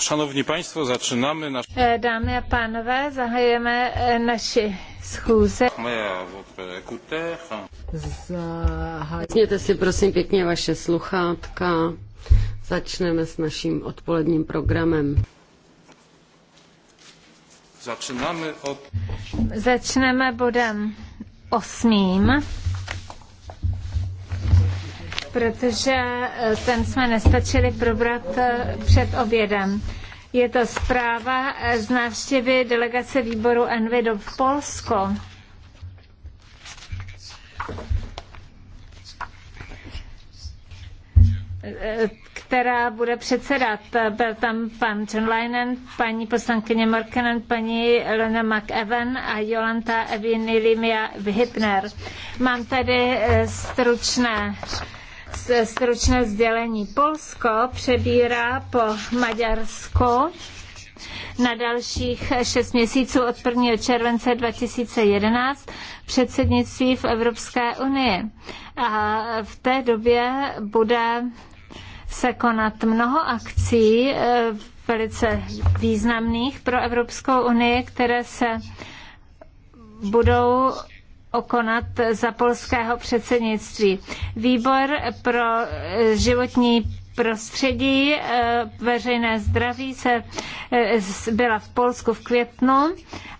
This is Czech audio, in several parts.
Szanowni Państwo, zaczynamy nasz... E, Dámy a pánové, zahajujeme e, naši schůze. Zahajněte si prosím pěkně vaše sluchátka. Začneme s naším odpoledním programem. Začínáme od... Začneme bodem osmým protože eh, ten jsme nestačili probrat eh, před obědem. Je to zpráva eh, z návštěvy delegace výboru Envy do Polsko. která bude předsedat. Byl tam pan John Leinen, paní poslankyně Morkenen, paní Lena McEwen a Jolanta Evinilimia Hypner. Mám tady stručné stručné sdělení. Polsko přebírá po Maďarsko na dalších šest měsíců od 1. července 2011 předsednictví v Evropské unii. A v té době bude se konat mnoho akcí eh, velice významných pro Evropskou unii, které se budou okonat za polského předsednictví. Výbor pro eh, životní prostředí eh, veřejné zdraví se eh, byla v Polsku v květnu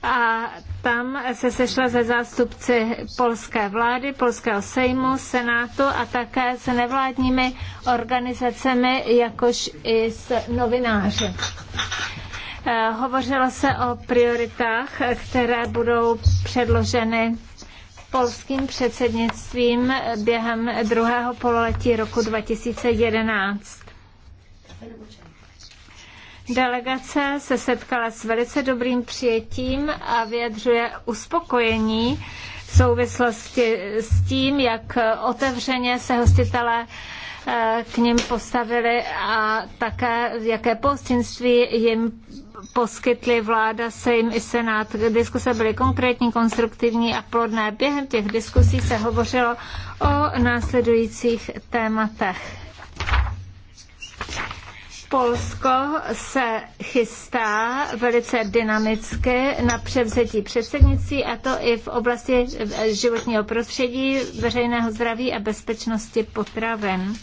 a tam se sešla ze zástupci polské vlády, polského sejmu, senátu a také s nevládními organizacemi, jakož i s novináři. Hovořilo se o prioritách, které budou předloženy polským předsednictvím během druhého pololetí roku 2011. Delegace se setkala s velice dobrým přijetím a vyjadřuje uspokojení v souvislosti s tím, jak otevřeně se hostitelé Eh, k ním postavili a také jaké pohostinství jim poskytli vláda, Sejm i Senát. Diskuse byly konkrétní, konstruktivní a plodné. Během těch diskusí se hovořilo o následujících tématech. Polsko se chystá velice dynamicky na převzetí předsednictví a to i v oblasti životního prostředí, veřejného zdraví a bezpečnosti potravin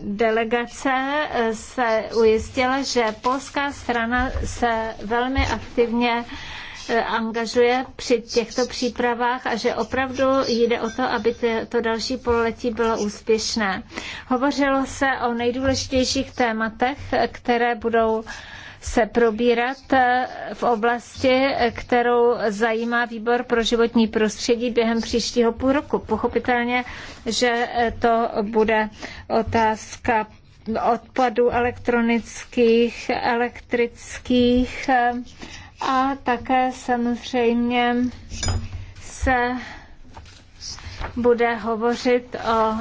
delegace eh, se ujistila, že polská strana se velmi aktivně eh, angažuje při těchto přípravách a že opravdu jde o to, aby to další pololetí bylo úspěšné. Hovořilo se o nejdůležitějších tématech, eh, které budou se probírat eh, v oblasti, kterou zajímá výbor pro životní prostředí během příštího půl roku. Pochopitelně, že eh, to bude otázka odpadů elektronických, elektrických eh, a také samozřejmě se bude hovořit o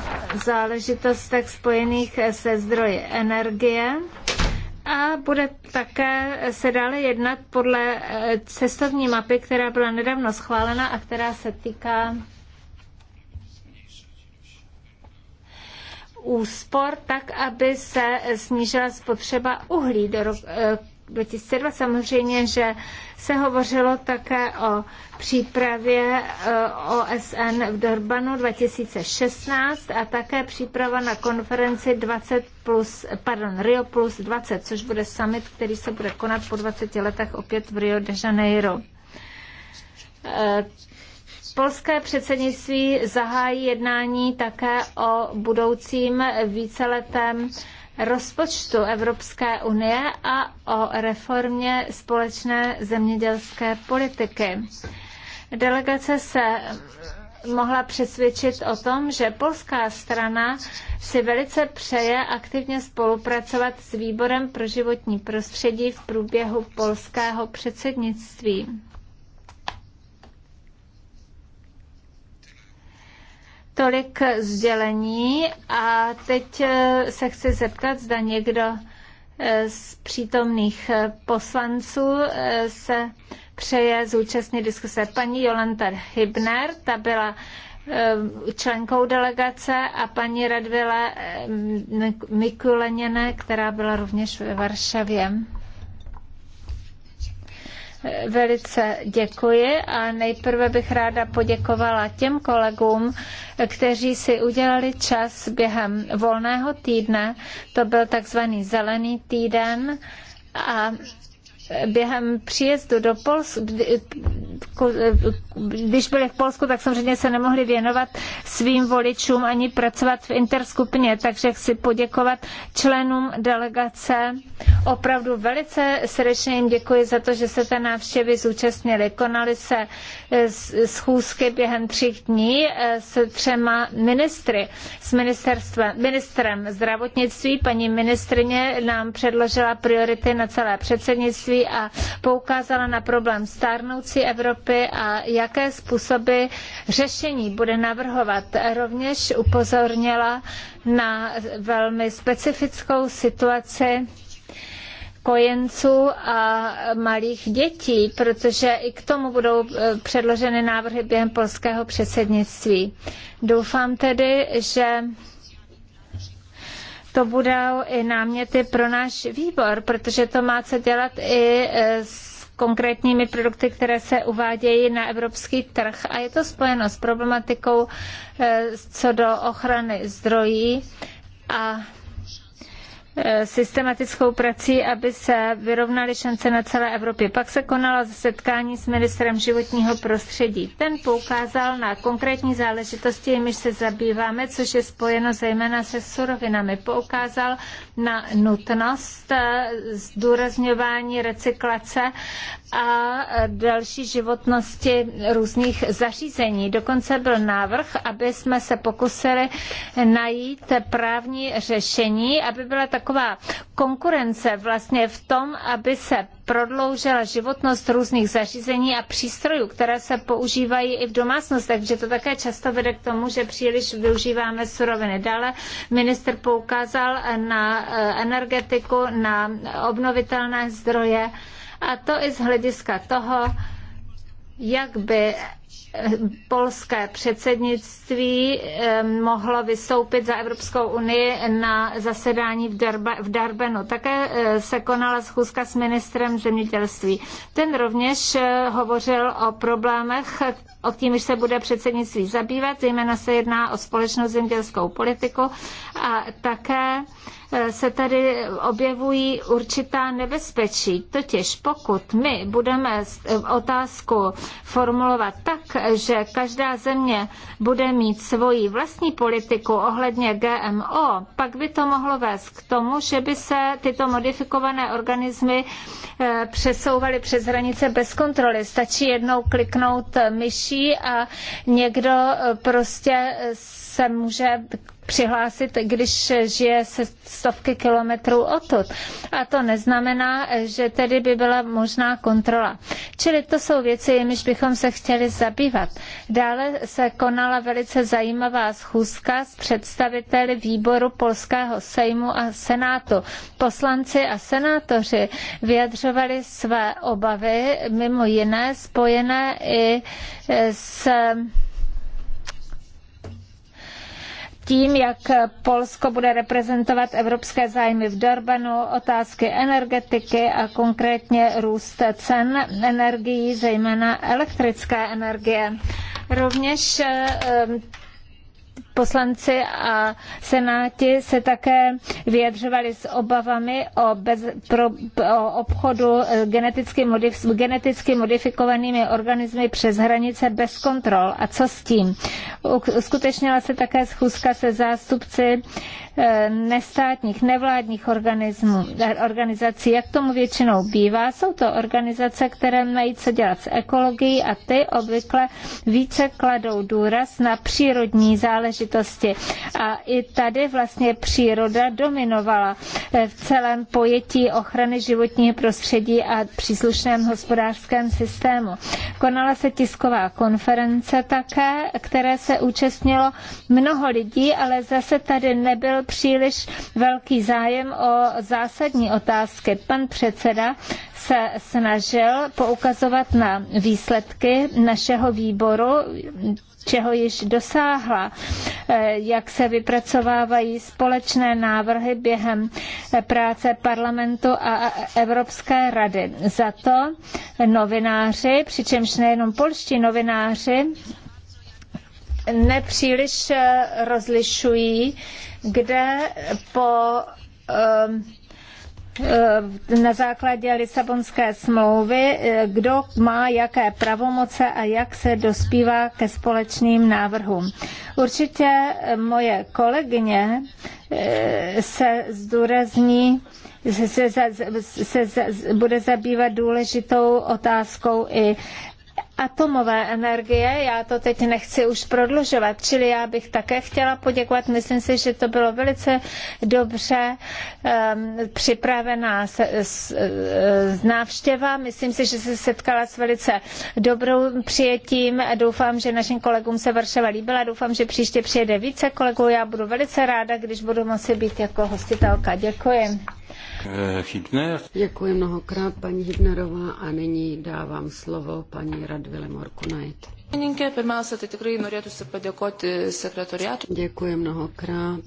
záležitostech spojených se zdroji energie a bude také se dále jednat podle eh, cestovní mapy, která byla nedávno schválena a která se týká úspor, tak aby se snížila spotřeba uhlí do roku eh, 2002 Samozřejmě, že se hovořilo také o přípravě eh, OSN v Dorbanu 2016 a také příprava na konferenci 20 plus, pardon, Rio plus 20, což bude summit, který se bude konat po 20 letech opět v Rio de Janeiro. Eh, polské předsednictví zahájí jednání také o budoucím víceletém rozpočtu Evropské unie a o reformě společné zemědělské politiky. Delegace se mohla přesvědčit o tom, že polská strana si velice přeje aktivně spolupracovat s Výborem pro životní prostředí v průběhu polského předsednictví. Tolik sdělení a teď eh, se chci zeptat, zda někdo eh, z přítomných eh, poslanců se přeje zúčastnit diskuse. Paní Jolanta Hybner, ta byla členkou delegace a paní Radvila Mikuleněné, která byla rovněž ve Varšavě. Velice děkuji a nejprve bych ráda poděkovala těm kolegům, kteří si udělali čas během volného týdne. To byl takzvaný zelený týden a během příjezdu do Polska, když byli v Polsku, tak samozřejmě se nemohli věnovat svým voličům ani pracovat v interskupině, takže chci poděkovat členům delegace. Opravdu velice srdečně jim děkuji za to, že se té návštěvy zúčastnili. Konaly se eh, schůzky během tří dní eh, s třema ministry, s ministerstvem, ministrem zdravotnictví. Paní ministrině nám předložila priority na celé předsednictví a poukázala na problém stárnoucí Evropy Evropy a jaké způsoby řešení bude navrhovat. Rovněž upozornila na velmi specifickou situaci kojenců a malých dětí, protože i k tomu budou eh, předloženy návrhy během polského předsednictví. Doufám tedy, že to budou i náměty pro náš výbor, protože to má co dělat i s konkrétními produkty, které se uvádějí na evropský trh. A je to spojeno s problematikou eh, co do ochrany zdrojí a Eh, systematickou prací, aby se vyrovnaly šance na celé Evropě. Pak se konala setkání s ministrem životního prostředí. Ten poukázal na konkrétní záležitosti, jimiž se zabýváme, což je spojeno zejména se surovinami. Poukázal na nutnost eh, zdůrazňování recyklace a další životnosti různých zařízení. Dokonce byl návrh, aby jsme se pokusili najít právní řešení, aby byla taková konkurence vlastně v tom, aby se prodloužila životnost různých zařízení a přístrojů, které se používají i v domácnostech, protože to také často vede k tomu, že příliš využíváme suroviny. Dále minister poukázal na eh, energetiku, na obnovitelné zdroje a to i z hlediska toho, jak by eh, polské předsednictví eh, mohlo vystoupit za Evropskou unii na zasedání v, Darba, v Darbenu. Také eh, se konala schůzka s ministrem zemědělství. Ten rovněž hovořil o problémech, o tím, se bude předsednictví zabývat, zejména se jedná o společnou zemědělskou politiku a také Eh, se tady objevují určitá nebezpečí. Totiž pokud my budeme eh, otázku formulovat tak, že každá země bude mít svoji vlastní politiku ohledně GMO, pak by to mohlo vést k tomu, že by se tyto modifikované organismy eh, přesouvaly přes hranice bez kontroly. Stačí jednou kliknout myší a někdo prostě se může přihlásit, když žije se stovky kilometrů odtud. A to neznamená, že tedy by byla možná kontrola. Čili to jsou věci, jimiž bychom se chtěli zabývat. Dále se konala velice zajímavá schůzka s představiteli výboru Polského sejmu a senátu. Poslanci a senátoři vyjadřovali své obavy, mimo jiné spojené i s tím, jak Polsko bude reprezentovat evropské zájmy v Durbanu, otázky energetiky a konkrétně růst cen energií, zejména elektrické energie. Rovněž eh, poslanci a senáti se také vyjadřovali s obavami o, bez, pro, o obchodu eh, geneticky, modif, geneticky modifikovanými organismy přes hranice bez kontrol. A co s tím? Uskutečnila se také schůzka se zástupci Eh, nestátních, nevládních eh, organizací, jak tomu většinou bývá. Jsou to organizace, které mají co dělat s ekologií a ty obvykle více kladou důraz na přírodní záležitosti. A i tady vlastně příroda dominovala eh, v celém pojetí ochrany životního prostředí a příslušném hospodářském systému. Konala se tisková konference také, které se účastnilo mnoho lidí, ale zase tady nebyl příliš velký zájem o zásadní otázky. Pan předseda se snažil poukazovat na výsledky našeho výboru, čeho již dosáhla, eh, jak se vypracovávají společné návrhy během eh, práce parlamentu a Evropské rady. Za to novináři, přičemž nejenom polští novináři, nepříliš eh, rozlišují, kde po ehm, eh, na základě Lisabonské smlouvy, eh, kdo má jaké pravomoce a jak se dospívá ke společným návrhům. Určitě moje kolegyně se zdůrazní, se, se, se, se bude zabývat důležitou otázkou i atomové energie. Já to teď nechci už prodlužovat, čili já bych také chtěla poděkovat. Myslím si, že to bylo velice dobře um, připravená s, s, s návštěva. Myslím si, že se setkala s velice dobrou přijetím. Doufám, že našim kolegům se Varšava líbila. Doufám, že příště přijede více kolegů. Já budu velice ráda, když budu moci být jako hostitelka. Děkuji. Eh, Hybner. Děkuji mnohokrát, paní Hybnerová, a nyní dávám slovo paní Radvile Morkunajt. Děkuji mnohokrát.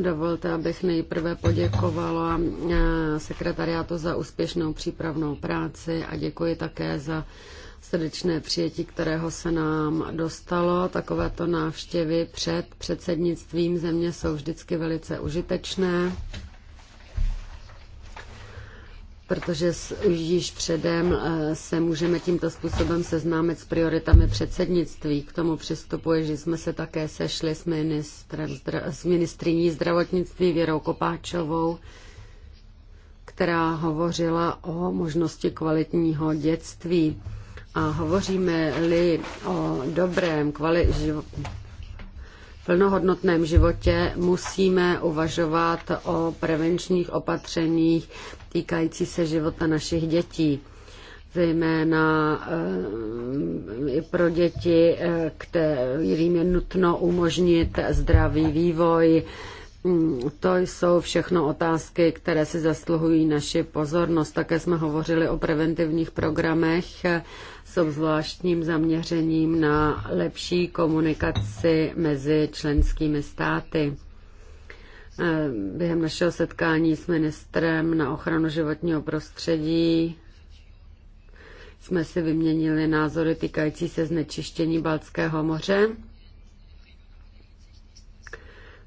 Dovolte, abych nejprve poděkovala eh, sekretariátu za úspěšnou přípravnou práci a děkuji také za srdečné přijetí, kterého se nám dostalo. Takovéto návštěvy před předsednictvím země jsou vždycky velice užitečné protože již předem eh, se můžeme tímto způsobem seznámit s prioritami předsednictví. K tomu přistupuje, že jsme se také sešli s, ministrem, s ministriní zdravotnictví Věrou Kopáčovou, která hovořila o možnosti kvalitního dětství. A hovoříme-li o dobrém, kvali- živ- plnohodnotném životě musíme uvažovat o prevenčních opatřeních, týkající se života našich dětí zejména eh, i pro děti, eh, kterým je nutno umožnit zdravý vývoj. Mm, to jsou všechno otázky, které si zasluhují naši pozornost. Také jsme hovořili o preventivních programech eh, s obzvláštním zaměřením na lepší komunikaci mezi členskými státy. Během našeho setkání s ministrem na ochranu životního prostředí jsme si vyměnili názory týkající se znečištění Balckého moře.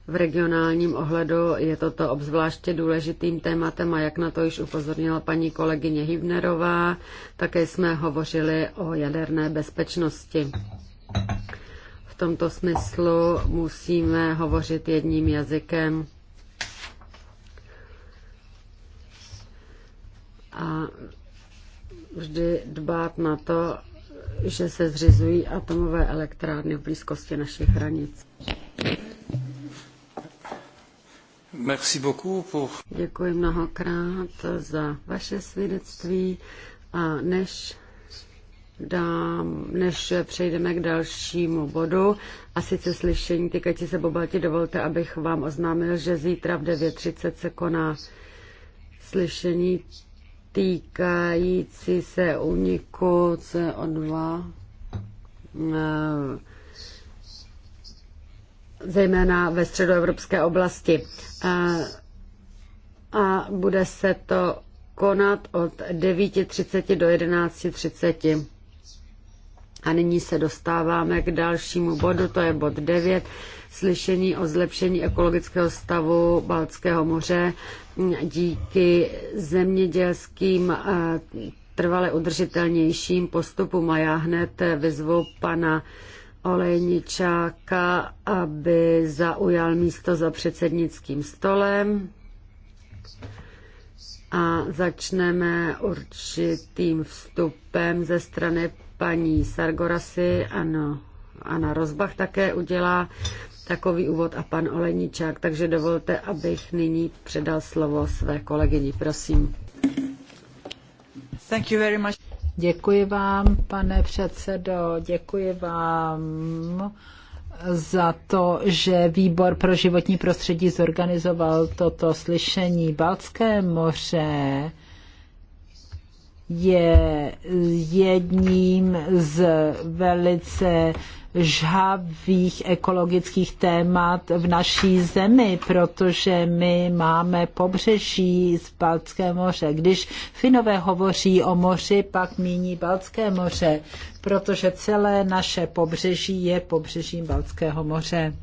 V regionálním ohledu je toto obzvláště důležitým tématem a jak na to již upozornila paní kolegyně Hivnerová, také jsme hovořili o jaderné bezpečnosti. V tomto smyslu musíme hovořit jedním jazykem a vždy dbát na to, že se zřizují atomové elektrárny v blízkosti našich hranic. Merci beaucoup pour... Děkuji mnohokrát za vaše svědectví a než dám, než přejdeme k dalšímu bodu, a sice slyšení týkající se Bobalti, dovolte, abych vám oznámil, že zítra v 9.30 se koná slyšení týkající se úniku CO2, eh, zejména ve středoevropské oblasti. Eh, a bude se to konat od 9.30 do 11.30. A nyní se dostáváme k dalšímu bodu, to je bod 9, slyšení o zlepšení ekologického stavu Baltského moře díky zemědělským eh, trvale udržitelnějším postupům. A já hned vyzvu pana Olejničáka, aby zaujal místo za předsednickým stolem. A začneme určitým vstupem ze strany paní Sargorasy. Ano, Anna Rozbach také udělá takový úvod a pan Oleničák, takže dovolte, abych nyní předal slovo své kolegyni. Prosím. Thank you very much. Děkuji vám, pane předsedo, děkuji vám za to, že výbor pro životní prostředí zorganizoval toto slyšení. Balcké moře je jedním z velice žhavých ekologických témat v naší zemi, protože my máme pobřeží z Balcké moře. Když Finové hovoří o moři, pak míní Balcké moře, protože celé naše pobřeží je pobřežím Balckého moře.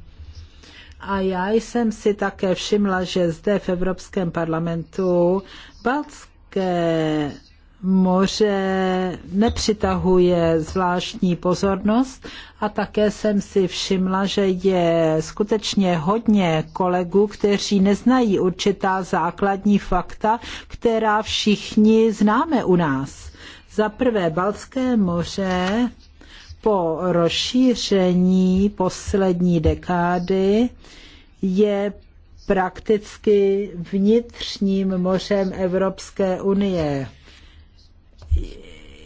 A já jsem si také všimla, že zde v Evropském parlamentu Balcké moře nepřitahuje zvláštní pozornost a také jsem si všimla, že je skutečně hodně kolegů, kteří neznají určitá základní fakta, která všichni známe u nás. Za prvé Balské moře po rozšíření poslední dekády je prakticky vnitřním mořem Evropské unie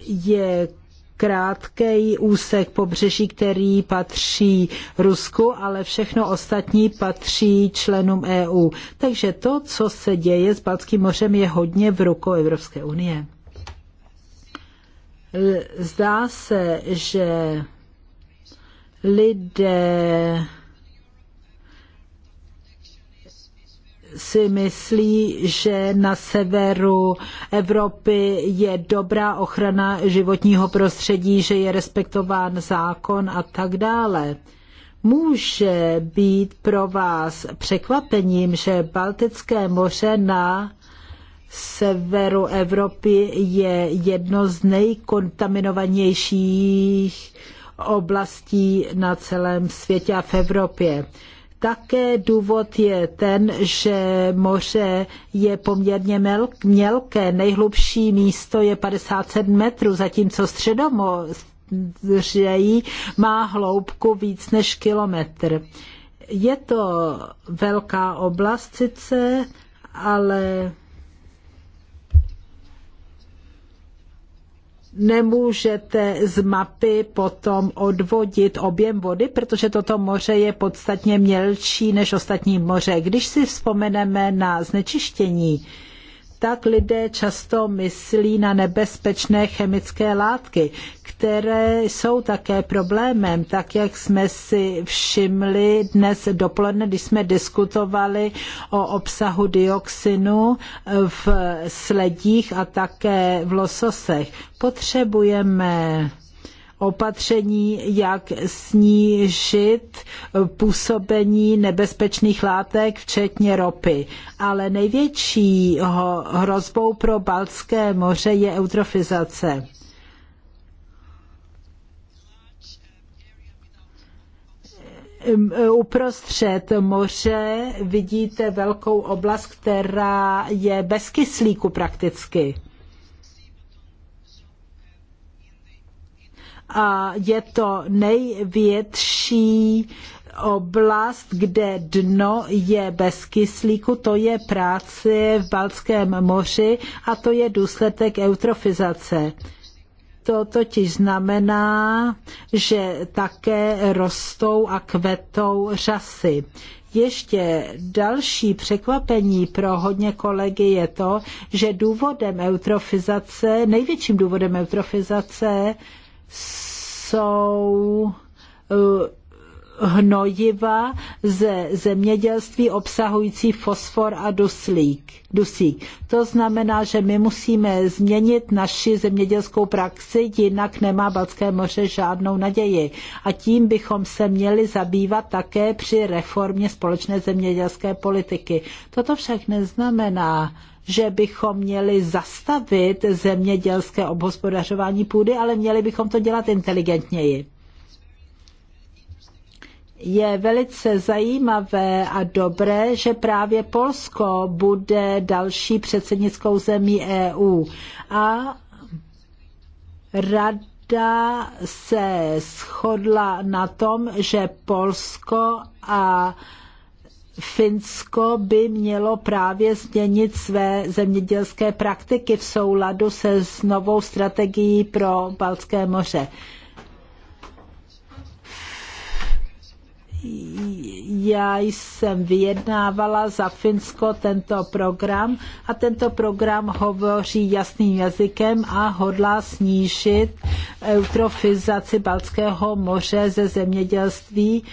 je krátký úsek pobřeží, který patří Rusku, ale všechno ostatní patří členům EU. Takže to, co se děje s Balckým mořem, je hodně v rukou Evropské unie. Zdá se, že lidé si myslí, že na severu Evropy je dobrá ochrana životního prostředí, že je respektován zákon a tak dále. Může být pro vás překvapením, že Baltické moře na severu Evropy je jedno z nejkontaminovanějších oblastí na celém světě a v Evropě. Také důvod je ten, že moře je poměrně mělké. Nejhlubší místo je 57 metrů, zatímco středomoří má hloubku víc než kilometr. Je to velká oblast sice, ale nemůžete z mapy potom odvodit objem vody, protože toto moře je podstatně mělčí než ostatní moře. Když si vzpomeneme na znečištění, tak lidé často myslí na nebezpečné chemické látky, které jsou také problémem, tak jak jsme si všimli dnes dopoledne, když jsme diskutovali o obsahu dioxinu v sledích a také v lososech. Potřebujeme opatření, jak snížit působení nebezpečných látek, včetně ropy. Ale největší hrozbou pro Baltské moře je eutrofizace. uprostřed moře vidíte velkou oblast, která je bez kyslíku prakticky. a je to největší oblast, kde dno je bez kyslíku, to je práce v Balckém moři a to je důsledek eutrofizace. To totiž znamená, že také rostou a kvetou řasy. Ještě další překvapení pro hodně kolegy je to, že důvodem eutrofizace, největším důvodem eutrofizace jsou eh, hnojiva ze zemědělství obsahující fosfor a duslík, dusík. To znamená, že my musíme změnit naši zemědělskou praxi, jinak nemá Balské moře žádnou naději. A tím bychom se měli zabývat také při reformě společné zemědělské politiky. Toto však neznamená, že bychom měli zastavit zemědělské obhospodařování půdy, ale měli bychom to dělat inteligentněji je velice zajímavé a dobré, že právě Polsko bude další předsednickou zemí EU. A rada se shodla na tom, že Polsko a Finsko by mělo právě změnit své zemědělské praktiky v souladu se s novou strategií pro Baltské moře. já jsem vyjednávala za Finsko tento program a tento program hovoří jasným jazykem a hodlá snížit eutrofizaci Balckého moře ze zemědělství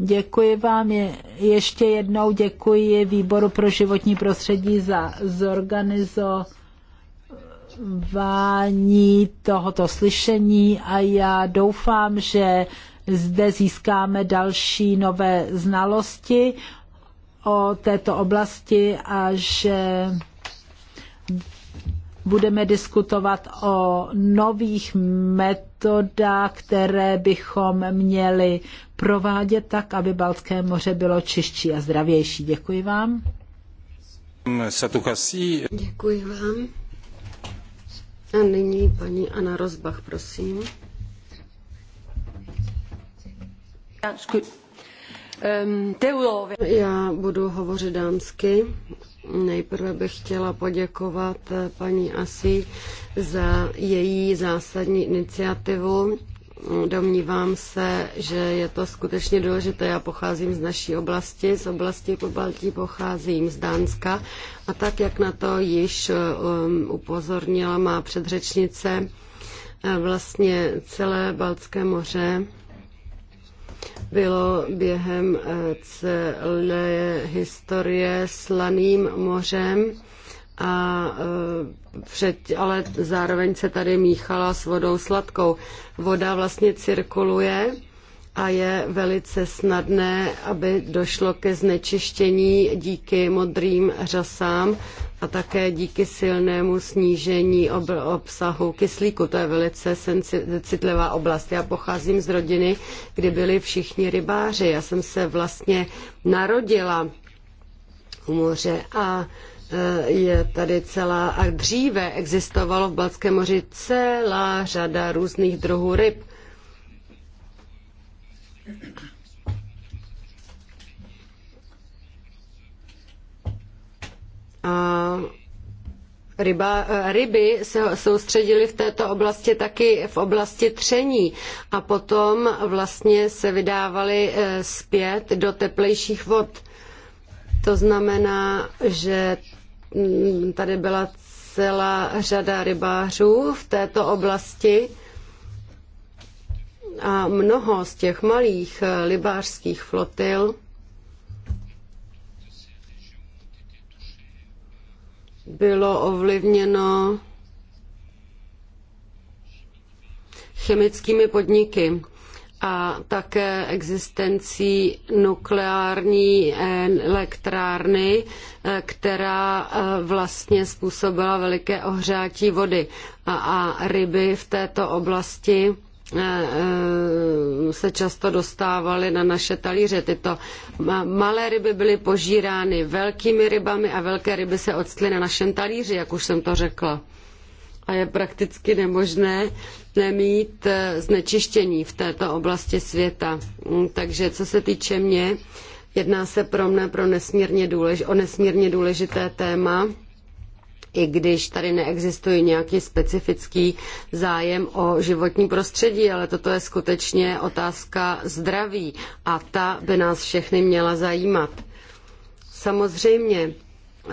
Děkuji vám ještě jednou, děkuji Výboru pro životní prostředí za zorganizování zorganizování tohoto slyšení a já doufám, že zde získáme další nové znalosti o této oblasti a že budeme diskutovat o nových metodách, které bychom měli provádět tak, aby Baltské moře bylo čistší a zdravější. Děkuji vám. Děkuji vám. A nyní paní Anna Rozbach, prosím. Já budu hovořit dámsky. Nejprve bych chtěla poděkovat eh, paní Asi za její zásadní iniciativu Domnívám se, že je to skutečně důležité. Já pocházím z naší oblasti, z oblasti Pobaltí pocházím z Dánska a tak, jak na to již um, upozornila má předřečnice, eh, vlastně celé Baltské moře bylo během eh, celé historie slaným mořem a e, před, ale zároveň se tady míchala s vodou sladkou. Voda vlastně cirkuluje a je velice snadné, aby došlo ke znečištění díky modrým řasám a také díky silnému snížení obsahu kyslíku. To je velice citlivá oblast. Já pocházím z rodiny, kdy byli všichni rybáři. Já jsem se vlastně narodila u moře a Eh, je tady celá, a dříve existovalo v Balckém moři celá řada různých druhů ryb. A ryba, eh, ryby se soustředily v této oblasti taky v oblasti tření a potom vlastně se vydávaly eh, zpět do teplejších vod. To znamená, že Mm, tady byla celá řada rybářů v této oblasti a mnoho z těch malých eh, rybářských flotil bylo ovlivněno chemickými podniky a také existencí nukleární elektrárny, eh, která eh, vlastně způsobila veliké ohřátí vody. A, a ryby v této oblasti eh, se často dostávaly na naše talíře. Tyto malé ryby byly požírány velkými rybami a velké ryby se odstly na našem talíři, jak už jsem to řekla. A je prakticky nemožné nemít eh, znečištění v této oblasti světa. Mm, takže co se týče mě, jedná se pro mne pro nesmírně důlež, o nesmírně důležité téma, i když tady neexistuje nějaký specifický zájem o životní prostředí, ale toto je skutečně otázka zdraví a ta by nás všechny měla zajímat. Samozřejmě eh,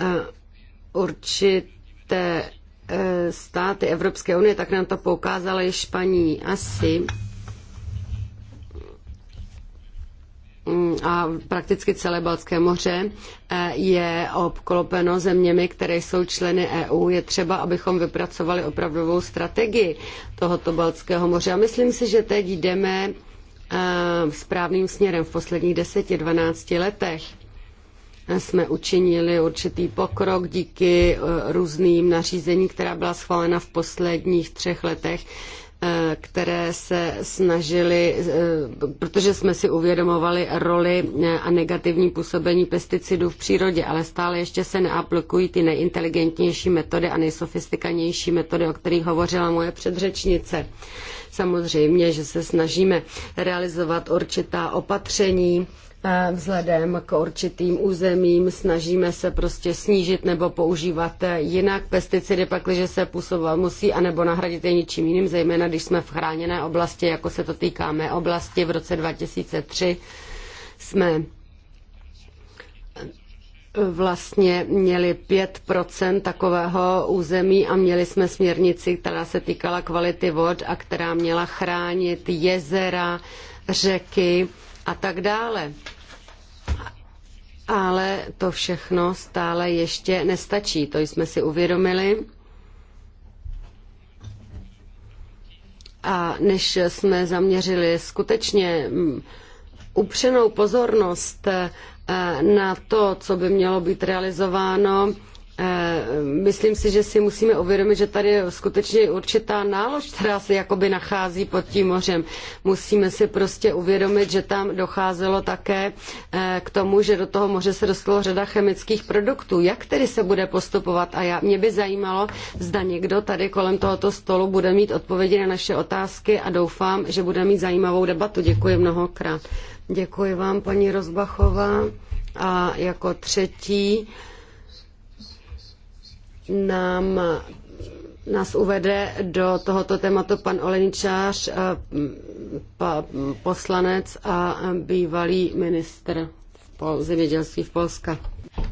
určité E, státy Evropské unie, tak nám to poukázala i paní asi. Mm, a prakticky celé Baltské moře e, je obklopeno zeměmi, které jsou členy EU. Je třeba, abychom vypracovali opravdovou strategii tohoto Baltského moře. A myslím si, že teď jdeme e, správným směrem v posledních 10-12 letech jsme učinili určitý pokrok díky eh, různým nařízením, která byla schválena v posledních třech letech eh, které se snažili, eh, protože jsme si uvědomovali roli a negativní působení pesticidů v přírodě, ale stále ještě se neaplikují ty nejinteligentnější metody a nejsofistikanější metody, o kterých hovořila moje předřečnice. Samozřejmě, že se snažíme realizovat určitá opatření, vzhledem k určitým územím snažíme se prostě snížit nebo používat jinak pesticidy, pakliže se působovat musí, anebo nahradit je něčím jiným, zejména když jsme v chráněné oblasti, jako se to týká mé oblasti. V roce 2003 jsme vlastně měli 5% takového území a měli jsme směrnici, která se týkala kvality vod a která měla chránit jezera, řeky a tak dále. Ale to všechno stále ještě nestačí, to jsme si uvědomili. A než jsme zaměřili skutečně mm, upřenou pozornost eh, na to, co by mělo být realizováno, Eh, myslím si, že si musíme uvědomit, že tady je skutečně určitá nálož, která se jakoby nachází pod tím mořem. Musíme si prostě uvědomit, že tam docházelo také eh, k tomu, že do toho moře se dostalo řada chemických produktů. Jak tedy se bude postupovat? A já, mě by zajímalo, zda někdo tady kolem tohoto stolu bude mít odpovědi na naše otázky a doufám, že bude mít zajímavou debatu. Děkuji mnohokrát. Děkuji vám, paní Rozbachová. A jako třetí nám nás uvede do tohoto tématu pan Oleničář, eh, poslanec a bývalý ministr zemědělství v Polska.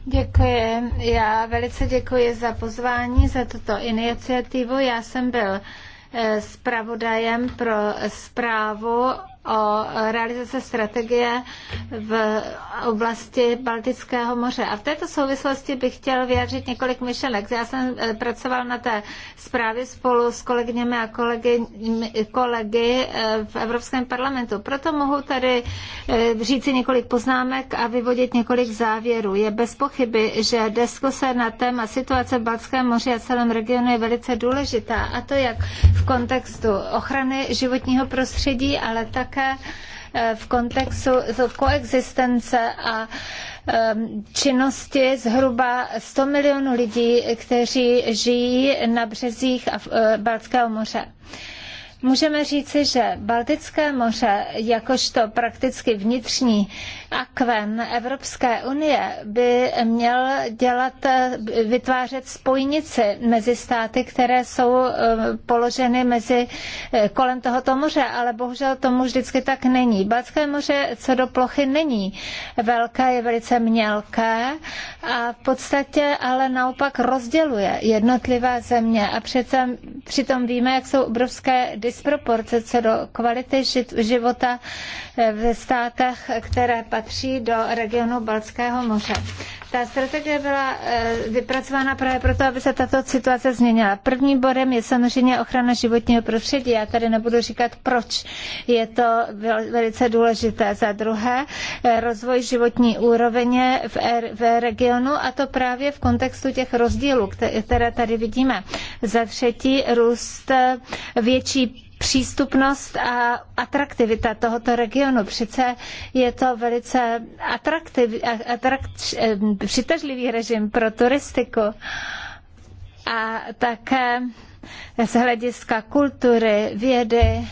Děkuji. Já velice děkuji za pozvání, za tuto iniciativu. Já jsem byl eh, zpravodajem pro zprávu o realizace strategie v oblasti Baltického moře. A v této souvislosti bych chtěl vyjádřit několik myšlenek. Já jsem eh, pracoval na té zprávě spolu s kolegyněmi a kolegy, kolegy eh, v Evropském parlamentu. Proto mohu tady si eh, několik poznámek a vyvodit několik závěrů. Je bez pochyby, že diskuse na téma situace v Baltském moři a celém regionu je velice důležitá. A to jak v kontextu ochrany životního prostředí, ale tak také eh, v kontextu koexistence a ehm, činnosti zhruba 100 milionů lidí, kteří žijí na březích eh, Baltského moře. Můžeme říci, že Baltické moře, jakožto prakticky vnitřní Akven Evropské unie by měl dělat, vytvářet spojnici mezi státy, které jsou eh, položeny mezi eh, kolem tohoto moře, ale bohužel tomu vždycky tak není. Balcké moře co do plochy není velké, je velice mělké a v podstatě ale naopak rozděluje jednotlivé země a přece, přitom víme, jak jsou obrovské disproporce co do kvality života eh, ve státech, které patří patří do regionu Balckého moře. Ta strategie byla eh, vypracována právě proto, aby se tato situace změnila. Prvním bodem je samozřejmě ochrana životního prostředí. Já tady nebudu říkat, proč je to velice důležité. Za druhé, eh, rozvoj životní úrovně v, er-, v regionu a to právě v kontextu těch rozdílů, které tady vidíme. Za třetí, růst eh, větší přístupnost a atraktivita tohoto regionu. Přece je to velice atraktiv, atrakč, přitažlivý režim pro turistiku a také z hlediska kultury, vědy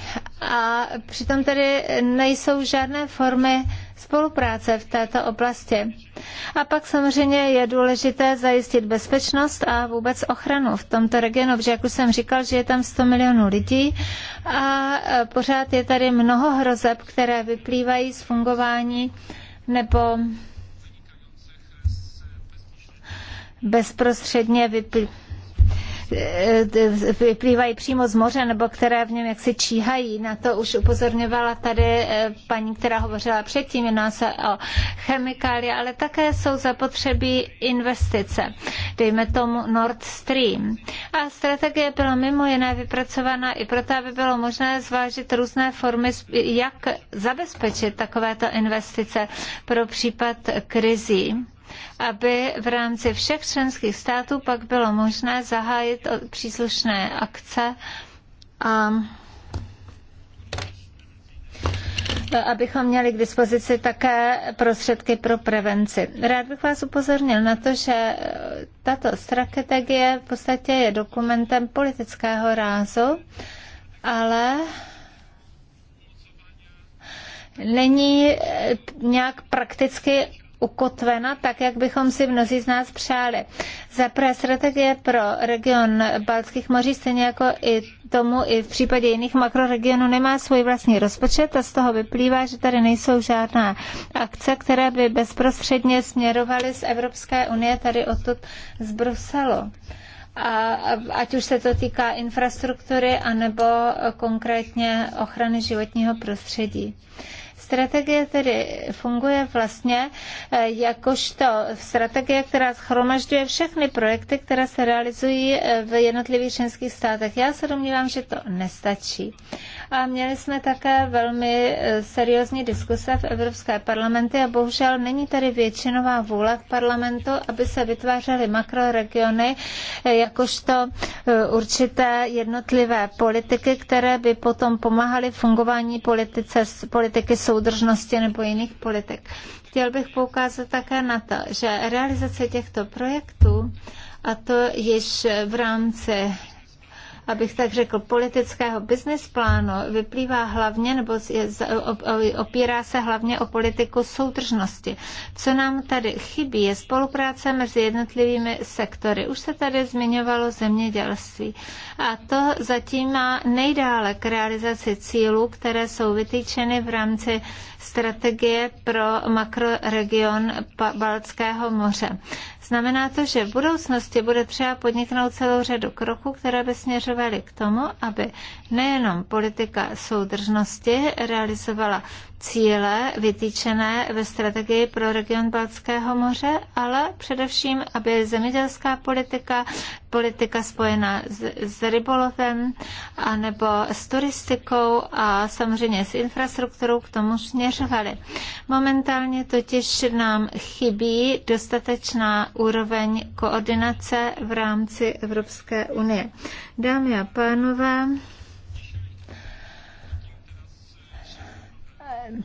a přitom tady nejsou žádné formy spolupráce v této oblasti. A pak samozřejmě je důležité zajistit bezpečnost a vůbec ochranu v tomto regionu, protože jak už jsem říkal, že je tam 100 milionů lidí a e, pořád je tady mnoho hrozeb, které vyplývají z fungování nebo bezprostředně vyplývají Eh, vyplývají přímo z moře nebo které v něm jaksi číhají. Na to už upozorňovala tady eh, paní, která hovořila předtím, jedná se o chemikálie, ale také jsou zapotřebí investice. Dejme tomu Nord Stream. A strategie byla mimo jiné vypracovaná i proto, aby bylo možné zvážit různé formy, jak zabezpečit takovéto investice pro případ krizí aby v rámci všech členských států pak bylo možné zahájit příslušné akce a abychom měli k dispozici také prostředky pro prevenci. Rád bych vás upozornil na to, že tato strategie v podstatě je dokumentem politického rázu, ale není nějak prakticky ukotvena tak, jak bychom si mnozí z nás přáli. Za prvé strategie pro region Balckých moří, stejně jako i tomu i v případě jiných makroregionů nemá svůj vlastní rozpočet a z toho vyplývá, že tady nejsou žádná akce, které by bezprostředně směrovaly z Evropské unie tady odtud z Bruselu a, ať už se to týká infrastruktury anebo konkrétně ochrany životního prostředí strategie tedy funguje vlastně eh, jakožto strategie, která schromažďuje všechny projekty, které se realizují eh, v jednotlivých členských státech. Já se domnívám, že to nestačí. A měli jsme také velmi e, seriózní diskuse v Evropské parlamenty a bohužel není tady většinová vůle v parlamentu, aby se vytvářely makroregiony e, jakožto e, určité jednotlivé politiky, které by potom pomáhaly fungování politice, politiky soudržnosti nebo jiných politik. Chtěl bych poukázat také na to, že realizace těchto projektů a to již v rámci abych tak řekl, politického business plánu vyplývá hlavně nebo opírá se hlavně o politiku soudržnosti. Co nám tady chybí, je spolupráce mezi jednotlivými sektory. Už se tady zmiňovalo zemědělství. A to zatím má nejdále k realizaci cílů, které jsou vytýčeny v rámci strategie pro makroregion Baltského moře. Znamená to, že v budoucnosti bude třeba podniknout celou řadu kroků, které by směřovaly k tomu, aby nejenom politika soudržnosti realizovala cíle vytýčené ve strategii pro region Baltského moře, ale především, aby zemědělská politika, politika spojená s, s rybolovem a nebo s turistikou a samozřejmě s infrastrukturou k tomu směřovaly. Momentálně totiž nám chybí dostatečná úroveň koordinace v rámci Evropské unie. Dámy a pánové,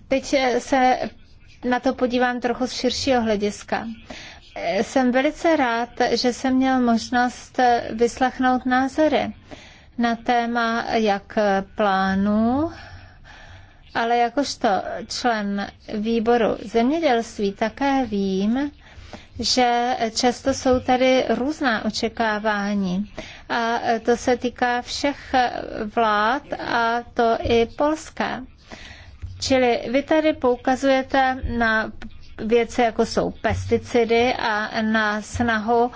teď se na to podívám trochu z širšího hlediska. Jsem velice rád, že jsem měl možnost vyslechnout názory na téma jak plánů, ale jakožto člen výboru zemědělství také vím, že často jsou tady různá očekávání. A to se týká všech vlád a to i Polska. Čili vy tady poukazujete na věci, jako jsou pesticidy a na snahu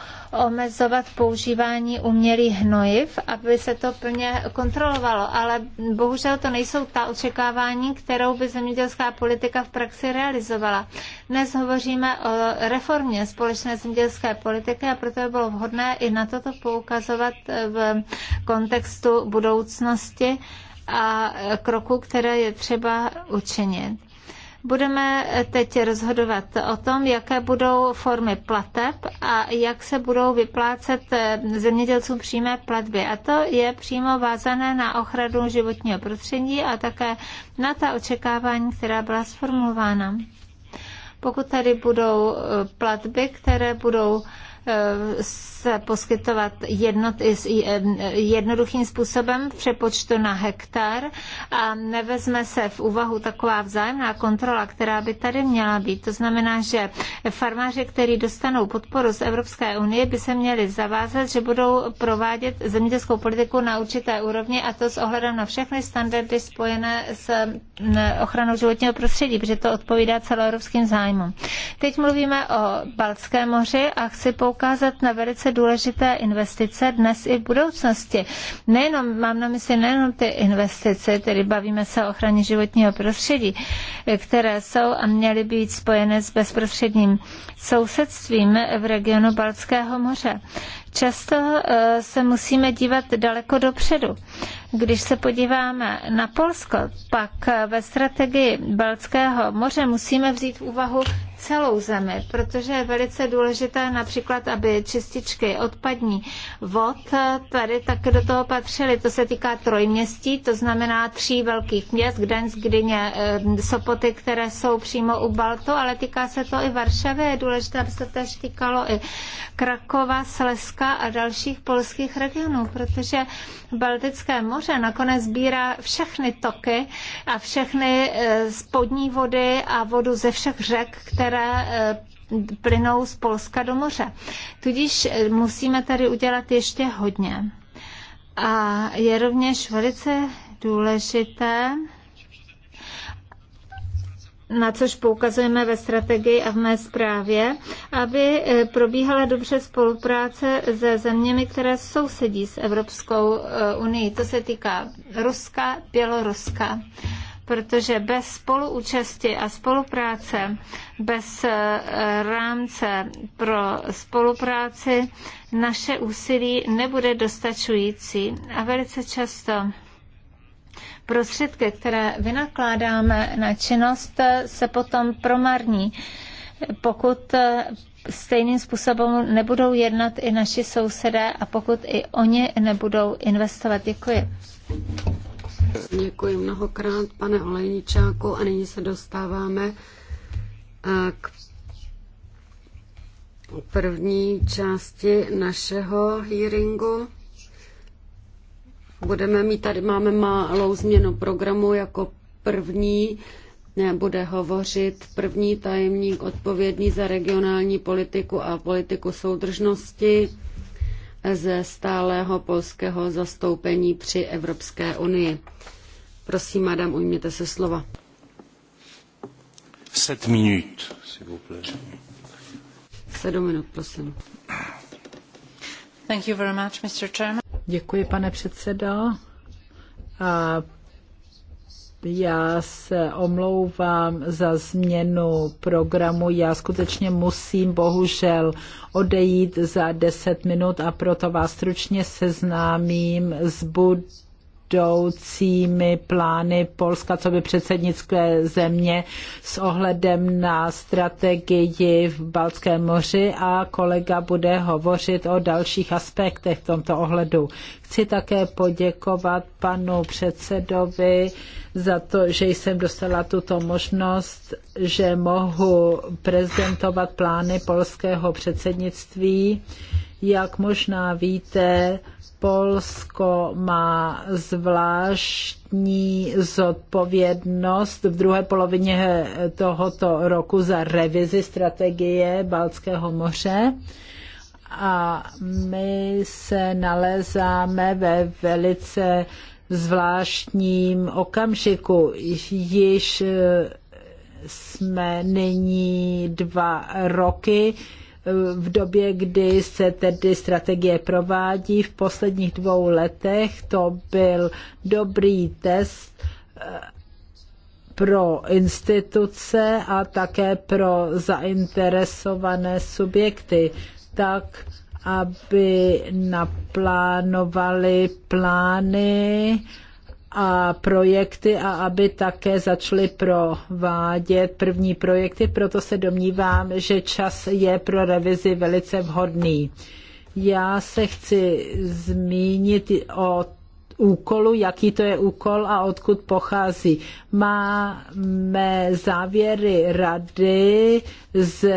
omezovat používání umělých hnojiv, aby se to plně kontrolovalo. Ale bohužel to nejsou ta očekávání, kterou by zemědělská politika v praxi realizovala. Dnes hovoříme o reformě společné zemědělské politiky a proto by bylo vhodné i na toto poukazovat v kontextu budoucnosti a kroku, které je třeba učinit. Budeme teď rozhodovat o tom, jaké budou formy plateb a jak se budou vyplácet eh, zemědělcům přímé platby. A to je přímo vázané na ochranu životního prostředí a také na ta očekávání, která byla sformulována. Pokud tady budou eh, platby, které budou eh, poskytovat jednot, jednoduchým způsobem v přepočtu na hektar a nevezme se v úvahu taková vzájemná kontrola, která by tady měla být. To znamená, že farmáři, kteří dostanou podporu z Evropské unie, by se měli zavázat, že budou provádět zemědělskou politiku na určité úrovni a to s ohledem na všechny standardy spojené s ochranou životního prostředí, protože to odpovídá celoevropským zájmům. Teď mluvíme o Baltském moři a chci poukázat na velice velice důležité investice dnes i v budoucnosti. Nejenom, mám na mysli nejenom ty investice, tedy bavíme se o ochraně životního prostředí, které jsou a měly být spojené s bezprostředním sousedstvím v regionu Baltského moře. Často eh, se musíme dívat daleko dopředu. Když se podíváme na Polsko, pak eh, ve strategii Baltského moře musíme vzít v úvahu celou zemi, protože je velice důležité například, aby čističky odpadní vod tady také do toho patřily. To se týká trojměstí, to znamená tří velkých měst, Gdaňsk, Gdyně, eh, Sopoty, které jsou přímo u Baltu, ale týká se to i Varšavy. Je důležité, aby se to tež týkalo i Krakova, Slezska a dalších polských regionů, protože Baltické moře nakonec sbírá všechny toky a všechny eh, spodní vody a vodu ze všech řek, které které eh, plynou z Polska do moře. Tudíž eh, musíme tady udělat ještě hodně. A je rovněž velice důležité, na což poukazujeme ve strategii a v mé zprávě, aby eh, probíhala dobře spolupráce se zeměmi, které sousedí s Evropskou unii. To se týká Ruska, Běloruska protože bez spoluúčasti a spolupráce, bez eh, rámce pro spolupráci naše úsilí nebude dostačující a velice často prostředky, které vynakládáme na činnost, se potom promarní, pokud eh, stejným způsobem nebudou jednat i naši sousedé a pokud i oni nebudou investovat. Děkuji. Děkuji mnohokrát, pane Olejničáku, a nyní se dostáváme eh, k první části našeho hearingu. Budeme mít tady, máme malou změnu programu jako první eh, bude hovořit první tajemník odpovědný za regionální politiku a politiku soudržnosti ze stálého polského zastoupení při Evropské unii. Prosím, madam, ujměte se slova. Set minut, Sedm minut, prosím. Thank you very much, Mr. Chairman. Děkuji, pane předsedo. A já se omlouvám za změnu programu. Já skutečně musím bohužel odejít za 10 minut a proto vás stručně seznámím s budou budoucími plány Polska, co by předsednické země s ohledem na strategii v Balckém moři a kolega bude hovořit o dalších aspektech v tomto ohledu. Chci také poděkovat panu předsedovi za to, že jsem dostala tuto možnost, že mohu prezentovat plány polského předsednictví. Jak možná víte, Polsko má zvláštní zodpovědnost v druhé polovině tohoto roku za revizi strategie Balckého moře a my se nalézáme ve velice zvláštním okamžiku. Již eh, jsme nyní dva roky v době, kdy se tedy strategie provádí. V posledních dvou letech to byl dobrý test eh, pro instituce a také pro zainteresované subjekty, tak aby naplánovali plány, a projekty a aby také začaly provádět první projekty, proto se domnívám, že čas je pro revizi velice vhodný. Já se chci zmínit o úkolu, jaký to je úkol a odkud pochází. Máme závěry rady z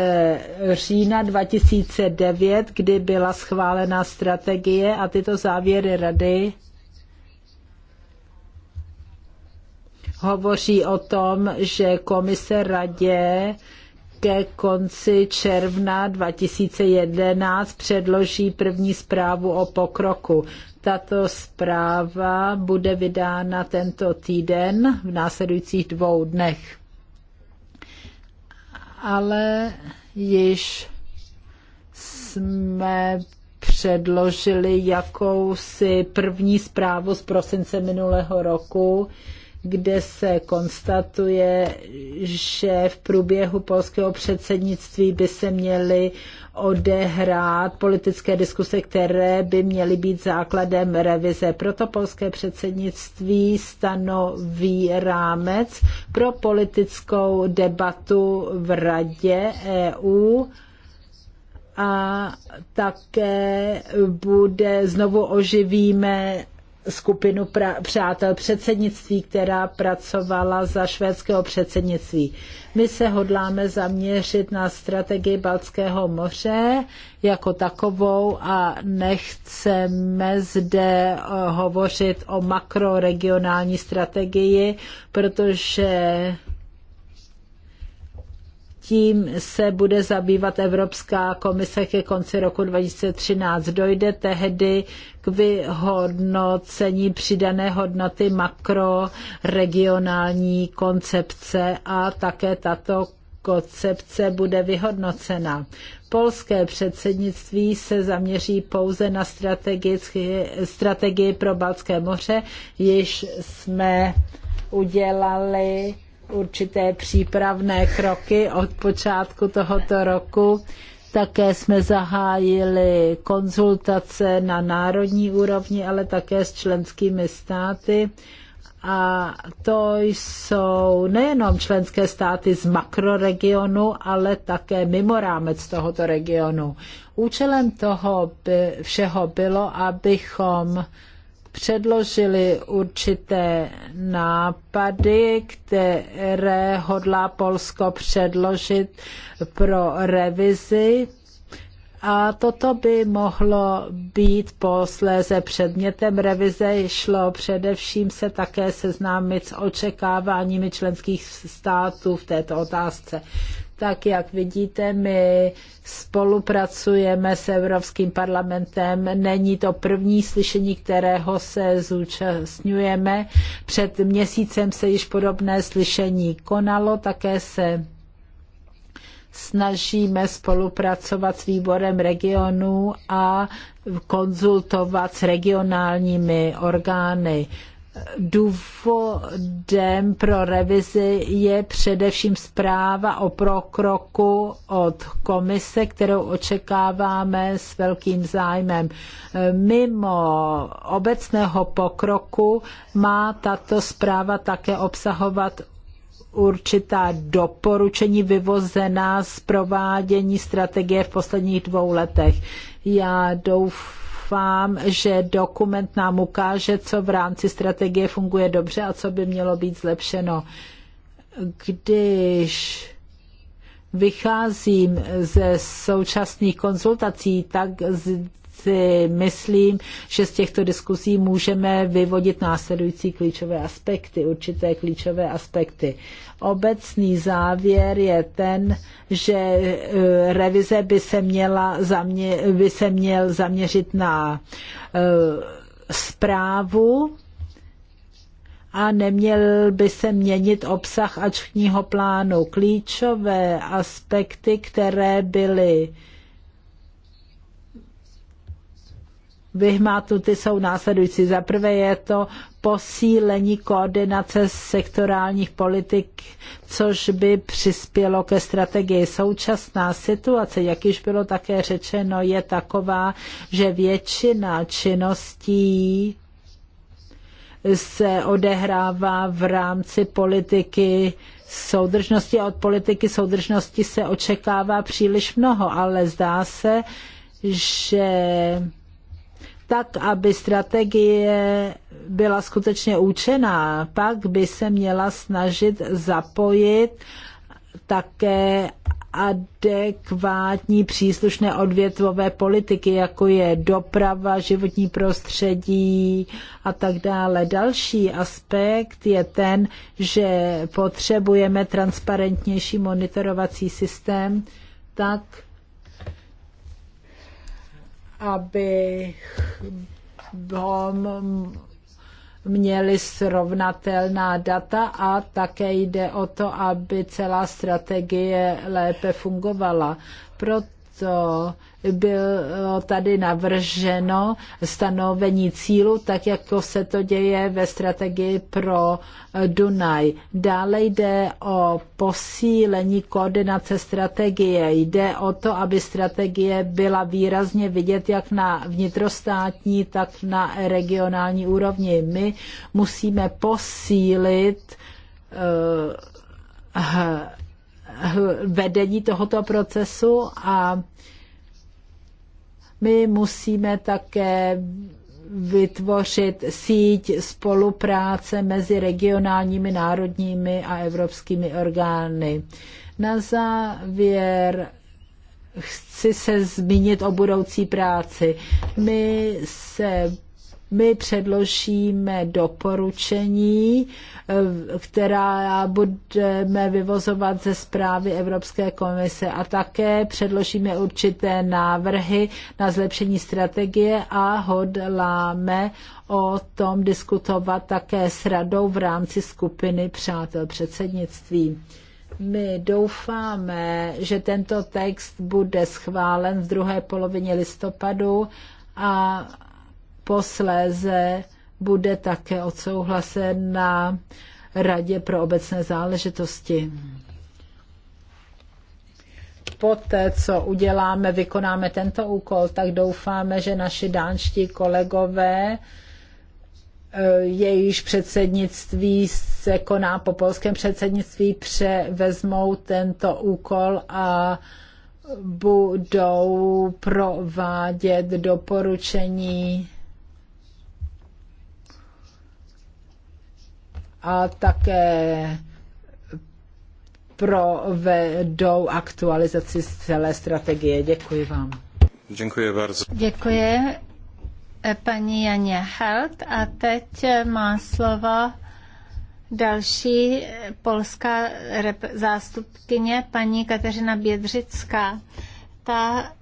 října 2009, kdy byla schválena strategie a tyto závěry rady hovoří o tom, že komise radě ke konci června 2011 předloží první zprávu o pokroku. Tato zpráva bude vydána tento týden v následujících dvou dnech. Ale již jsme předložili jakousi první zprávu z prosince minulého roku, kde se konstatuje, že v průběhu polského předsednictví by se měly odehrát politické diskuse, které by měly být základem revize. Proto polské předsednictví stanoví rámec pro politickou debatu v Radě EU a také bude, znovu oživíme skupinu pra- přátel předsednictví, která pracovala za švédského předsednictví. My se hodláme zaměřit na strategii Baltského moře jako takovou a nechceme zde eh, hovořit o makroregionální strategii, protože tím se bude zabývat Evropská komise ke konci roku 2013. Dojde tehdy k vyhodnocení přidané hodnoty makroregionální koncepce a také tato koncepce bude vyhodnocena. Polské předsednictví se zaměří pouze na strategii pro Balské moře, již jsme udělali určité přípravné kroky od počátku tohoto roku. Také jsme zahájili konzultace na národní úrovni, ale také s členskými státy. A to jsou nejenom členské státy z makroregionu, ale také mimo rámec tohoto regionu. Účelem toho by, všeho bylo, abychom předložili určité nápady, které hodlá Polsko předložit pro revizi a toto by mohlo být posléze předmětem revize. Šlo především se také seznámit s očekáváními členských států v této otázce. Tak jak vidíte, my spolupracujeme s Evropským parlamentem. Není to první slyšení, kterého se zúčastňujeme. Před měsícem se již podobné slyšení konalo, také se snažíme spolupracovat s výborem regionů a konzultovat s regionálními orgány. Důvodem pro revizi je především zpráva o prokroku od komise, kterou očekáváme s velkým zájmem. Mimo obecného pokroku má tato zpráva také obsahovat určitá doporučení vyvozená z provádění strategie v posledních dvou letech. Já doufám, doufám, že dokument nám ukáže, co v rámci strategie funguje dobře a co by mělo být zlepšeno. Když vycházím ze současných konzultací, tak si myslím, že z těchto diskuzí můžeme vyvodit následující klíčové aspekty, určité klíčové aspekty. Obecný závěr je ten, že eh, revize by se, měla zamě, by se měl zaměřit na eh, zprávu a neměl by se měnit obsah ačního plánu. Klíčové aspekty, které byly vyhmátnuty jsou následující. Za prvé je to posílení koordinace sektorálních politik, což by přispělo ke strategii. Současná situace, jak již bylo také řečeno, je taková, že většina činností se odehrává v rámci politiky soudržnosti a od politiky soudržnosti se očekává příliš mnoho, ale zdá se, že tak, aby strategie byla skutečně účená, pak by se měla snažit zapojit také adekvátní příslušné odvětvové politiky, jako je doprava, životní prostředí a tak dále. Další aspekt je ten, že potřebujeme transparentnější monitorovací systém, tak abychom měli srovnatelná data a také jde o to, aby celá strategie lépe fungovala. Proto bylo tady navrženo stanovení cílu, tak jako se to děje ve strategii pro Dunaj. Dále jde o posílení koordinace strategie. Jde o to, aby strategie byla výrazně vidět jak na vnitrostátní, tak na regionální úrovni. My musíme posílit uh, vedení tohoto procesu a my musíme také vytvořit síť spolupráce mezi regionálními, národními a evropskými orgány. Na závěr chci se zmínit o budoucí práci. My se my předložíme doporučení, která budeme vyvozovat ze zprávy Evropské komise a také předložíme určité návrhy na zlepšení strategie a hodláme o tom diskutovat také s radou v rámci skupiny přátel předsednictví. My doufáme, že tento text bude schválen v druhé polovině listopadu a posléze bude také odsouhlasen na Radě pro obecné záležitosti. Poté, co uděláme, vykonáme tento úkol, tak doufáme, že naši dánští kolegové eh, jejíž předsednictví se koná po polském předsednictví, převezmou tento úkol a budou provádět doporučení a také provedou aktualizaci celé strategie. Děkuji vám. Děkuji bardzo. Děkuji eh, paní Janě Held a teď eh, má slovo další eh, polská zástupkyně, paní Kateřina Bědřická. Ta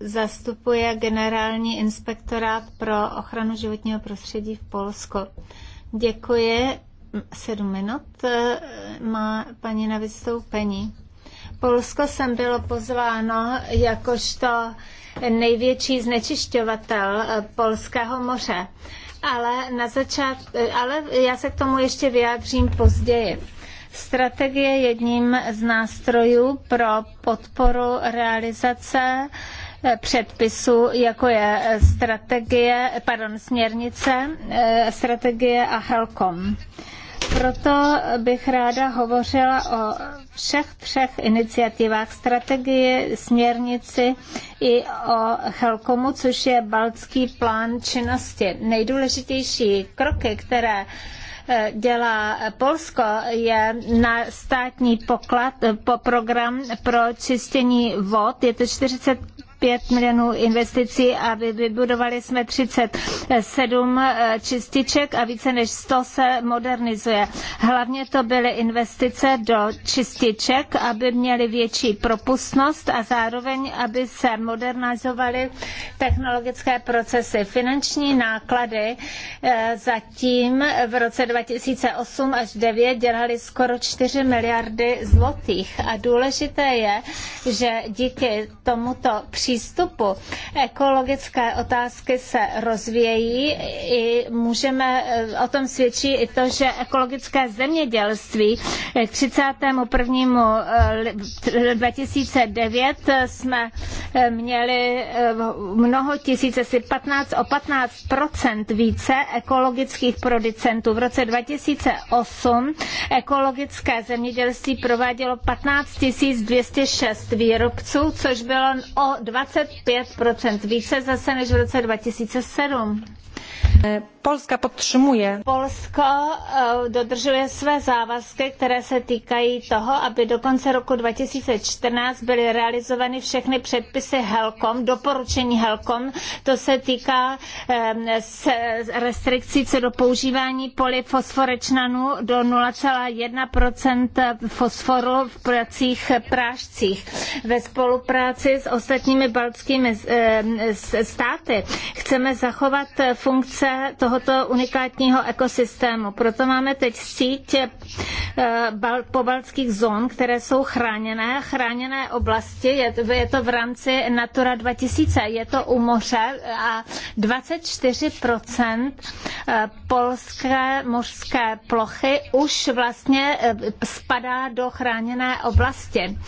zastupuje generální inspektorát pro ochranu životního prostředí v Polsku. Děkuji sedm minut eh, má paní na vystoupení. Polsko jsem bylo pozváno jakožto největší znečišťovatel eh, Polského moře. Ale, na začát, eh, ale já se k tomu ještě vyjádřím později. Strategie je jedním z nástrojů pro podporu realizace předpisů, jako je strategie, pardon, směrnice, strategie a Helcom proto bych ráda hovořila o všech třech iniciativách, strategie, směrnici i o Helkomu, což je baltský plán činnosti. Nejdůležitější kroky, které eh, dělá Polsko, je na státní poklad eh, po program pro čistění vod. Je to 40 5 milionů investicí a vybudovali jsme 37 eh, čističek a více než 100 se modernizuje. Hlavně to byly investice do čističek, aby měly větší propustnost a zároveň, aby se modernizovaly technologické procesy. Finanční náklady eh, zatím v roce 2008 až 2009 dělaly skoro 4 miliardy zlotých. A důležité je, že díky tomuto příležitosti přístupu. Ekologické otázky se rozvíjejí i můžeme, eh, o tom svědčí i to, že ekologické zemědělství eh, k 31. 2009 eh, jsme měli mnoho tisíc, asi 15, o 15 více ekologických producentů. V roce 2008 ekologické zemědělství provádělo 15 206 výrobců, což bylo o 20 25 více zase než v roce 2007. Polska podtrzymuje. Polsko e, dodržuje své závazky, které se týkají toho, aby do konce roku 2014 byly realizovány všechny předpisy HELCOM, doporučení HELCOM. To se týká e, restrikcí co do používání polyfosforečnanu do 0,1 fosforu v pracích prášcích ve spolupráci s ostatními baltskými e, státy. Chceme zachovat funkce toho tohoto unikátního ekosystému. Proto máme teď síť eh, pobaltských zón, které jsou chráněné. Chráněné oblasti, je to v rámci Natura 2000, je to u moře a 24% eh, polské mořské plochy už vlastně eh, spadá do chráněné oblasti.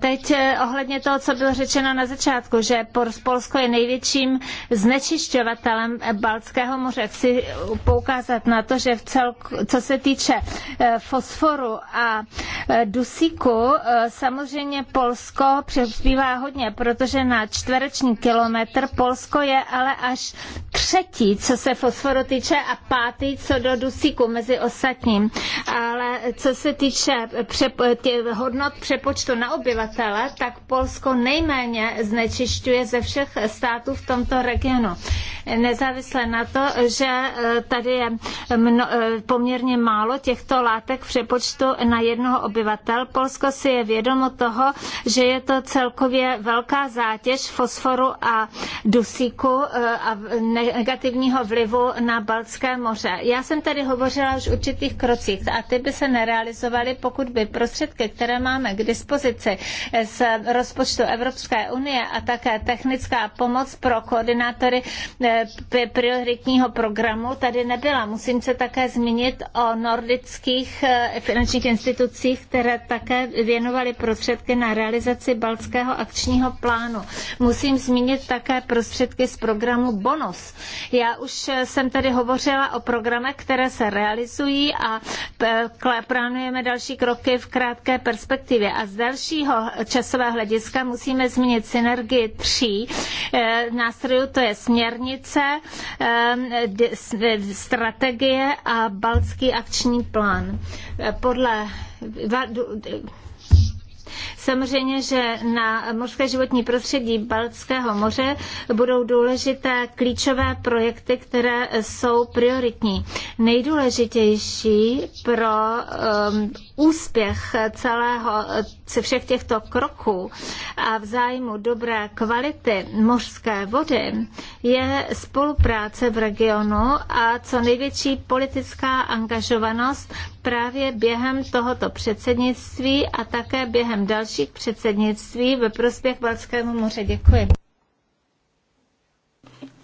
Teď ohledně toho, co bylo řečeno na začátku, že Polsko je největším znečišťovatelem Baltského moře, závěr chci poukázat na to, že v celku, co se týče eh, fosforu a eh, dusíku, eh, samozřejmě Polsko přispívá hodně, protože na čtvereční kilometr Polsko je ale až třetí, co se fosforu týče a pátý, co do dusíku mezi ostatním. Ale co se týče hodnot přepočtu na obyvatele, tak Polsko nejméně znečišťuje ze všech států v tomto regionu. Nezávisle na to, že eh, tady je eh, poměrně málo těchto látek v přepočtu na jednoho obyvatel. Polsko si je vědomo toho, že je to celkově velká zátěž fosforu a dusíku eh, a negativního vlivu na Baltské moře. Já jsem tady hovořila už o určitých krocích a ty by se nerealizovaly, pokud by prostředky, které máme k dispozici z rozpočtu Evropské unie a také technická pomoc pro koordinátory prioritního programu tady nebyla. Musím se také zmínit o nordických eh, finančních institucích, které také věnovaly prostředky na realizaci Balckého akčního plánu. Musím zmínit také prostředky z programu Bonus. Já už eh, jsem tady hovořila o programech, které se realizují a eh, plánujeme další kroky v krátké perspektivě. A z dalšího časového hlediska musíme zmínit synergii tří nástrojů, to je směrnice, strategie a balský akční plán. Podle Samozřejmě, že na mořské životní prostředí Baltského moře budou důležité klíčové projekty, které jsou prioritní. Nejdůležitější pro um, úspěch celého, všech těchto kroků a v zájmu dobré kvality mořské vody je spolupráce v regionu a co největší politická angažovanost právě během tohoto předsednictví a také během dalších dalších předsednictví ve prospěch Balskému moře. Děkuji.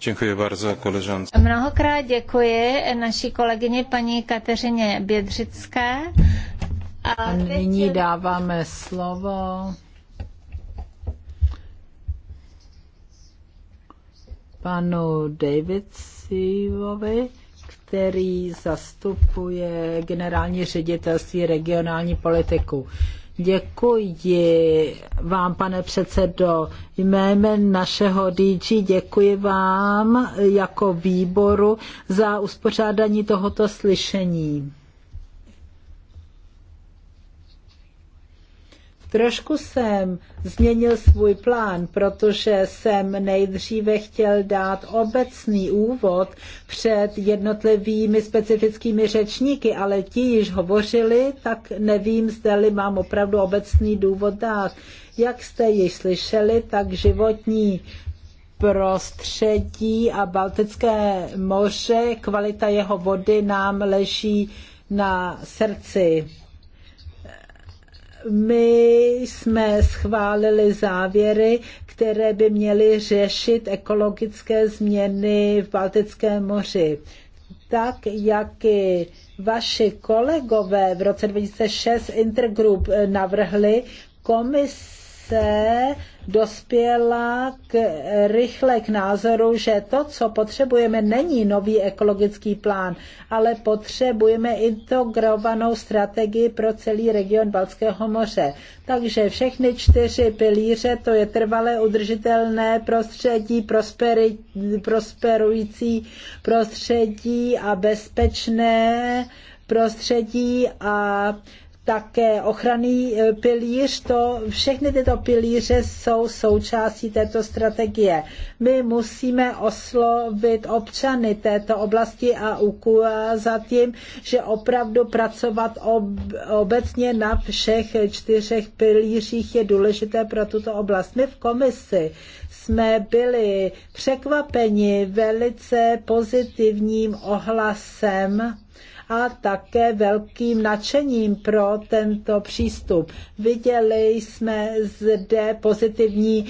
Děkuji bardzo, koleżance. Mnohokrát děkuji naší kolegyně paní Kateřině Bědřické. A, a nyní dáváme slovo panu Davidsovi, který zastupuje generální ředitelství regionální politiku. Děkuji vám, pane předsedo. Jménem našeho DG děkuji vám jako výboru za uspořádání tohoto slyšení. Trošku jsem změnil svůj plán, protože jsem nejdříve chtěl dát obecný úvod před jednotlivými specifickými řečníky, ale ti již hovořili, tak nevím, zda-li mám opravdu obecný důvod dát. Jak jste již slyšeli, tak životní prostředí a Baltické moře, kvalita jeho vody nám leží na srdci my jsme schválili závěry, které by měly řešit ekologické změny v Baltickém moři. Tak, jak i vaši kolegové v roce 2006 Intergroup navrhli, komise dospěla k, rychle k názoru, že to, co potřebujeme, není nový ekologický plán, ale potřebujeme integrovanou strategii pro celý region Balckého moře. Takže všechny čtyři pilíře, to je trvalé udržitelné prostředí, prosperi, prosperující prostředí a bezpečné prostředí a také ochranný eh, pilíř, to všechny tyto pilíře jsou součástí této strategie. My musíme oslovit občany této oblasti a ukázat jim, že opravdu pracovat ob, obecně na všech čtyřech pilířích je důležité pro tuto oblast. My v komisi jsme byli překvapeni velice pozitivním ohlasem a také velkým nadšením pro tento přístup. Viděli jsme zde pozitivní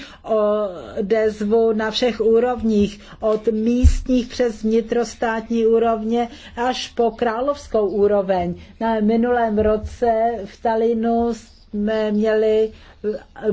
odezvu na všech úrovních, od místních přes vnitrostátní úrovně až po královskou úroveň. Na minulém roce v Talinu jsme měli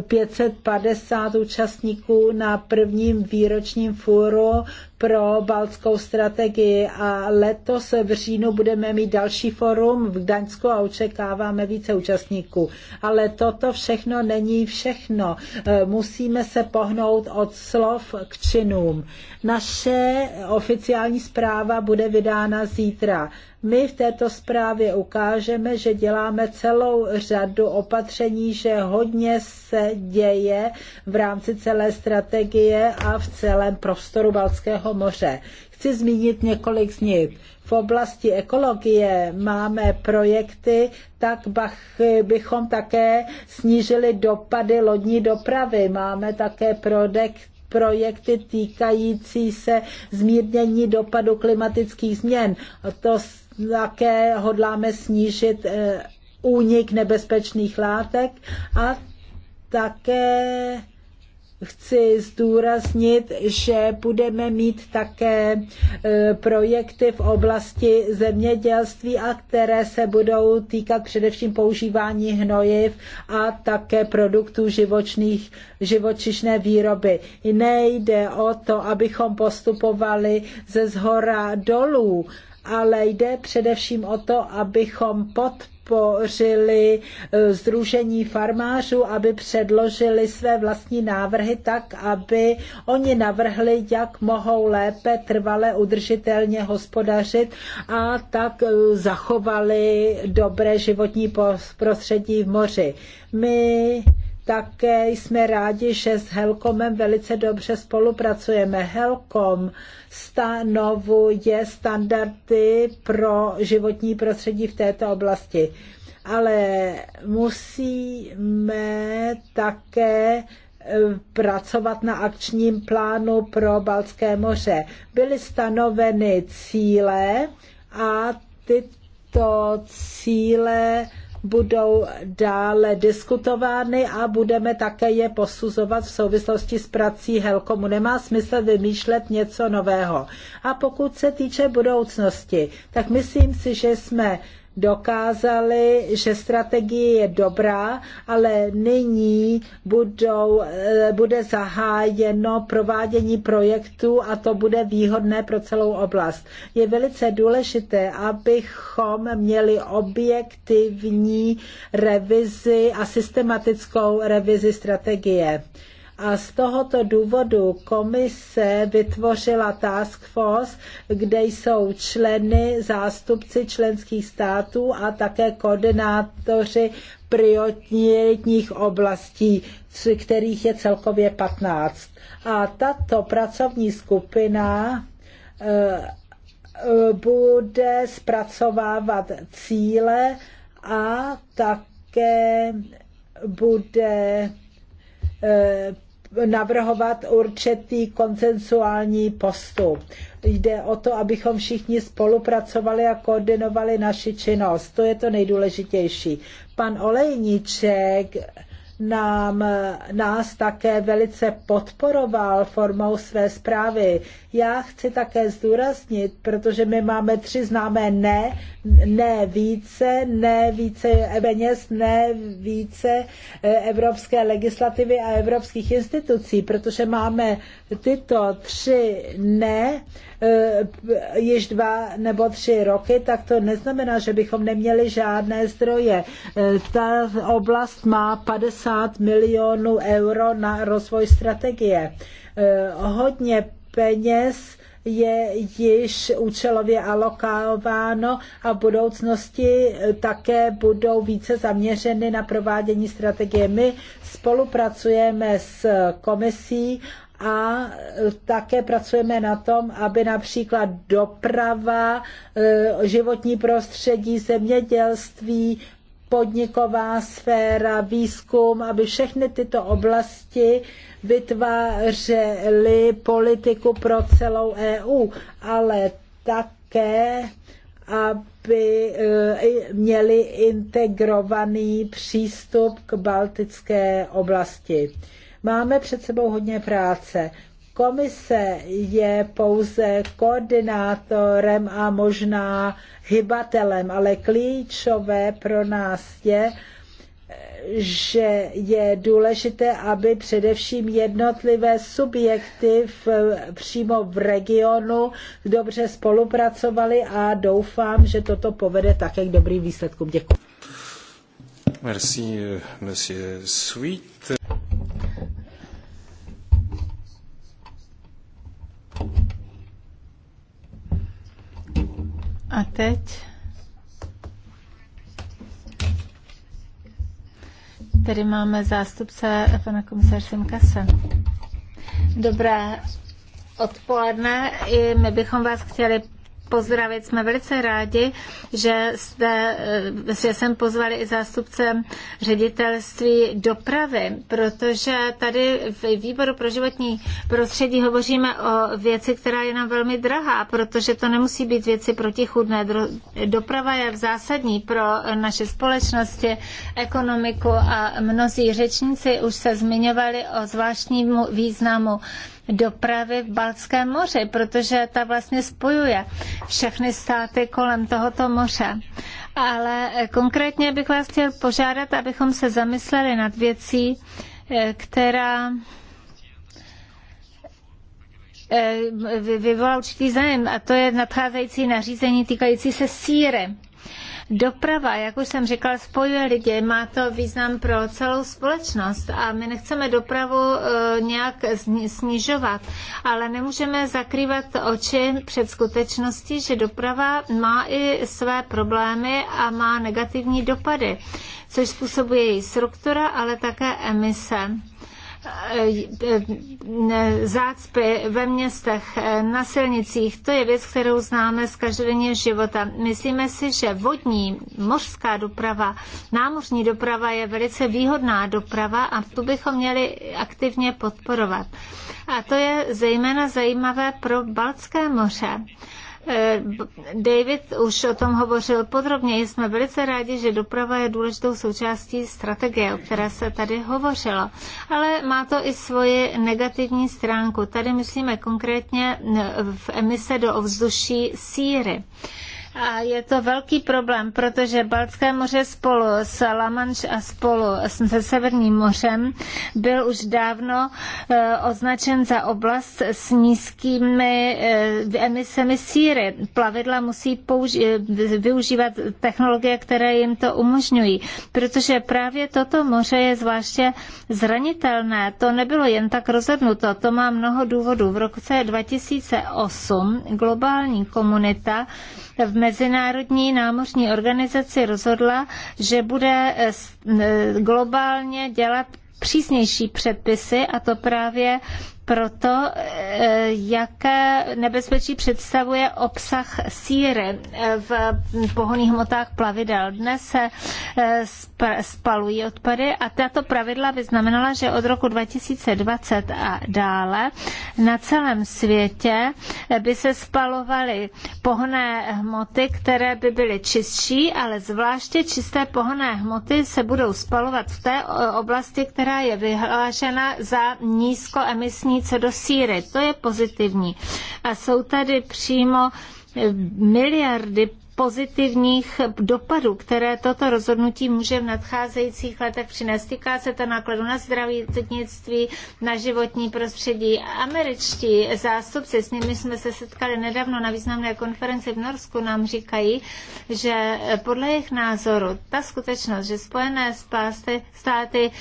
550 účastníků na prvním výročním fóru pro baltskou strategii a letos v říjnu budeme mít další fórum v Gdaňsku a očekáváme více účastníků. Ale toto všechno není všechno. E, musíme se pohnout od slov k činům. Naše oficiální zpráva bude vydána zítra. My v této zprávě ukážeme, že děláme celou řadu opatření, že hodně se děje v rámci celé strategie a v celém prostoru Balckého moře. Chci zmínit několik z nich. V oblasti ekologie máme projekty, tak bychom také snížili dopady lodní dopravy. Máme také projekty projekty týkající se zmírnění dopadu klimatických změn. To také hodláme snížit eh, únik nebezpečných látek a také chci zdůraznit, že budeme mít také e, projekty v oblasti zemědělství a které se budou týkat především používání hnojiv a také produktů živočných, živočišné výroby. Nejde o to, abychom postupovali ze zhora dolů, ale jde především o to, abychom podporovali podpořili eh, Združení farmářů, aby předložili své vlastní návrhy tak, aby oni navrhli, jak mohou lépe trvale udržitelně hospodařit a tak eh, zachovali dobré životní prostředí v moři. My také jsme rádi, že s Helkomem velice dobře spolupracujeme. Helkom stanovuje standardy pro životní prostředí v této oblasti. Ale musíme také e, pracovat na akčním plánu pro Balské moře. Byly stanoveny cíle a tyto cíle budou dále diskutovány a budeme také je posuzovat v souvislosti s prací Helkomu. Nemá smysl vymýšlet něco nového. A pokud se týče budoucnosti, tak myslím si, že jsme dokázali, že strategie je dobrá, ale nyní budou, eh, bude zahájeno provádění projektů a to bude výhodné pro celou oblast. Je velice důležité, abychom měli objektivní revizi a systematickou revizi strategie. A z tohoto důvodu komise vytvořila task force, kde jsou členy, zástupci členských států a také koordinátoři prioritních oblastí, kterých je celkově 15. A tato pracovní skupina eh, bude zpracovávat cíle a také bude eh, navrhovat určitý koncensuální postup. Jde o to, abychom všichni spolupracovali a koordinovali naši činnost. To je to nejdůležitější. Pan Olejníček nám, nás také velice podporoval formou své zprávy. Já chci také zdůraznit, protože my máme tři známé ne, ne více, ne více peněz, ne více eh, evropské legislativy a evropských institucí, protože máme tyto tři ne eh, již dva nebo tři roky, tak to neznamená, že bychom neměli žádné zdroje. Eh, ta oblast má 50 milionů euro na rozvoj strategie. Hodně peněz je již účelově alokováno a v budoucnosti také budou více zaměřeny na provádění strategie. My spolupracujeme s komisí a také pracujeme na tom, aby například doprava, e, životní prostředí, zemědělství, podniková sféra, výzkum, aby všechny tyto oblasti vytvářely politiku pro celou EU, ale také, aby e, měli integrovaný přístup k baltické oblasti. Máme před sebou hodně práce. Komise je pouze koordinátorem a možná hybatelem, ale klíčové pro nás je, že je důležité, aby především jednotlivé subjekty v, přímo v regionu dobře spolupracovali a doufám, že toto povede také k dobrým výsledkům. Děkuji. Merci, euh, monsieur Sweet. A teď Tady máme zástupce pana komisaře Simkase. Dobré odpoledne. I my bychom vás chtěli pozdravit. Jsme velice rádi, že, jste, eh, že jsem pozvali i zástupce ředitelství dopravy, protože tady v výboru pro životní prostředí hovoříme o věci, která je nám velmi drahá, protože to nemusí být věci protichudné. Doprava je zásadní pro naše společnosti, ekonomiku a mnozí řečníci už se zmiňovali o zvláštním významu dopravy v Balckém moři, protože ta vlastně spojuje všechny státy kolem tohoto moře. Ale konkrétně bych vás chtěl požádat, abychom se zamysleli nad věcí, eh, která eh, vyvolá určitý zájem, a to je nadcházející nařízení týkající se síry Doprava, jak už jsem říkal, spojuje lidi, má to význam pro celou společnost a my nechceme dopravu e, nějak snižovat, ale nemůžeme zakrývat oči před skutečností, že doprava má i své problémy a má negativní dopady, což způsobuje její struktura, ale také emise E, e, e, zácpy ve městech, na silnicích, to je věc, kterou známe z každodenního života. Myslíme si, že vodní, mořská doprava, námořní doprava je velice výhodná doprava a tu bychom měli aktivně podporovat. A to je zejména zajímavé pro Baltské moře Eh, David už o tom hovořil podrobně. Jsme velice rádi, že doprava je důležitou součástí strategie, o které se tady hovořilo. Ale má to i svoji negativní stránku. Tady myslíme konkrétně eh, v emise do ovzduší síry. A je to velký problém, protože Baltské moře spolu s La Manche a spolu se Severním mořem byl už dávno e, označen za oblast s nízkými e, emisemi síry. Plavidla musí e, využívat technologie, které jim to umožňují, protože právě toto moře je zvláště zranitelné. To nebylo jen tak rozhodnuto, to má mnoho důvodů. V roce 2008 globální komunita v Mezinárodní námořní organizaci rozhodla, že bude eh, eh, globálně dělat přísnější předpisy a to právě proto, eh, jaké nebezpečí představuje obsah síry v pohoných hmotách plavidel. Dnes se eh, spalují odpady a tato pravidla vyznamenala, že od roku 2020 a dále na celém světě eh, by se spalovaly pohonné hmoty, které by byly čistší, ale zvláště čisté pohonné hmoty se budou spalovat v té oblasti, která je vyhlášena za nízkoemisní vesnice do Sýry. To je pozitivní. A jsou tady přímo miliardy pozitivních dopadů, které toto rozhodnutí může v nadcházejících letech přinést. Týká se to nákladu na zdraví, zdravotnictví, na životní prostředí. Američtí zástupci, s nimi jsme se setkali nedávno na významné konferenci v Norsku, nám říkají, že podle jejich názoru ta skutečnost, že Spojené státy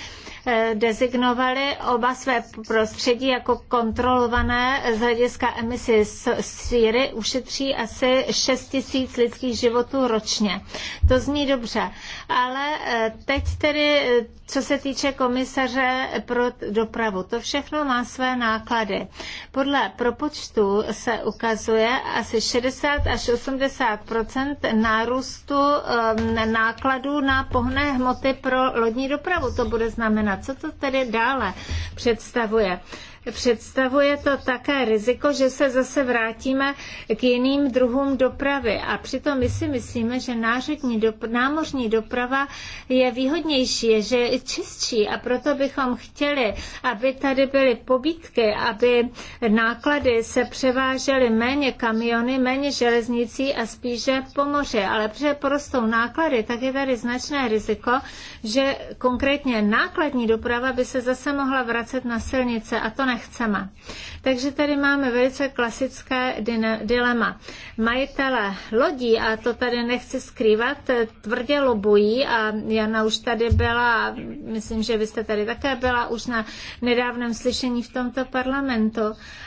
eh, dezignovaly oba své prostředí jako kontrolované z hlediska emisí síry, ušetří asi 6 tisíc lidských lidských životů ročně. To zní dobře, ale eh, teď tedy, eh, co se týče komisaře pro dopravu, to všechno má své náklady. Podle propočtu se ukazuje asi 60 až 80 nárůstu eh, nákladů na pohné hmoty pro lodní dopravu. To bude znamenat, co to tedy dále představuje. Představuje to také riziko, že se zase vrátíme k jiným druhům dopravy. A přitom my si myslíme, že nářadní dop- námořní doprava je výhodnější, že je čistší a proto bychom chtěli, aby tady byly pobítky, aby náklady se převážely méně kamiony, méně železnicí a spíše po moři. Ale protože porostou náklady, tak je tady značné riziko, že konkrétně nákladní doprava by se zase mohla vracet na silnice a to nechceme. Takže tady máme velice klasické dilema. Majitele lodí, a to tady nechci skrývat, tvrdě lobují a Jana už tady byla, myslím, že vy jste tady také byla už na nedávném slyšení v tomto parlamentu.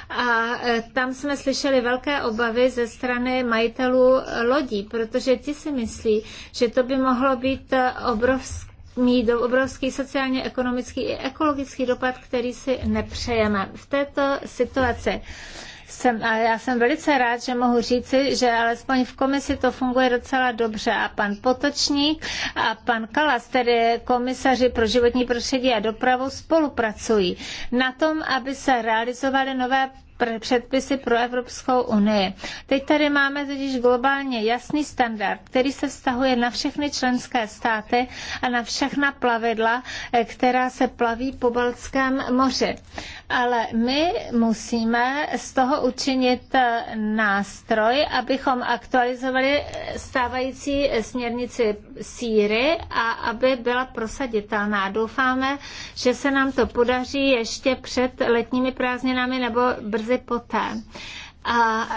A e, tam jsme slyšeli velké obavy ze strany majitelů lodí, protože ti si myslí, že to by mohlo být e, obrovské mít obrovský sociálně, ekonomický i ekologický dopad, který si nepřejeme. V této situaci jsem, a já jsem velice rád, že mohu říci, že alespoň v komisi to funguje docela dobře a pan Potočník a pan Kalas, tedy komisaři pro životní prostředí a dopravu, spolupracují na tom, aby se realizovaly nové předpisy pro Evropskou unii. Teď tady máme totiž globálně jasný standard, který se vztahuje na všechny členské státy a na všechna plavidla, eh, která se plaví po Baltském moři. Ale my musíme z toho učinit eh, nástroj, abychom aktualizovali stávající eh, směrnici síry a aby byla prosaditelná. Doufáme, že se nám to podaří ještě před letními prázdninami nebo brzy brzy poté. A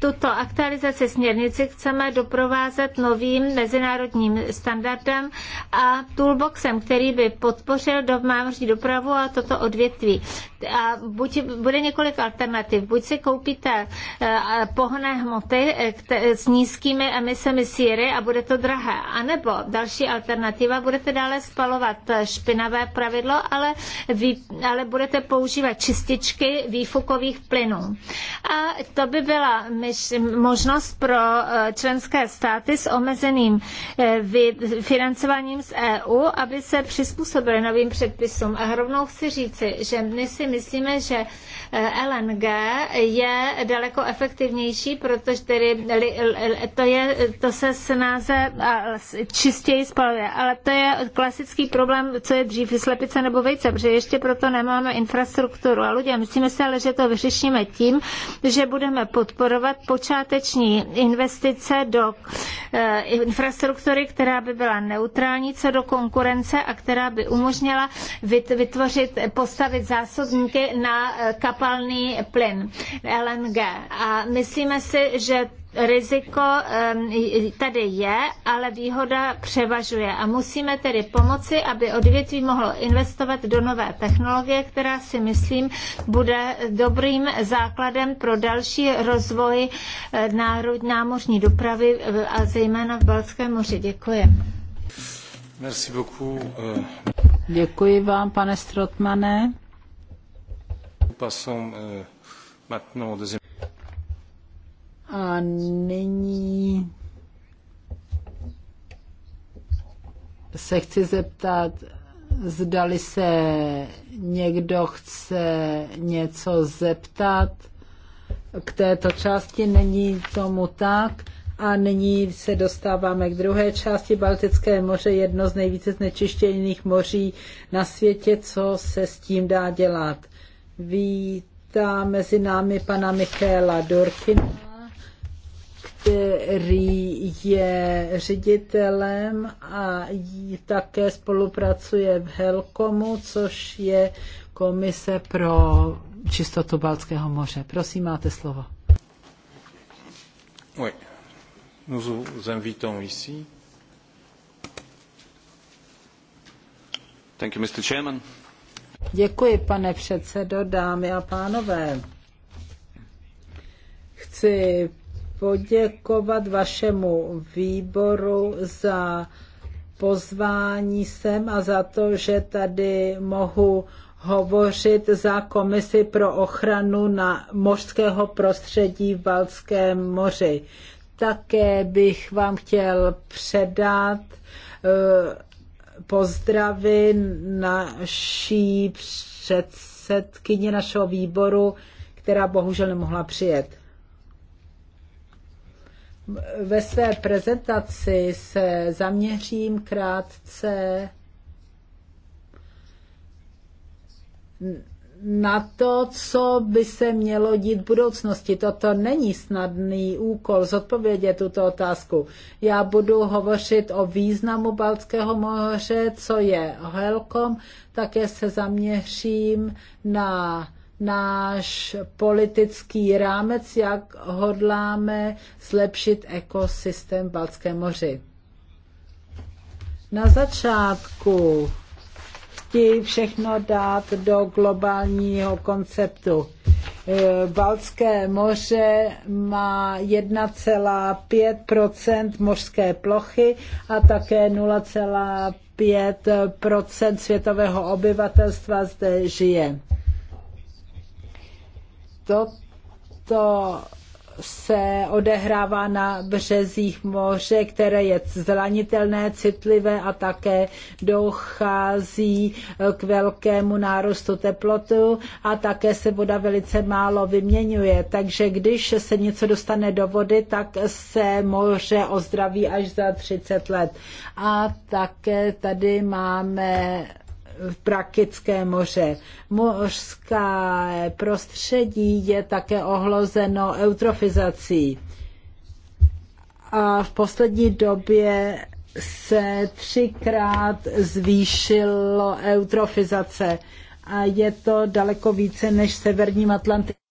tuto aktualizaci směrnici chceme doprovázet novým mezinárodním standardem a toolboxem, který by podpořil domácí dopravu a toto odvětví a buď, bude několik alternativ. Buď si koupíte eh, pohonné hmoty eh, s nízkými emisemi síry a bude to drahé. A nebo další alternativa, budete dále spalovat eh, špinavé pravidlo, ale, vy, ale budete používat čističky výfukových plynů. A to by byla myš, možnost pro členské státy s omezeným vy, financováním z EU, aby se přizpůsobili novým předpisům. A rovnou chci říci, že my si myslíme, že eh, LNG je daleko efektivnější, protože tedy, to, je, to se snáze čistěji spaluje. Ale to je klasický problém, co je dřív, slepice nebo vejce, protože ještě proto nemáme infrastrukturu. A lidé, myslíme se ale, že to vyřešíme tím, že budeme podporovat počáteční investice do eh, infrastruktury, která by byla neutrální co do konkurence a která by umožnila vytvořit, postavit zásobní podmínky na eh, kapalný plyn LNG. A myslíme si, že riziko ehm, tady je, ale výhoda převažuje. A musíme tedy pomoci, aby odvětví mohlo investovat do nové technologie, která si myslím bude dobrým základem pro další rozvoj eh, národ, námořní dopravy eh, a zejména v balském moři. Děkuji. Merci beaucoup. Děkuji vám, pane Strotmane. Euh, A nyní se chci zeptat, zdali se někdo chce něco zeptat k této části. Není tomu tak. A nyní se dostáváme k druhé části. Baltické moře jedno z nejvíce znečištěných moří na světě. Co se s tím dá dělat? vítá mezi námi pana Michaela Dorkina, který je ředitelem a také spolupracuje v Helkomu, což je Komise pro čistotu Balckého moře. Prosím, máte slovo. Oui. Nous vous invitons ici. Thank you, Mr. Chairman. Děkuji, pane předsedo, dámy a pánové. Chci poděkovat vašemu výboru za pozvání sem a za to, že tady mohu hovořit za Komisi pro ochranu na mořského prostředí v Balském moři. Také bych vám chtěl předat eh, pozdravy naší předsedkyně našeho výboru, která bohužel nemohla přijet. Ve své prezentaci se zaměřím krátce na to, co by se mělo dít v budoucnosti. Toto není snadný úkol zodpovědět tuto otázku. Já budu hovořit o významu Balckého moře, co je Helkom, také se zaměřím na náš politický rámec, jak hodláme zlepšit ekosystém Balckého moři. Na začátku chtějí všechno dát do globálního konceptu. E, Balské moře má 1,5 mořské plochy a také 0,5 světového obyvatelstva zde žije. Toto se odehrává na březích moře, které je zranitelné, citlivé a také dochází eh, k velkému nárůstu teplotu a také se voda velice málo vyměňuje. Takže když se něco dostane do vody, tak se moře ozdraví až za 30 let. A také tady máme v praktické moře. Mořské prostředí je také ohlozeno eutrofizací. A v poslední době se třikrát zvýšilo eutrofizace a je to daleko více než severním Atlantikem.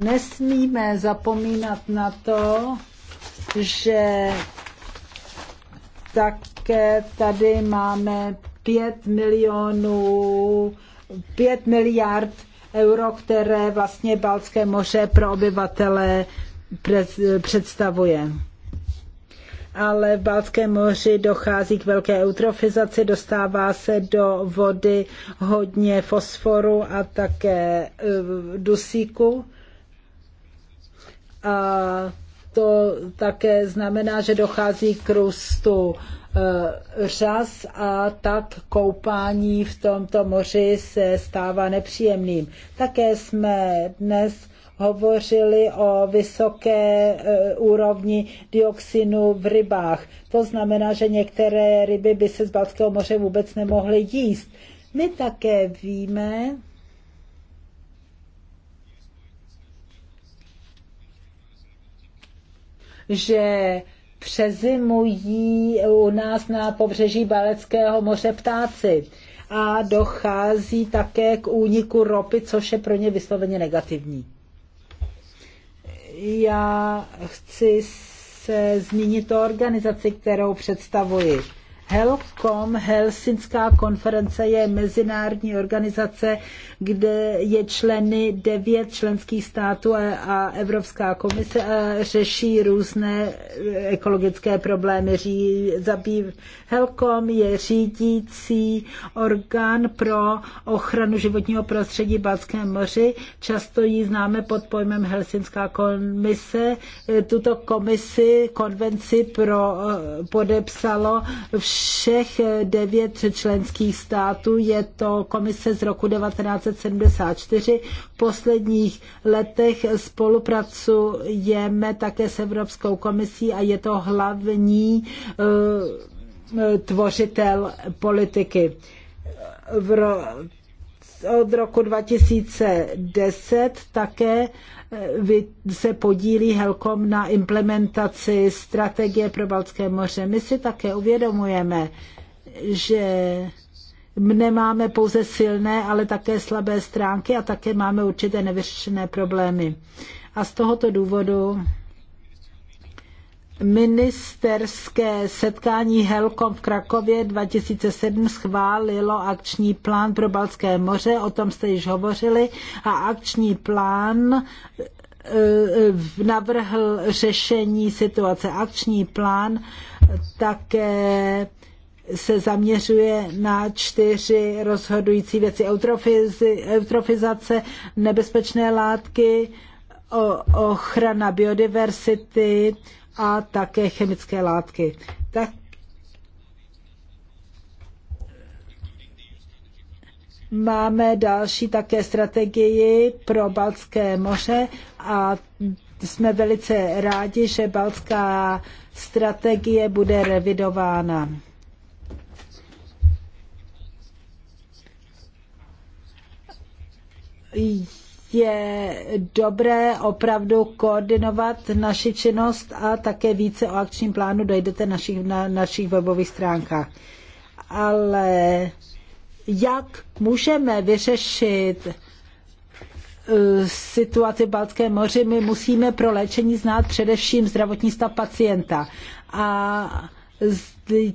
Nesmíme zapomínat na to, že také tady máme 5 milionů, 5 miliard euro, které vlastně Balské moře pro obyvatele představuje. Ale v Balském moři dochází k velké eutrofizaci, dostává se do vody hodně fosforu a také eh, dusíku a to také znamená, že dochází k růstu e, řas a tak koupání v tomto moři se stává nepříjemným. Také jsme dnes hovořili o vysoké e, úrovni dioxinu v rybách. To znamená, že některé ryby by se z Balckého moře vůbec nemohly jíst. My také víme, že přezimují u nás na pobřeží Baleckého moře ptáci a dochází také k úniku ropy, což je pro ně vysloveně negativní. Já chci se zmínit o organizaci, kterou představuji. HELCOM, Helsinská konference, je mezinárodní organizace, kde je členy devět členských států a Evropská komise a řeší různé e, ekologické problémy. HELCOM je řídící orgán pro ochranu životního prostředí v Balckém moři. Často ji známe pod pojmem Helsinská komise. E, tuto komisi, konvenci pro, e, podepsalo vše všech devět členských států. Je to komise z roku 1974. V posledních letech spolupracujeme také s Evropskou komisí a je to hlavní eh, tvořitel politiky v od roku 2010 také eh, se podílí Helkom na implementaci strategie pro Baltské moře. My si také uvědomujeme, že nemáme pouze silné, ale také slabé stránky a také máme určité nevyřešené problémy. A z tohoto důvodu ministerské setkání Helkom v Krakově 2007 schválilo akční plán pro Balské moře, o tom jste již hovořili, a akční plán e, e, navrhl řešení situace. Akční plán také se zaměřuje na čtyři rozhodující věci. Eutrofizace, nebezpečné látky, ochrana biodiverzity a také chemické látky. Tak Máme další také strategii pro balské moře a jsme velice rádi, že balská strategie bude revidována je dobré opravdu koordinovat naši činnost a také více o akčním plánu dojdete našich, na našich webových stránkách. Ale jak můžeme vyřešit uh, situaci v Baltském moři, my musíme pro léčení znát především zdravotní stav pacienta. A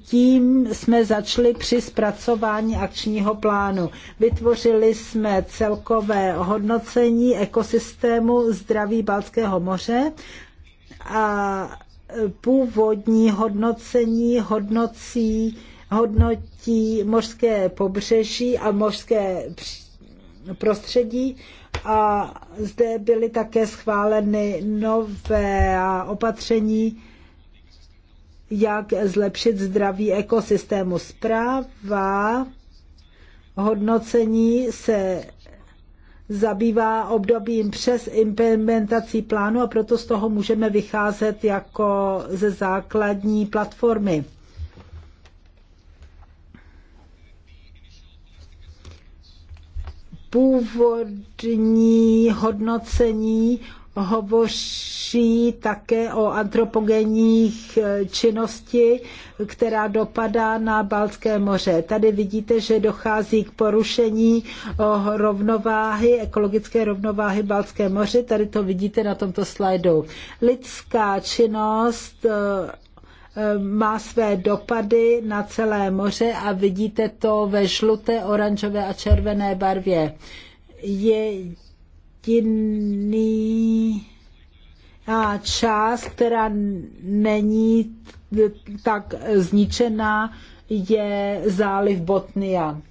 tím jsme začali při zpracování akčního plánu. Vytvořili jsme celkové hodnocení ekosystému zdraví Balckého moře a původní hodnocení hodnocí, hodnotí mořské pobřeží a mořské prostředí a zde byly také schváleny nové opatření jak zlepšit zdraví ekosystému. Zpráva hodnocení se zabývá obdobím přes implementací plánu a proto z toho můžeme vycházet jako ze základní platformy. Původní hodnocení hovoří také o antropogenních eh, činnosti, která dopadá na Balské moře. Tady vidíte, že dochází k porušení eh, rovnováhy, ekologické rovnováhy Balské moře. Tady to vidíte na tomto slajdu. Lidská činnost eh, má své dopady na celé moře a vidíte to ve žluté, oranžové a červené barvě. Je jediný a část, která není tak zničená, je záliv Botnia.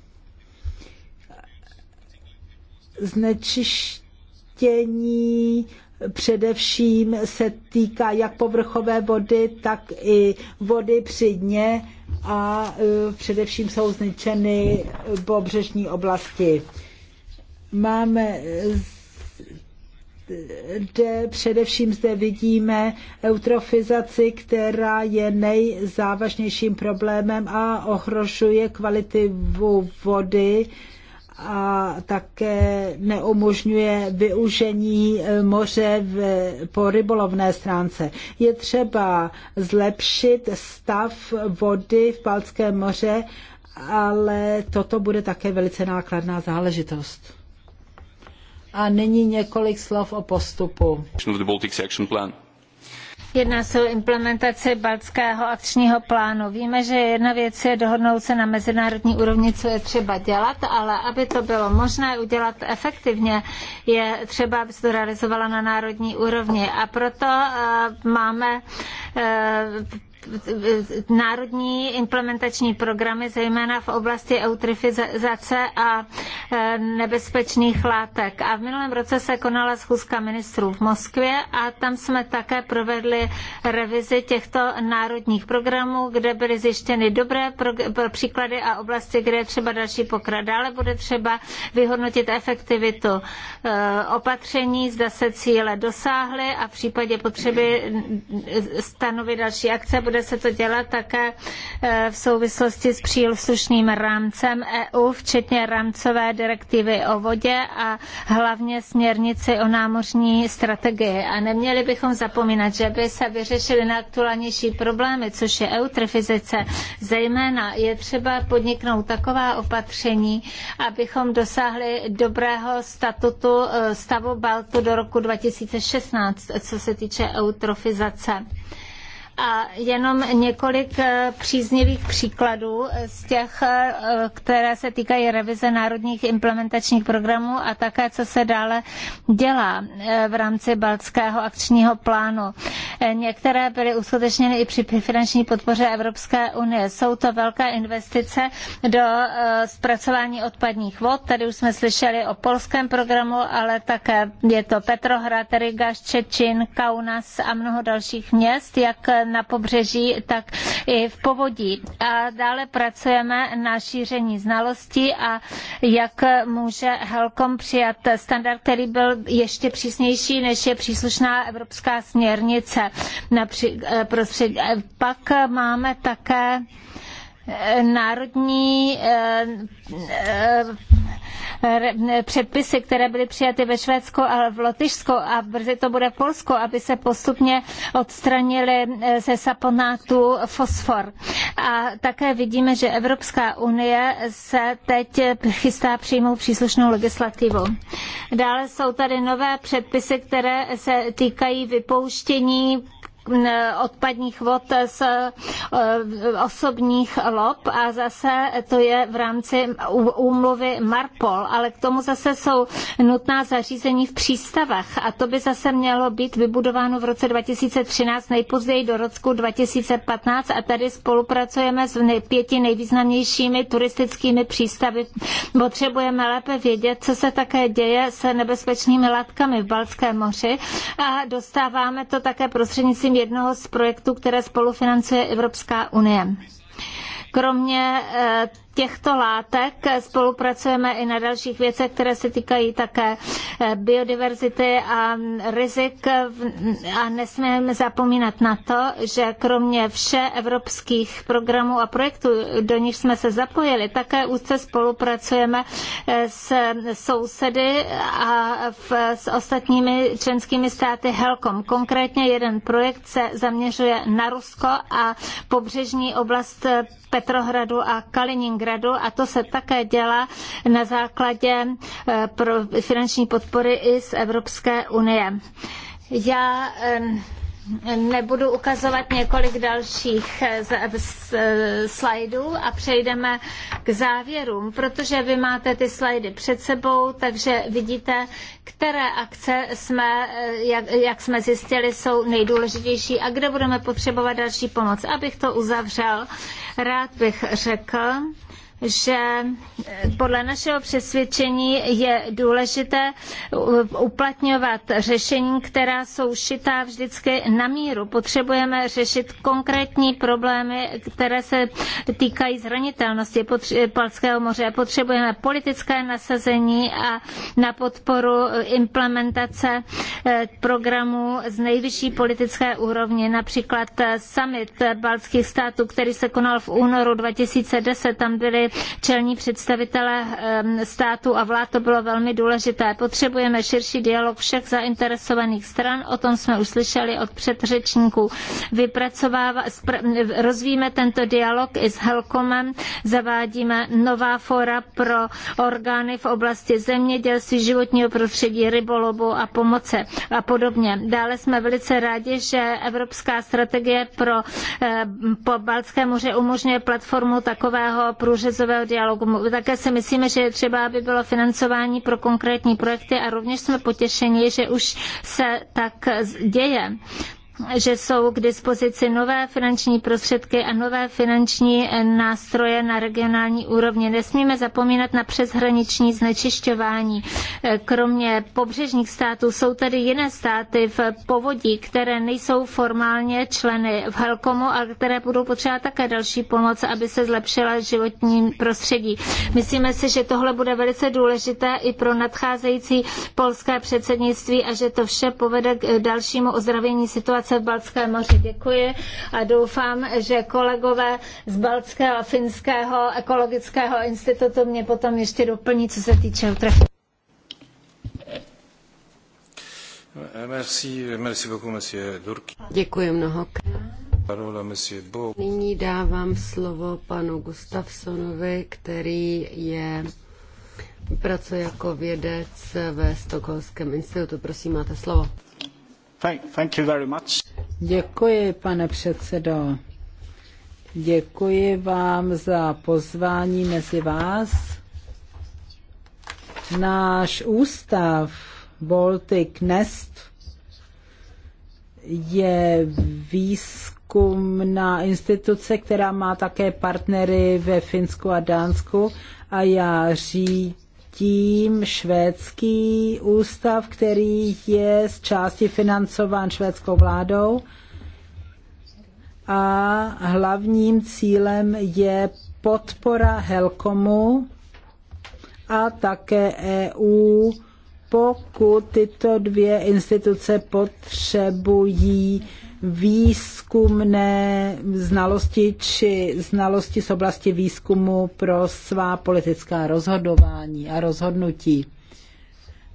Znečištění především se týká jak povrchové vody, tak i vody při dně a e, především jsou zničeny pobřežní oblasti. Máme zde především zde vidíme eutrofizaci, která je nejzávažnějším problémem a ohrožuje kvalitu vody a také neumožňuje využení moře v, po rybolovné stránce. Je třeba zlepšit stav vody v Balckém moře, ale toto bude také velice nákladná záležitost. A nyní několik slov o postupu. Jedná se o implementaci Baltského akčního plánu. Víme, že jedna věc je dohodnout se na mezinárodní úrovni, co je třeba dělat, ale aby to bylo možné udělat efektivně, je třeba, aby se to realizovala na národní úrovni. A proto eh, máme eh, národní implementační programy, zejména v oblasti eutrifizace a e, nebezpečných látek. A v minulém roce se konala schůzka ministrů v Moskvě a tam jsme také provedli revizi těchto národních programů, kde byly zjištěny dobré příklady a oblasti, kde je třeba další pokrad. Dále bude třeba vyhodnotit efektivitu e, opatření, zda se cíle dosáhly a v případě potřeby stanovit další akce bude se to dělat také eh, v souvislosti s příslušným rámcem EU, včetně rámcové direktivy o vodě a hlavně směrnici o námořní strategii. A neměli bychom zapomínat, že by se vyřešily nejaktuálnější problémy, což je eutrofizace. Zejména je třeba podniknout taková opatření, abychom dosáhli dobrého statutu eh, stavu Baltu do roku 2016, co se týče eutrofizace. A jenom několik eh, příznivých příkladů z těch, eh, které se týkají revize národních implementačních programů a také, co se dále dělá eh, v rámci Baltského akčního plánu. Některé byly uskutečněny i při finanční podpoře Evropské unie. Jsou to velké investice do zpracování odpadních vod. Tady už jsme slyšeli o polském programu, ale také je to Petrohrad, Riga, Ščečin, Kaunas a mnoho dalších měst, jak na pobřeží, tak i v povodí. A dále pracujeme na šíření znalostí a jak může Helkom přijat standard, který byl ještě přísnější, než je příslušná evropská směrnice. Napří, eh, eh, pak máme také eh, národní předpisy, které byly přijaty ve Švédsku a v Lotyšsku a brzy to bude v Polsku, aby se postupně odstranili eh, ze saponátu fosfor. A také vidíme, že Evropská unie se teď chystá přijmout příslušnou legislativu. Dále jsou tady nové předpisy, které se týkají vypouštění odpadních vod z eh, osobních lob a zase to je v rámci úmluvy Marpol, ale k tomu zase jsou nutná zařízení v přístavech a to by zase mělo být vybudováno v roce 2013, nejpozději do roku 2015 a tady spolupracujeme s pěti nejvýznamnějšími turistickými přístavy. Potřebujeme lépe vědět, co se také děje se nebezpečnými látkami v Balckém moři a dostáváme to také prostřednictvím prostřednictvím jednoho z projektů, které spolufinancuje Evropská unie. Kromě eh, těchto látek. Spolupracujeme i na dalších věcech, které se týkají také eh, biodiverzity a mm, rizik mm, a nesmíme zapomínat na to, že kromě vše evropských programů a projektů, do nich jsme se zapojili, také úzce spolupracujeme eh, s sousedy a v, s ostatními členskými státy Helkom. Konkrétně jeden projekt se zaměřuje na Rusko a pobřežní oblast eh, Petrohradu a Kaliningradu Bělehradu a to se také dělá na základě eh, pro finanční podpory i z Evropské unie. Já nebudu ukazovat několik dalších eh, eh, slajdů a přejdeme k závěrům, protože vy máte ty slajdy před sebou, takže vidíte, které akce jsme, jak, jak jsme zjistili, jsou nejdůležitější a kde budeme potřebovat další pomoc. Abych to uzavřel, rád bych řekl, že eh, podle našeho přesvědčení je důležité uplatňovat řešení, která jsou šitá vždycky na míru. Potřebujeme řešit konkrétní problémy, které se týkají zranitelnosti Polského moře. Potřebujeme politické nasazení a na podporu implementace eh, programů z nejvyšší politické úrovně, například eh, summit baltských států, který se konal v únoru 2010. Tam byly čelní představitelé státu a vlád, to bylo velmi důležité. Potřebujeme širší dialog všech zainteresovaných stran, o tom jsme uslyšeli od předřečníků. Vypracovává, rozvíjíme tento dialog i s Helkomem, zavádíme nová fora pro orgány v oblasti zemědělství, životního prostředí, rybolovu a pomoce a podobně. Dále jsme velice rádi, že Evropská strategie pro eh, po Balské moře umožňuje platformu takového průřezu krizového dialogu. Také si myslíme, že je třeba, aby bylo financování pro konkrétní projekty a rovněž jsme potěšeni, že už se tak děje že jsou k dispozici nové finanční prostředky a nové finanční nástroje na regionální úrovni. Nesmíme zapomínat na přeshraniční znečišťování. Kromě pobřežních států jsou tady jiné státy v povodí, které nejsou formálně členy v Helkomu a které budou potřebovat také další pomoc, aby se zlepšila životní prostředí. Myslíme si, že tohle bude velice důležité i pro nadcházející polské předsednictví a že to vše povede k dalšímu ozdravění situace situace v Balckém moři. Děkuji a doufám, že kolegové z Balckého a Finského ekologického institutu mě potom ještě doplní, co se týče utrefy. Děkuji mnohokrát. Nyní dávám slovo panu Gustafsonovi, který je pracuje jako vědec ve Stokholmském institutu. Prosím, máte slovo. Děkuji, pane předsedo. Děkuji vám za pozvání mezi vás. Náš ústav Baltic Nest je výzkumná instituce, která má také partnery ve Finsku a Dánsku a já řídím tím švédský ústav, který je z části financován švédskou vládou a hlavním cílem je podpora Helkomu a také EU, pokud tyto dvě instituce potřebují výzkumné znalosti či znalosti z oblasti výzkumu pro svá politická rozhodování a rozhodnutí.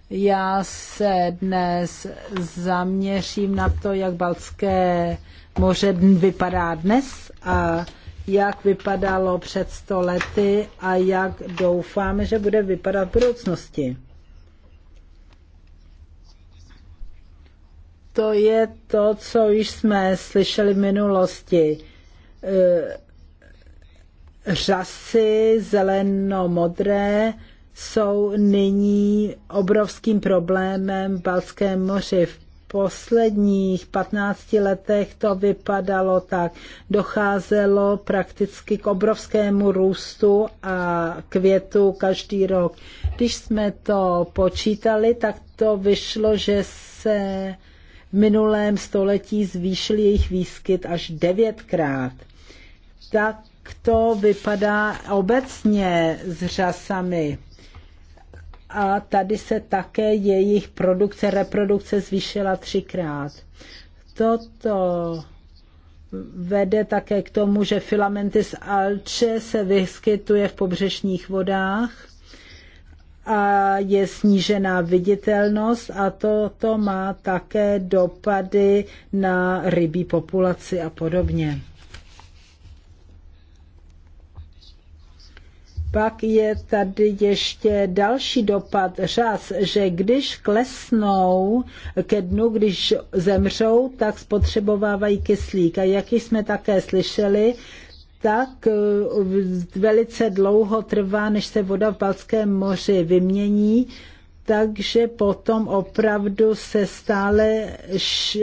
Já se dnes zaměřím na to, jak Balské moře vypadá dnes a jak vypadalo před sto lety a jak doufáme, že bude vypadat v budoucnosti. to je to, co již jsme slyšeli v minulosti. Eh, řasy zeleno-modré jsou nyní obrovským problémem v Balském moři. V posledních 15 letech to vypadalo tak. Docházelo prakticky k obrovskému růstu a květu každý rok. Když jsme to počítali, tak to vyšlo, že se v minulém století zvýšil jejich výskyt až devětkrát. Tak to vypadá obecně s řasami. A tady se také jejich produkce, reprodukce zvýšila třikrát. Toto vede také k tomu, že filamentis alče se vyskytuje v pobřešních vodách a je snížená viditelnost a to, to má také dopady na rybí populaci a podobně. Pak je tady ještě další dopad řas, že když klesnou ke dnu, když zemřou, tak spotřebovávají kyslík. A jak jsme také slyšeli, tak eh, velice dlouho trvá, než se voda v Balském moři vymění, takže potom opravdu se stále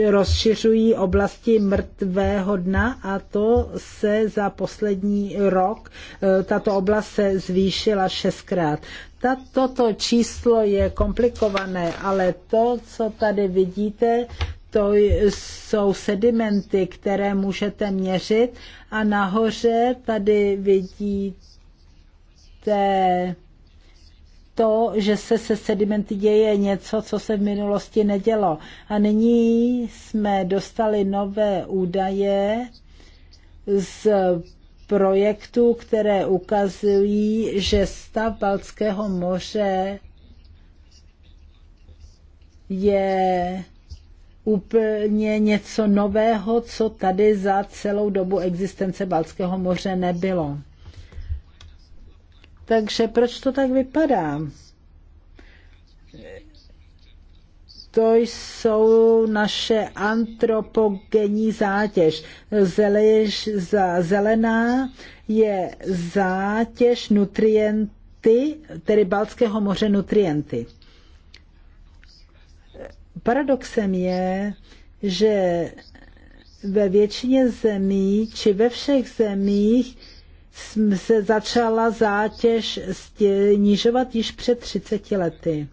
rozšiřují oblasti mrtvého dna a to se za poslední rok, eh, tato oblast se zvýšila šestkrát. Toto číslo je komplikované, ale to, co tady vidíte, to jsou sedimenty, které můžete měřit a nahoře tady vidíte to, že se se sedimenty děje něco, co se v minulosti nedělo. A nyní jsme dostali nové údaje z projektů, které ukazují, že stav Balckého moře je úplně něco nového, co tady za celou dobu existence Balckého moře nebylo. Takže proč to tak vypadá? to jsou naše antropogenní zátěž. Zelež, zelená je zátěž nutrienty, tedy Balckého moře nutrienty. Paradoxem je, že ve většině zemí či ve všech zemích se začala zátěž snižovat již před 30 lety.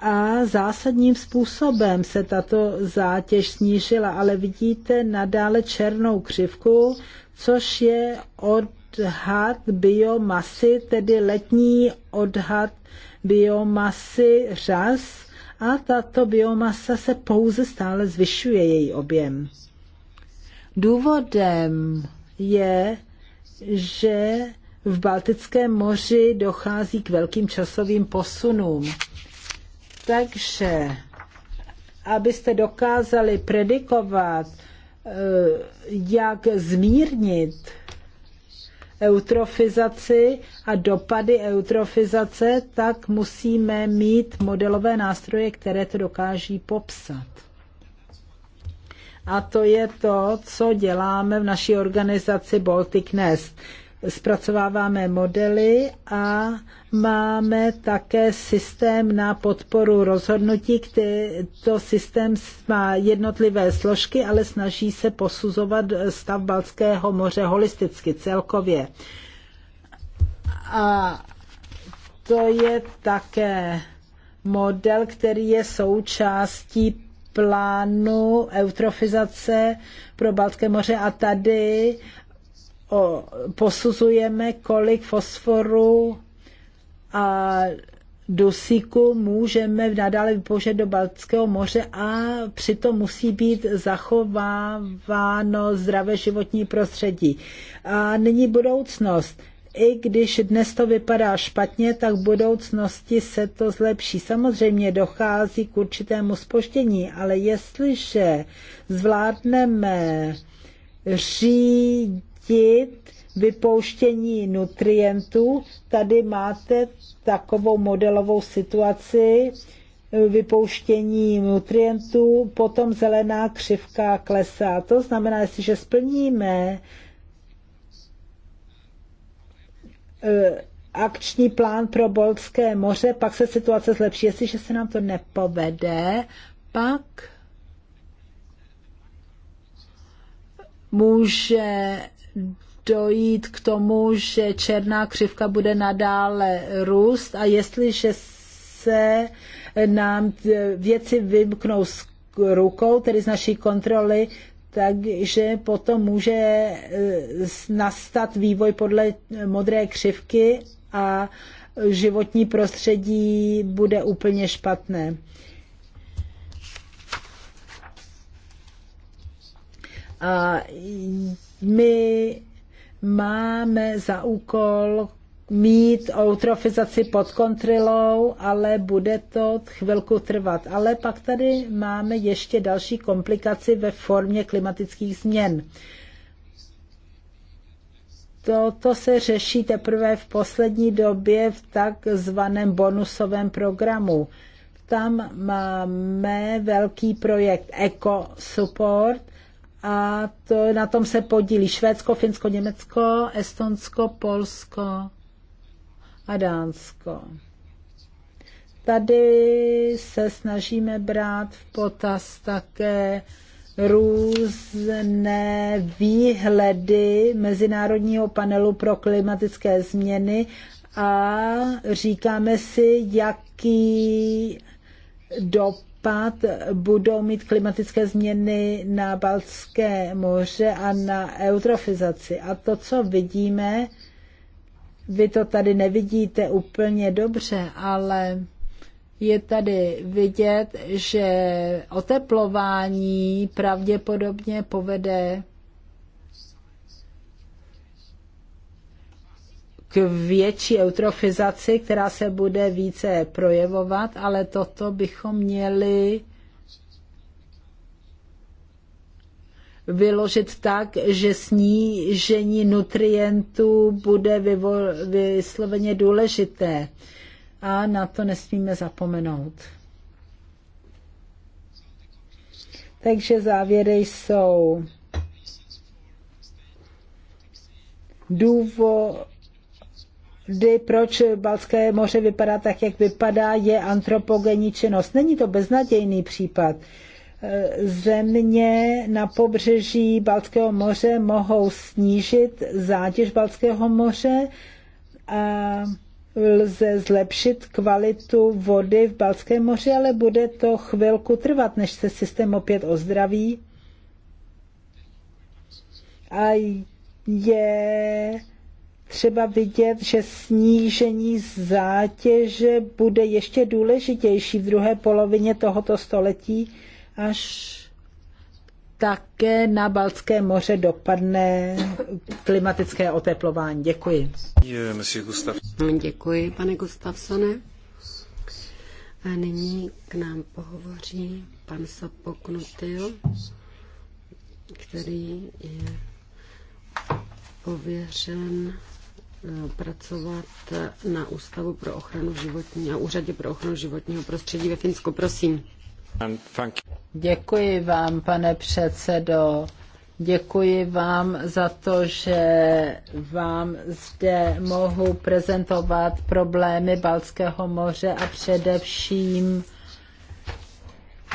A zásadním způsobem se tato zátěž snížila, ale vidíte nadále černou křivku, což je odhad biomasy, tedy letní odhad biomasy řas a tato biomasa se pouze stále zvyšuje její objem. Důvodem je, že v Baltickém moři dochází k velkým časovým posunům. Takže, abyste dokázali predikovat, eh, jak zmírnit eutrofizaci a dopady eutrofizace, tak musíme mít modelové nástroje, které to dokáží popsat. A to je to, co děláme v naší organizaci Baltic Nest zpracováváme modely a máme také systém na podporu rozhodnutí, který to systém má jednotlivé složky, ale snaží se posuzovat stav Balckého moře holisticky, celkově. A to je také model, který je součástí plánu eutrofizace pro Baltské moře a tady o, posuzujeme, kolik fosforu a dusíku můžeme nadále vypouštět do Baltského moře a přitom musí být zachováváno zdravé životní prostředí. A nyní budoucnost. I když dnes to vypadá špatně, tak v budoucnosti se to zlepší. Samozřejmě dochází k určitému spoštění, ale jestliže zvládneme řídit zajistit vypouštění nutrientů. Tady máte takovou modelovou situaci vypouštění nutrientů, potom zelená křivka klesá. To znamená, jestliže splníme e, akční plán pro Boltské moře, pak se situace zlepší. Jestliže se nám to nepovede, pak může dojít k tomu, že černá křivka bude nadále růst a jestliže se nám věci vymknou s rukou, tedy z naší kontroly, takže potom může eh, nastat vývoj podle modré křivky a životní prostředí bude úplně špatné. A my máme za úkol mít eutrofizaci pod kontrolou, ale bude to chvilku trvat. Ale pak tady máme ještě další komplikaci ve formě klimatických změn. Toto se řeší teprve v poslední době v takzvaném bonusovém programu. Tam máme velký projekt EcoSupport, a to, na tom se podílí Švédsko, Finsko, Německo, Estonsko, Polsko a Dánsko. Tady se snažíme brát v potaz také různé výhledy Mezinárodního panelu pro klimatické změny a říkáme si, jaký dopad dopad budou mít klimatické změny na Balské moře a na eutrofizaci. A to, co vidíme, vy to tady nevidíte úplně dobře, ale je tady vidět, že oteplování pravděpodobně povede k větší eutrofizaci, která se bude více projevovat, ale toto bychom měli vyložit tak, že snížení nutrientů bude vyvo- vysloveně důležité. A na to nesmíme zapomenout. Takže závěry jsou důvod důvody, proč Balské moře vypadá tak, jak vypadá, je antropogenní činnost. Není to beznadějný případ. Země na pobřeží Balského moře mohou snížit zátěž Balského moře a lze zlepšit kvalitu vody v Balském moři, ale bude to chvilku trvat, než se systém opět ozdraví. A je třeba vidět, že snížení zátěže bude ještě důležitější v druhé polovině tohoto století, až také na Baltské moře dopadne klimatické oteplování. Děkuji. Děkuji, pane Gustavsone. A nyní k nám pohovoří pan Sapoknutil, který je pověřen pracovat na Ústavu pro ochranu životního a Úřadě pro ochranu životního prostředí ve Finsku. Prosím. Děkuji vám, pane předsedo. Děkuji vám za to, že vám zde mohu prezentovat problémy Balského moře a především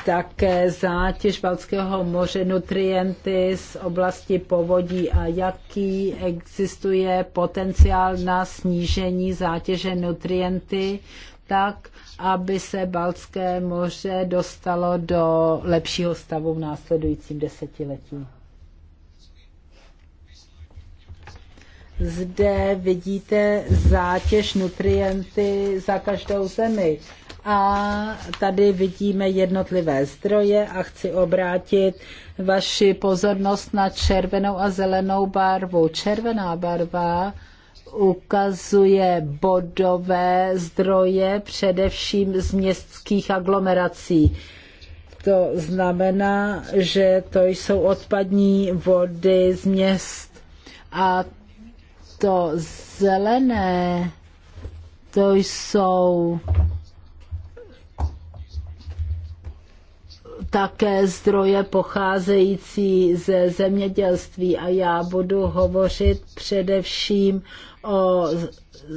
také zátěž Balckého moře, nutrienty z oblasti povodí a jaký existuje potenciál na snížení zátěže nutrienty, tak, aby se Balcké moře dostalo do lepšího stavu v následujícím desetiletí. Zde vidíte zátěž nutrienty za každou zemi a tady vidíme jednotlivé zdroje a chci obrátit vaši pozornost na červenou a zelenou barvu. Červená barva ukazuje bodové zdroje, především z městských aglomerací. To znamená, že to jsou odpadní vody z měst a to zelené, to jsou také zdroje pocházející ze zemědělství a já budu hovořit především o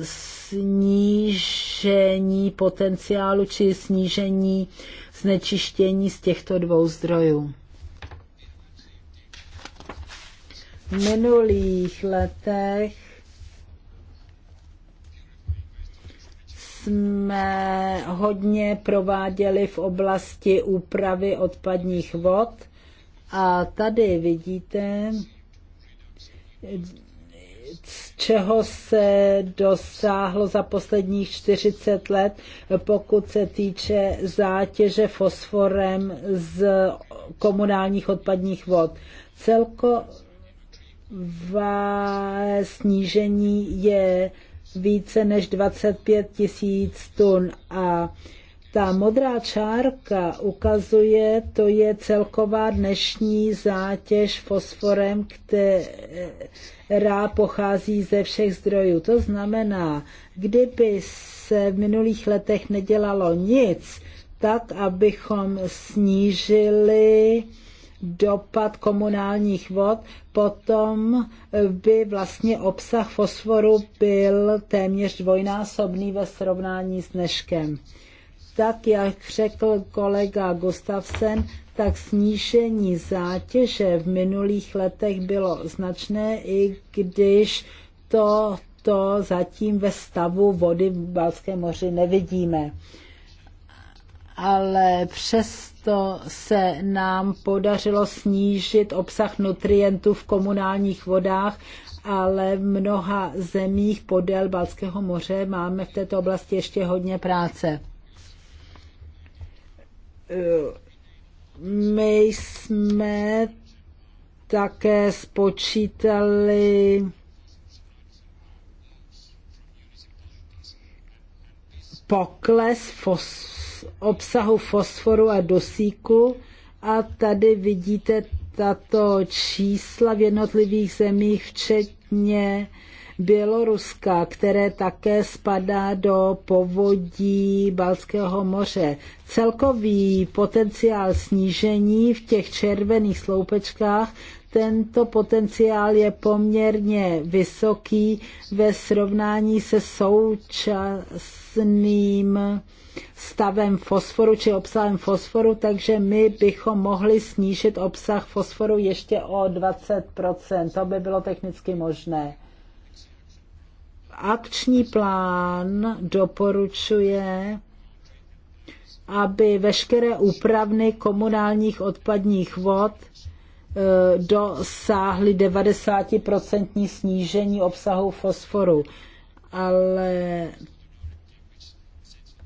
snížení potenciálu či snížení znečištění z těchto dvou zdrojů. V minulých letech jsme hodně prováděli v oblasti úpravy odpadních vod. A tady vidíte, z čeho se dosáhlo za posledních 40 let, pokud se týče zátěže fosforem z komunálních odpadních vod. Celkové snížení je více než 25 tisíc tun a ta modrá čárka ukazuje, to je celková dnešní zátěž fosforem, která pochází ze všech zdrojů. To znamená, kdyby se v minulých letech nedělalo nic, tak abychom snížili dopad komunálních vod, potom by vlastně obsah fosforu byl téměř dvojnásobný ve srovnání s dneškem. Tak, jak řekl kolega Gustavsen, tak snížení zátěže v minulých letech bylo značné, i když to, to zatím ve stavu vody v Balském moři nevidíme ale přesto se nám podařilo snížit obsah nutrientů v komunálních vodách, ale v mnoha zemích podél Balského moře máme v této oblasti ještě hodně práce. My jsme také spočítali pokles fosfů obsahu fosforu a dusíku a tady vidíte tato čísla v jednotlivých zemích, včetně Běloruska, které také spadá do povodí Balského moře. Celkový potenciál snížení v těch červených sloupečkách, tento potenciál je poměrně vysoký ve srovnání se současným stavem fosforu či obsahem fosforu, takže my bychom mohli snížit obsah fosforu ještě o 20%. To by bylo technicky možné. Akční plán doporučuje aby veškeré úpravny komunálních odpadních vod e, dosáhly 90% snížení obsahu fosforu. Ale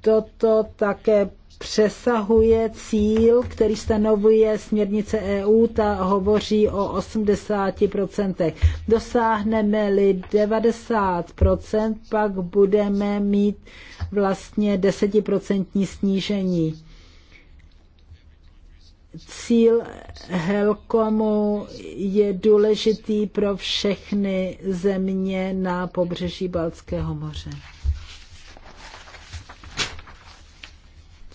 toto také přesahuje cíl, který stanovuje směrnice EU, ta hovoří o 80%. Dosáhneme-li 90%, pak budeme mít vlastně 10% snížení. Cíl Helkomu je důležitý pro všechny země na pobřeží Balckého moře.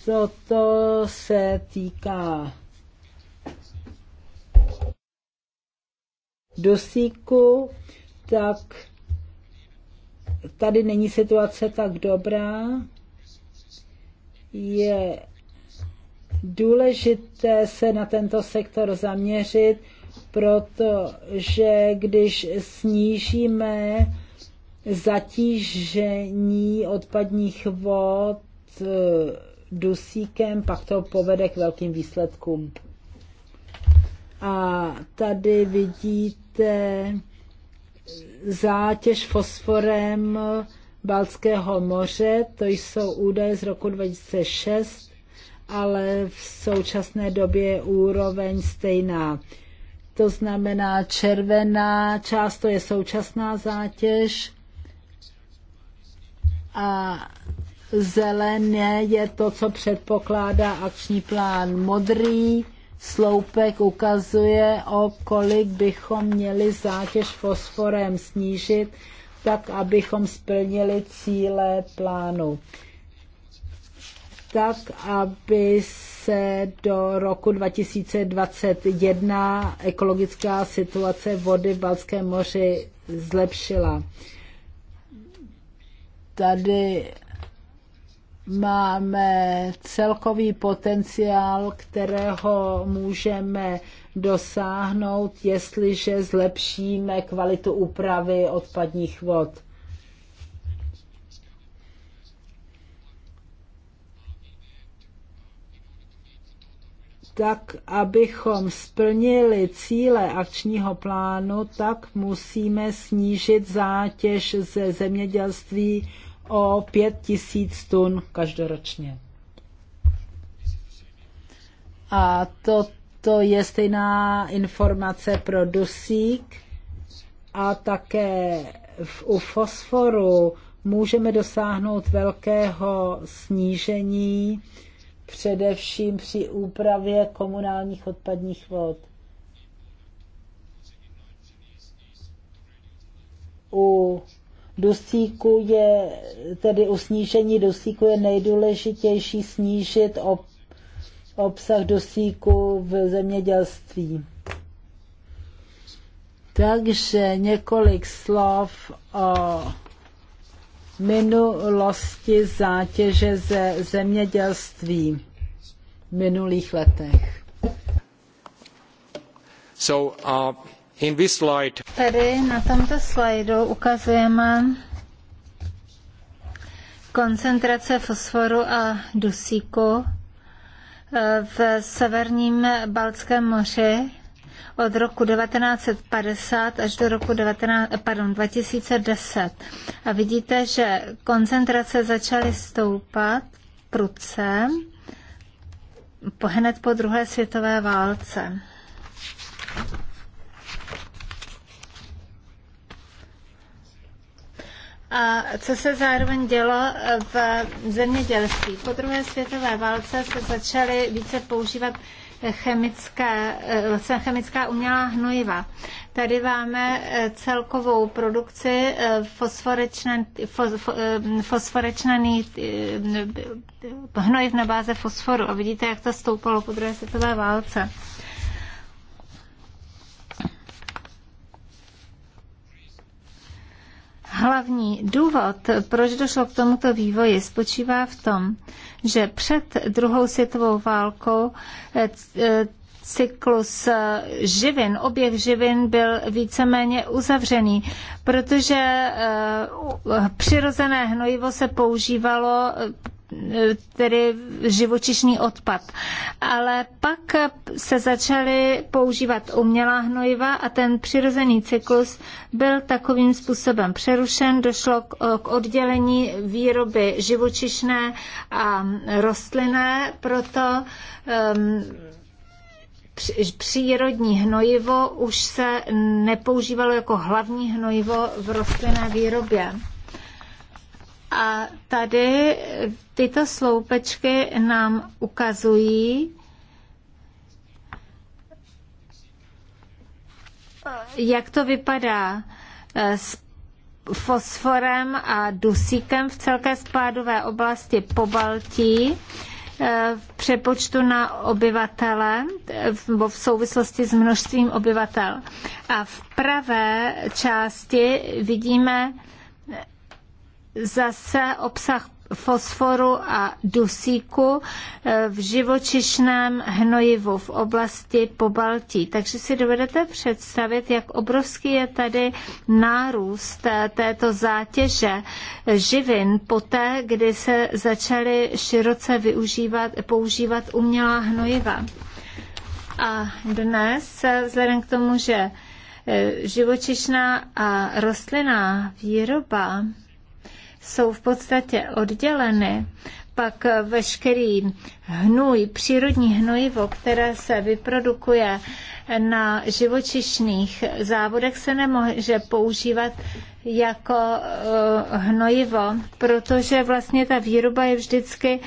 Co to se týká dosíku, tak tady není situace tak dobrá. Je důležité se na tento sektor zaměřit, protože když snížíme zatížení odpadních vod, dusíkem, pak to povede k velkým výsledkům. A tady vidíte zátěž fosforem Balckého moře, to jsou údaje z roku 2006, ale v současné době je úroveň stejná. To znamená červená část, to je současná zátěž a Zelené je to, co předpokládá akční plán. Modrý sloupek ukazuje, o kolik bychom měli zátěž fosforem snížit, tak abychom splnili cíle plánu. Tak, aby se do roku 2021 ekologická situace vody v Balském moři zlepšila. Tady máme celkový potenciál, kterého můžeme dosáhnout, jestliže zlepšíme kvalitu úpravy odpadních vod. tak abychom splnili cíle akčního plánu, tak musíme snížit zátěž ze zemědělství o 5 tisíc tun každoročně. A toto je stejná informace pro dusík a také v, u fosforu můžeme dosáhnout velkého snížení, především při úpravě komunálních odpadních vod. U dusíku je, tedy u snížení dusíku je nejdůležitější snížit ob, obsah dusíku v zemědělství. Takže několik slov o minulosti zátěže ze zemědělství v minulých letech. So, uh... In this slide. Tady na tomto slajdu ukazujeme koncentrace fosforu a dusíku eh, v severním Baltském moři od roku 1950 až do roku 19, eh, pardon, 2010. A vidíte, že koncentrace začaly stoupat prudce hned po druhé světové válce. a co se zároveň dělo e, v zemědělství. Po druhé světové válce se začaly více používat chemické, e, chemická umělá hnojiva. Tady máme e, celkovou produkci fosforečné hnojiv na báze fosforu a vidíte, jak to stoupalo po druhé světové válce. Hlavní důvod, proč došlo k tomuto vývoji, spočívá v tom, že před druhou světovou válkou eh, eh, cyklus eh, živin, objev živin byl víceméně uzavřený, protože přirozené hnojivo se používalo tedy živočišný odpad. Ale pak se začaly používat umělá hnojiva a ten přirozený cyklus byl takovým způsobem přerušen. Došlo k oddělení výroby živočišné a rostlinné, proto um, přírodní hnojivo už se nepoužívalo jako hlavní hnojivo v rostlinné výrobě. A tady tyto sloupečky nám ukazují, jak to vypadá eh, s fosforem a dusíkem v celké spádové oblasti Baltí eh, v přepočtu na obyvatele eh, nebo v souvislosti s množstvím obyvatel. A v pravé části vidíme zase obsah fosforu a dusíku eh, v živočišném hnojivu v oblasti Pobaltí. Takže si dovedete představit, jak obrovský je tady nárůst eh, této zátěže živin poté, kdy se začaly široce využívat, používat umělá hnojiva. A dnes, eh, vzhledem k tomu, že živočišná a rostlinná výroba jsou v podstatě oddělené, pak veškerý hnůj, přírodní hnojivo, které se vyprodukuje na živočišných závodech, se nemůže používat jako eh, hnojivo, protože vlastně ta výroba je vždycky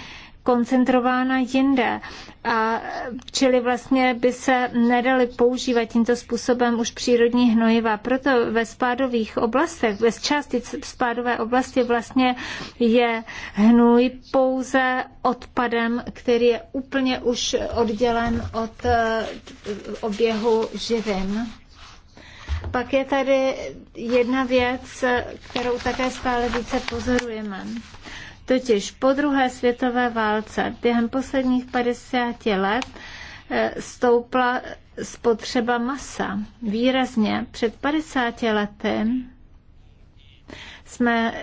koncentrována jinde. A čili vlastně by se nedaly používat tímto způsobem už přírodní hnojiva. Proto ve spádových oblastech, ve části spádové oblasti vlastně je hnůj pouze odpadem, který je úplně už oddělen od eh, oběhu živin. Pak je tady jedna věc, eh, kterou také stále více pozorujeme. Totiž po druhé světové válce během posledních 50 let eh, stoupla spotřeba masa výrazně. Před 50 lety jsme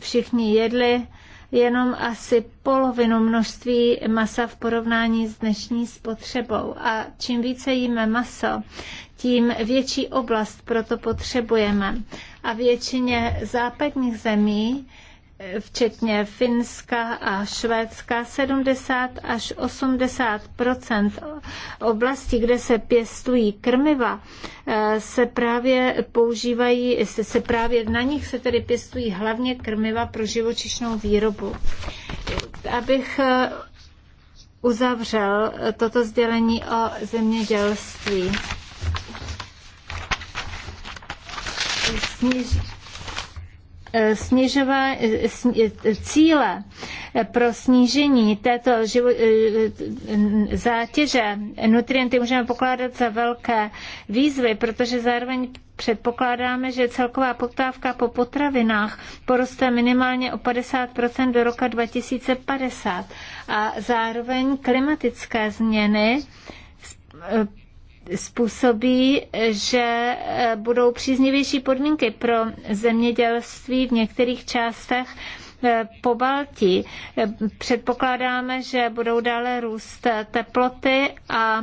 všichni jedli jenom asi polovinu množství masa v porovnání s dnešní spotřebou. A čím více jíme maso, tím větší oblast proto potřebujeme. A většině západních zemí včetně Finska a Švédska, 70 až 80 oblastí, kde se pěstují krmiva, eh, se právě používají, se právě na nich se tedy pěstují hlavně krmiva pro živočišnou výrobu. Abych eh, uzavřel eh, toto sdělení o zemědělství. Sniž, Eh, sněžová, eh, eh, cíle pro snížení této živo, zátěže nutrienty můžeme pokládat za velké výzvy, protože zároveň Předpokládáme, že celková poptávka po potravinách poroste minimálně o 50 do roku 2050 a zároveň klimatické změny způsobí, že eh, budou příznivější podmínky pro zemědělství v některých částech eh, po Balti. Eh, předpokládáme, že budou dále růst teploty a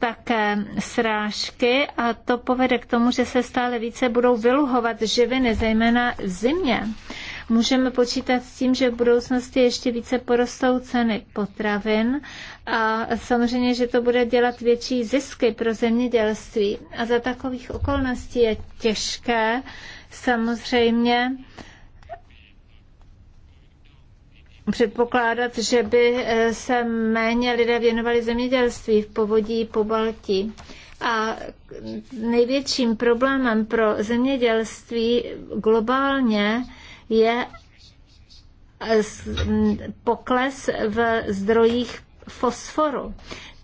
také srážky a to povede k tomu, že se stále více budou vyluhovat živiny, zejména v zimě. Můžeme počítat s tím, že v budoucnosti ještě více porostou ceny potravin a samozřejmě, že to bude dělat větší zisky pro zemědělství. A za takových okolností je těžké samozřejmě předpokládat, že by eh, se méně lidé věnovali zemědělství v povodí po Balti A největším problémem pro zemědělství globálně je eh, pokles v zdrojích fosforu.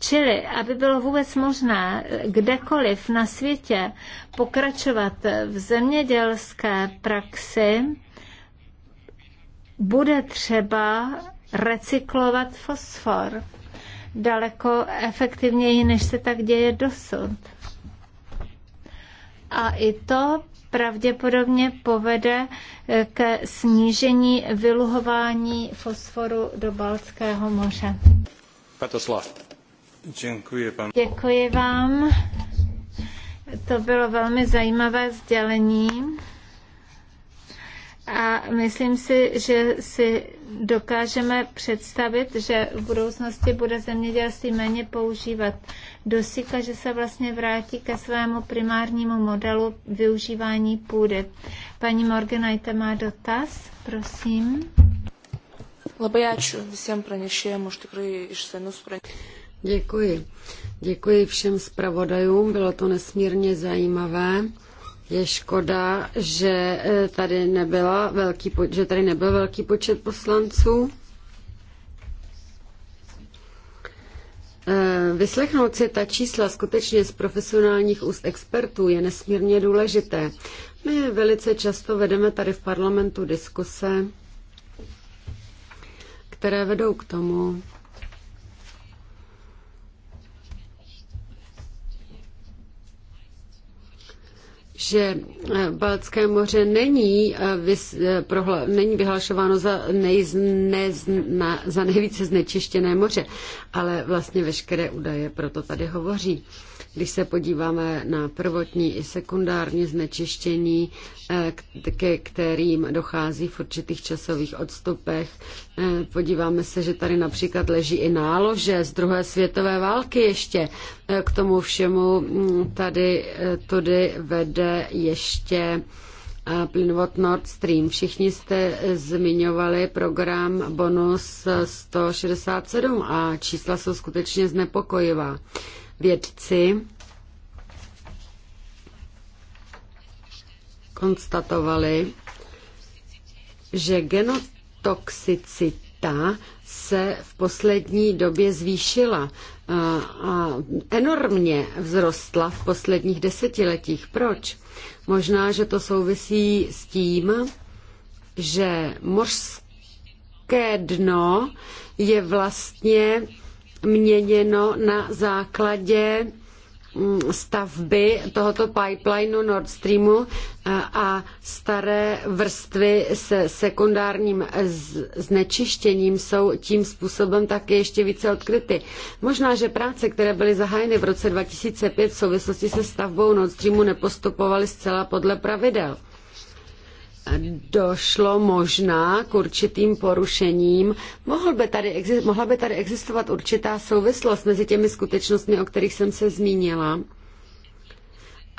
Čili, aby bylo vůbec možné eh, kdekoliv na světě pokračovat v zemědělské praxi, bude třeba recyklovat fosfor daleko efektivněji, než se tak děje dosud. A i to pravděpodobně povede eh, ke snížení vyluhování fosforu do Balckého moře. Petoslav, Děkuji, pan. Děkuji vám. To bylo velmi zajímavé sdělení. A myslím si, že si dokážeme představit, že v budoucnosti bude zemědělství méně používat dosika, že se vlastně vrátí ke svému primárnímu modelu využívání půdy. Paní Morganajte má dotaz, prosím. Labai ačiū visiems pranešėjim už tikrai išsamius pranešimus. Děkuji. Děkuji všem zpravodajům, bylo to nesmírně zajímavé. Je škoda, že eh, tady, nebyla velký, že tady nebyl velký počet poslanců. Eh, vyslechnout si ta čísla skutečně z profesionálních úst expertů je nesmírně důležité. My velice často vedeme tady v parlamentu diskuse, které vedou k tomu, že eh, Baltské moře není, eh, vys, eh, prohla, není vyhlašováno za, nejz, nez, na, za nejvíce znečištěné moře, ale vlastně veškeré údaje proto tady hovoří. Když se podíváme na prvotní i sekundární znečištění, eh, ke kterým dochází v určitých časových odstupech, eh, podíváme se, že tady například leží i nálože z druhé světové války ještě. Eh, k tomu všemu mm, tady tudy vede ještě plynovod Nord Stream. Všichni jste zmiňovali program bonus 167 a čísla jsou skutečně znepokojivá. Vědci konstatovali, že genotoxicita se v poslední době zvýšila eh, a enormně vzrostla v posledních desetiletích. Proč? Možná, že to souvisí s tím, že mořské dno je vlastně měněno na základě mm, stavby tohoto pipelineu Nord Streamu eh, a staré vrstvy se sekundárním znečištěním jsou tím způsobem také ještě více odkryty. Možná, že práce, které byly zahájeny v roce 2005 v souvislosti se stavbou Nord Streamu, nepostupovaly zcela podle pravidel došlo možná k určitým porušením. Mohl by tady, mohla by tady existovat určitá souvislost mezi těmi skutečnostmi, o kterých jsem se zmínila,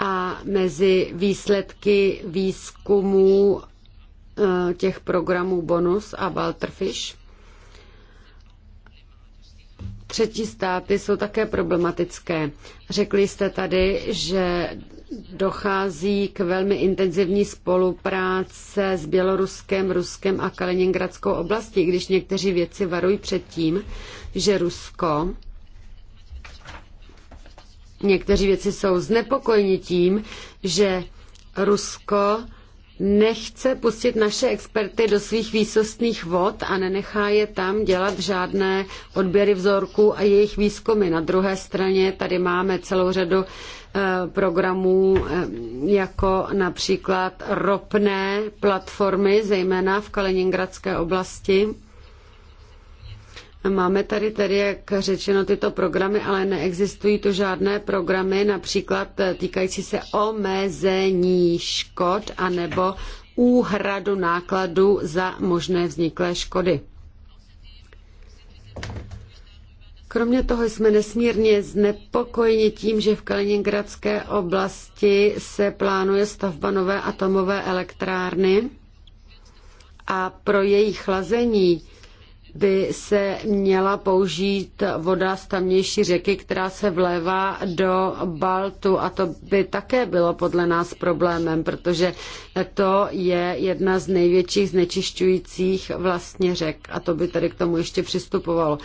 a mezi výsledky výzkumů eh, těch programů Bonus a Walterfish Třetí státy jsou také problematické. Řekli jste tady, že dochází k velmi intenzivní spolupráce s Běloruskem, Ruskem a Kaliningradskou oblastí, když někteří věci varují před tím, že Rusko Někteří věci jsou znepokojeni tím, že Rusko nechce pustit naše experty do svých výsostných vod a nenechá je tam dělat žádné odběry vzorků a jejich výzkumy. Na druhé straně tady máme celou řadu Eh, programů, eh, jako například ropné platformy, zejména v Kaliningradské oblasti. Máme tady tedy, jak řečeno, tyto programy, ale neexistují tu žádné programy, například eh, týkající se omezení škod anebo úhradu nákladů za možné vzniklé škody. Kromě toho jsme nesmírně znepokojeni tím, že v Kaliningradské oblasti se plánuje stavba nové atomové elektrárny a pro její chlazení by se měla použít voda z tamnější řeky, která se vlévá do Baltu. A to by také bylo podle nás problémem, protože to je jedna z největších znečišťujících vlastně řek. A to by tady k tomu ještě přistupovalo.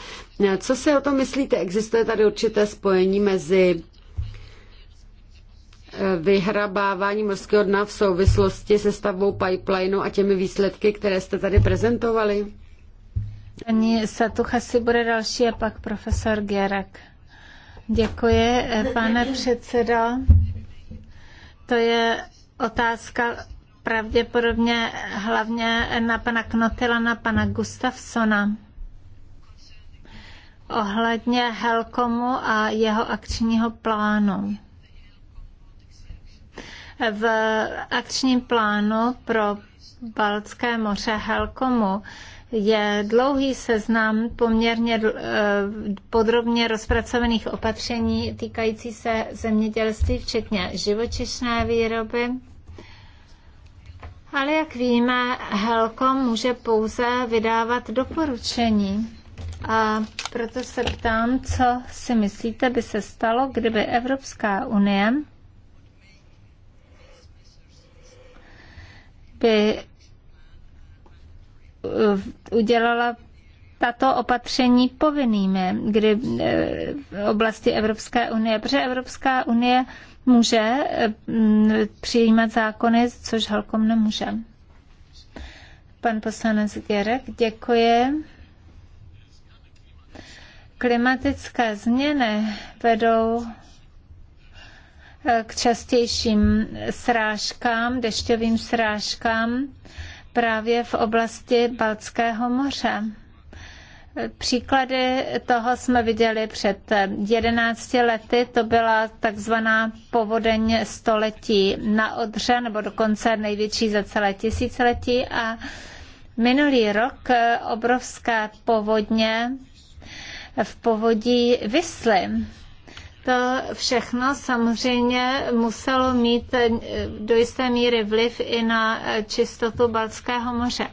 Co si o tom myslíte? Existuje tady určité spojení mezi vyhrabávání morského dna v souvislosti se stavbou pipelineu a těmi výsledky, které jste tady prezentovali? Paní Satuchasi bude další a pak profesor Gerek. Děkuji, pane předsedo. To je otázka pravděpodobně hlavně na pana Knotila, na pana Gustafsona ohledně Helkomu a jeho akčního plánu. V akčním plánu pro Baltské moře Helkomu je dlouhý seznam poměrně eh, podrobně rozpracovaných opatření týkající se zemědělství, včetně živočišné výroby. Ale jak víme, Helkom může pouze vydávat doporučení. A proto se ptám, co si myslíte, by se stalo, kdyby Evropská unie by Eh, udělala tato opatření povinnými, kdy eh, v oblasti Evropské unie, protože Evropská unie může eh, přijímat zákony, což Halkom nemůže. Pan poslanec Gerek, děkuji. Klimatické změny vedou k častějším srážkám, dešťovým srážkám právě v oblasti Baltského moře. Příklady toho jsme viděli před 11 lety, to byla takzvaná povodeň století na Odře, nebo dokonce největší za celé tisíciletí a minulý rok obrovské povodně v povodí Vysly to všechno samozřejmě muselo mít eh, do jisté míry vliv i na eh, čistotu Balckého moře.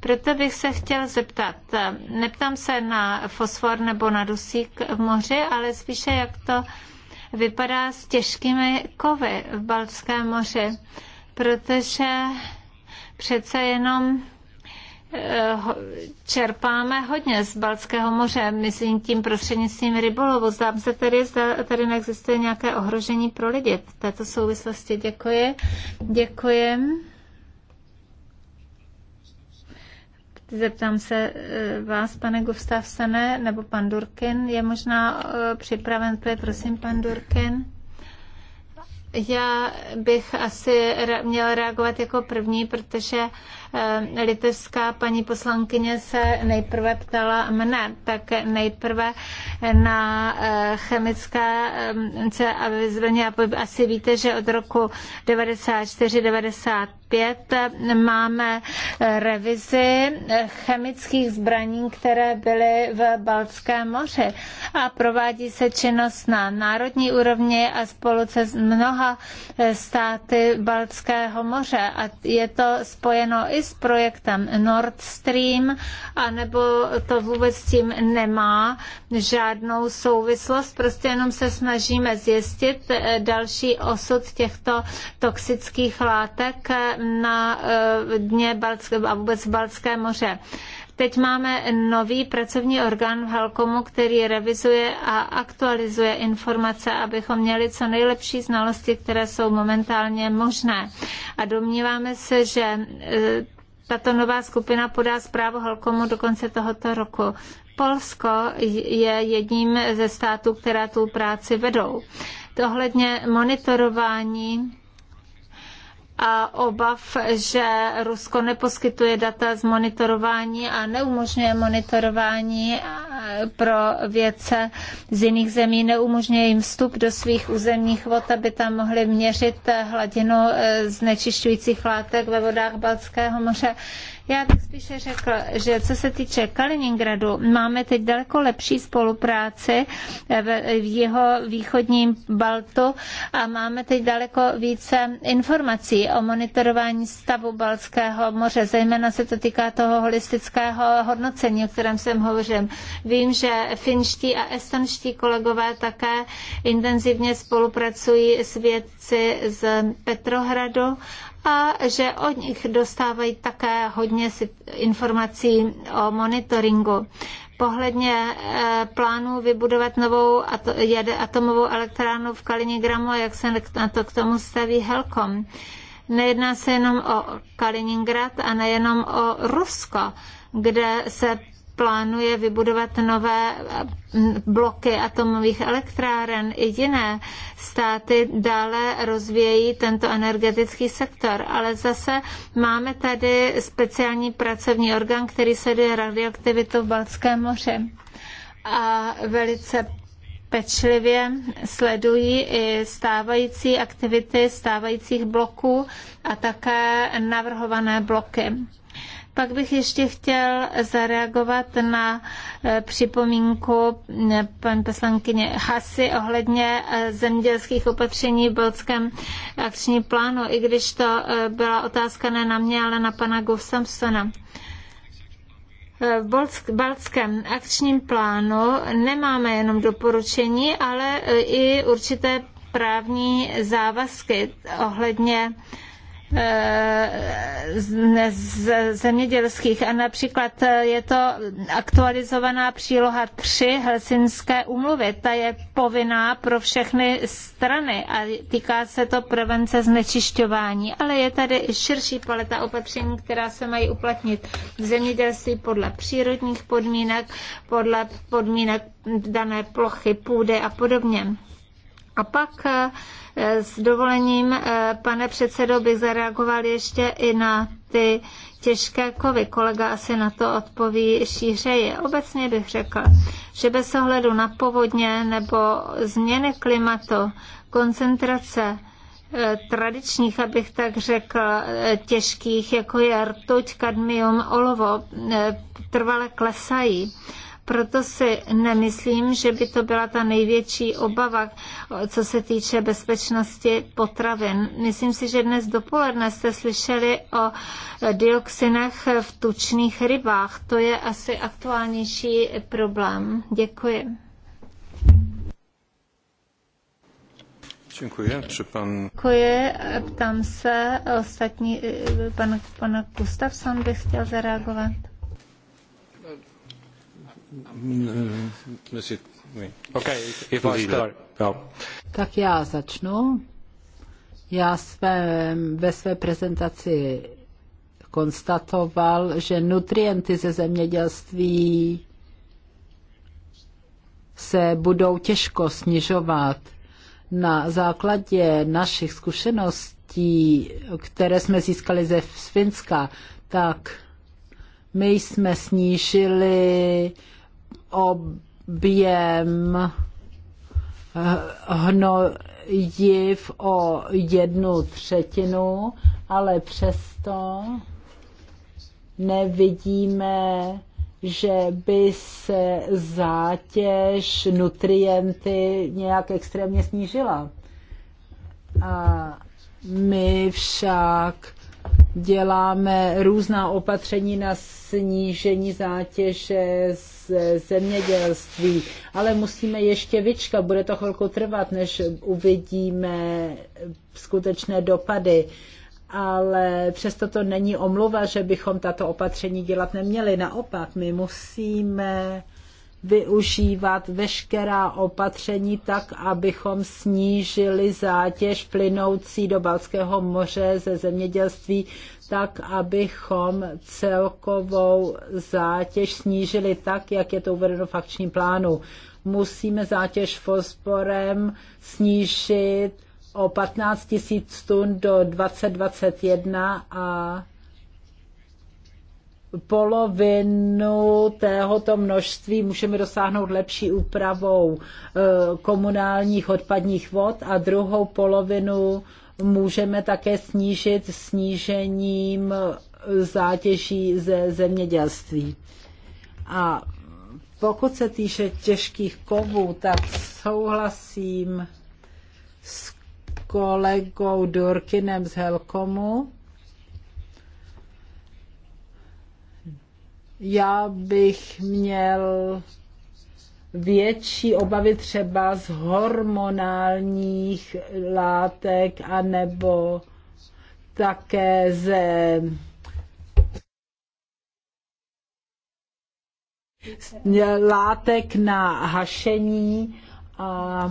Proto bych se chtěl zeptat, eh, neptám se na fosfor nebo na dusík v moři, ale spíše jak to vypadá s těžkými kovy v Balckém moři, protože přece jenom Eh, čerpáme hodně z Balckého moře, myslím tím prostřednictvím rybolovu. Zdám se tedy, zda tady neexistuje nějaké ohrožení pro lidi. V této souvislosti děkuji. Děkuji. Zeptám se eh, vás, pane Gustavsene, nebo pan Durkin je možná eh, připraven, prosím, pan Durkin. Já bych asi měla reagovat jako první, protože eh, litevská paní poslankyně se nejprve ptala mne, tak nejprve na eh, chemické eh, a vyzvaně, Asi víte, že od roku 94-95 Pět máme revizi chemických zbraní, které byly v Balckém moři a provádí se činnost na národní úrovni a spolu se mnoha státy Balckého moře a je to spojeno i s projektem Nord Stream anebo to vůbec s tím nemá žádnou souvislost, prostě jenom se snažíme zjistit další osud těchto toxických látek na eh, dně Balcké, a vůbec Balcké moře. Teď máme nový pracovní orgán v Halkomu, který revizuje a aktualizuje informace, abychom měli co nejlepší znalosti, které jsou momentálně možné. A domníváme se, že eh, tato nová skupina podá zprávu Halkomu do konce tohoto roku. Polsko je jedním ze států, která tu práci vedou. Tohledně monitorování a obav, že Rusko neposkytuje data z monitorování a neumožňuje monitorování e, pro vědce z jiných zemí, neumožňuje jim vstup do svých územních vod, aby tam mohli měřit hladinu e, znečišťujících látek ve vodách Balckého moře. Já bych spíše řekl, že co se týče Kaliningradu, máme teď daleko lepší spolupráci eh, v jeho východním Baltu a máme teď daleko více informací o monitorování stavu Baltského moře. Zejména se to týká toho holistického hodnocení, o kterém jsem hovořil. Vím, že finští a estonští kolegové také intenzivně spolupracují s vědci z Petrohradu a že od nich dostávají také hodně informací o monitoringu pohledně e, plánu vybudovat novou atomovou elektrárnu v Kaliningramu, jak se na to k tomu staví Helkom. Nejedná se jenom o Kaliningrad a nejenom o Rusko, kde se plánuje vybudovat nové eh, bloky atomových elektráren i jiné státy dále rozvíjejí tento energetický sektor. Ale zase máme tady speciální pracovní orgán, který sleduje radioaktivitu v Balckém moři. A velice pečlivě sledují i stávající aktivity stávajících bloků a také navrhované bloky. Pak bych ještě chtěl zareagovat na eh, připomínku eh, paní poslankyně Hasy ohledně eh, zemědělských opatření v Bolském akční plánu, i když to byla otázka ne na mě, ale na pana Gustafsona v Balckém akčním plánu nemáme jenom doporučení, ale i určité právní závazky ohledně Eh, z zemědělských. A například eh, je to aktualizovaná příloha 3 Helsinské umluvy. Ta je povinná pro všechny strany a týká se to prevence znečišťování. Ale je tady širší paleta opatření, která se mají uplatnit v zemědělství podle přírodních podmínek, podle podmínek dané plochy půdy a podobně. A pak eh, Eh, s dovolením, eh, pane předsedo, bych zareagoval ještě i na ty těžké kovy. Kolega asi na to odpoví šířeji. Obecně bych řekl, že bez ohledu na povodně nebo změny klimatu, koncentrace eh, tradičních, abych tak řekl, těžkých, jako je rtuť, kadmium, olovo, trvale klesají. Proto si nemyslím, že by to byla ta největší obava, co se týče bezpečnosti potravin. Myslím si, že dnes dopoledne jste slyšeli o dioxinech v tučných rybách. To je asi aktuálnější problém. Děkuji. Děkuji. Či pan... Děkuji. Ptám se ostatní, pan, pan Gustavson bych chtěl zareagovat. Mm, mm, mm, no. Tak já začnu. Já své, ve své prezentaci konstatoval, že nutrienty ze zemědělství se budou těžko snižovat. Na základě našich zkušeností, které jsme získali ze Finska, tak my jsme snížili objem eh, hnojiv o jednu třetinu, ale přesto nevidíme, že by se zátěž nutrienty nějak extrémně snížila. A my však děláme různá opatření na snížení zátěže z zemědělství, ale musíme ještě vyčkat, bude to chvilku trvat, než uvidíme skutečné dopady ale přesto to není omluva, že bychom tato opatření dělat neměli. Naopak, my musíme využívat veškerá opatření tak, abychom snížili zátěž plynoucí do Balského moře ze zemědělství, tak, abychom celkovou zátěž snížili tak, jak je to uvedeno v akčním plánu. Musíme zátěž fosforem snížit o 15 000 tun do 2021 a polovinu tohoto množství můžeme dosáhnout lepší úpravou e, komunálních odpadních vod a druhou polovinu můžeme také snížit snížením zátěží ze zemědělství. A pokud se týče těžkých kovů, tak souhlasím s kolegou Durkinem z Helkomu, já bych měl větší obavy třeba z hormonálních látek anebo také ze látek na hašení a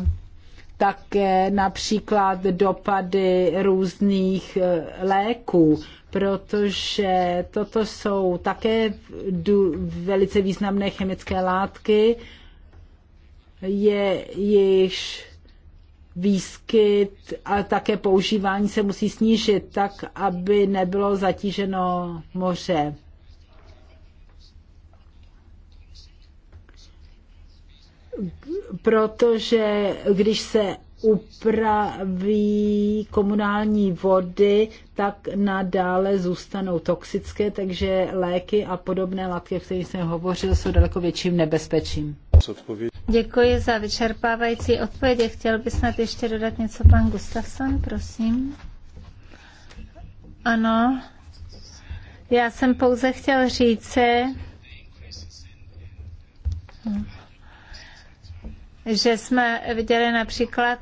také například dopady různých e, léků, protože toto jsou také velice významné chemické látky, je již výskyt a také používání se musí snížit tak, aby nebylo zatíženo moře. protože když se upraví komunální vody, tak nadále zůstanou toxické, takže léky a podobné látky, o kterých jsem hovořil, jsou daleko větším nebezpečím. Děkuji za vyčerpávající odpovědi. Chtěl bych snad ještě dodat něco pan Gustafsson, prosím. Ano, já jsem pouze chtěl říct, hm že jsme viděli například,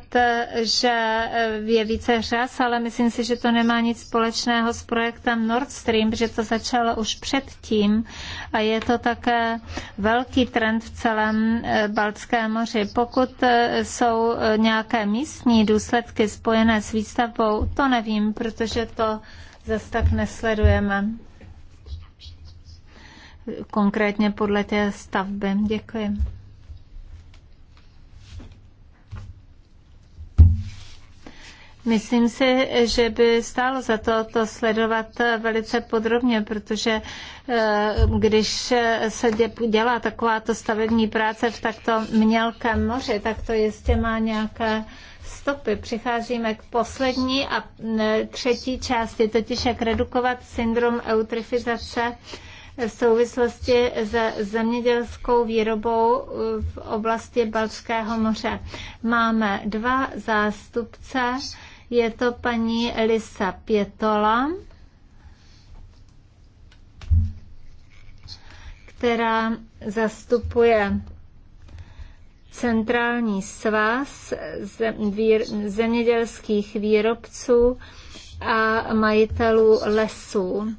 že je více řas, ale myslím si, že to nemá nic společného s projektem Nord Stream, že to začalo už předtím a je to také velký trend v celém eh, Baltském moři. Pokud eh, jsou eh, nějaké místní důsledky spojené s výstavbou, to nevím, protože to zase tak nesledujeme konkrétně podle té stavby. Děkuji. Myslím si, že by stálo za to to sledovat eh, velice podrobně, protože eh, když se dělá takováto stavební práce v takto mělkém moři, tak to jistě má nějaké stopy. Přicházíme k poslední a eh, třetí části, totiž jak redukovat syndrom eutrifizace v souvislosti se zemědělskou výrobou v oblasti Balského moře. Máme dva zástupce je to paní Elisa Pětola, která zastupuje Centrální svaz zemědělských výrobců a majitelů lesů,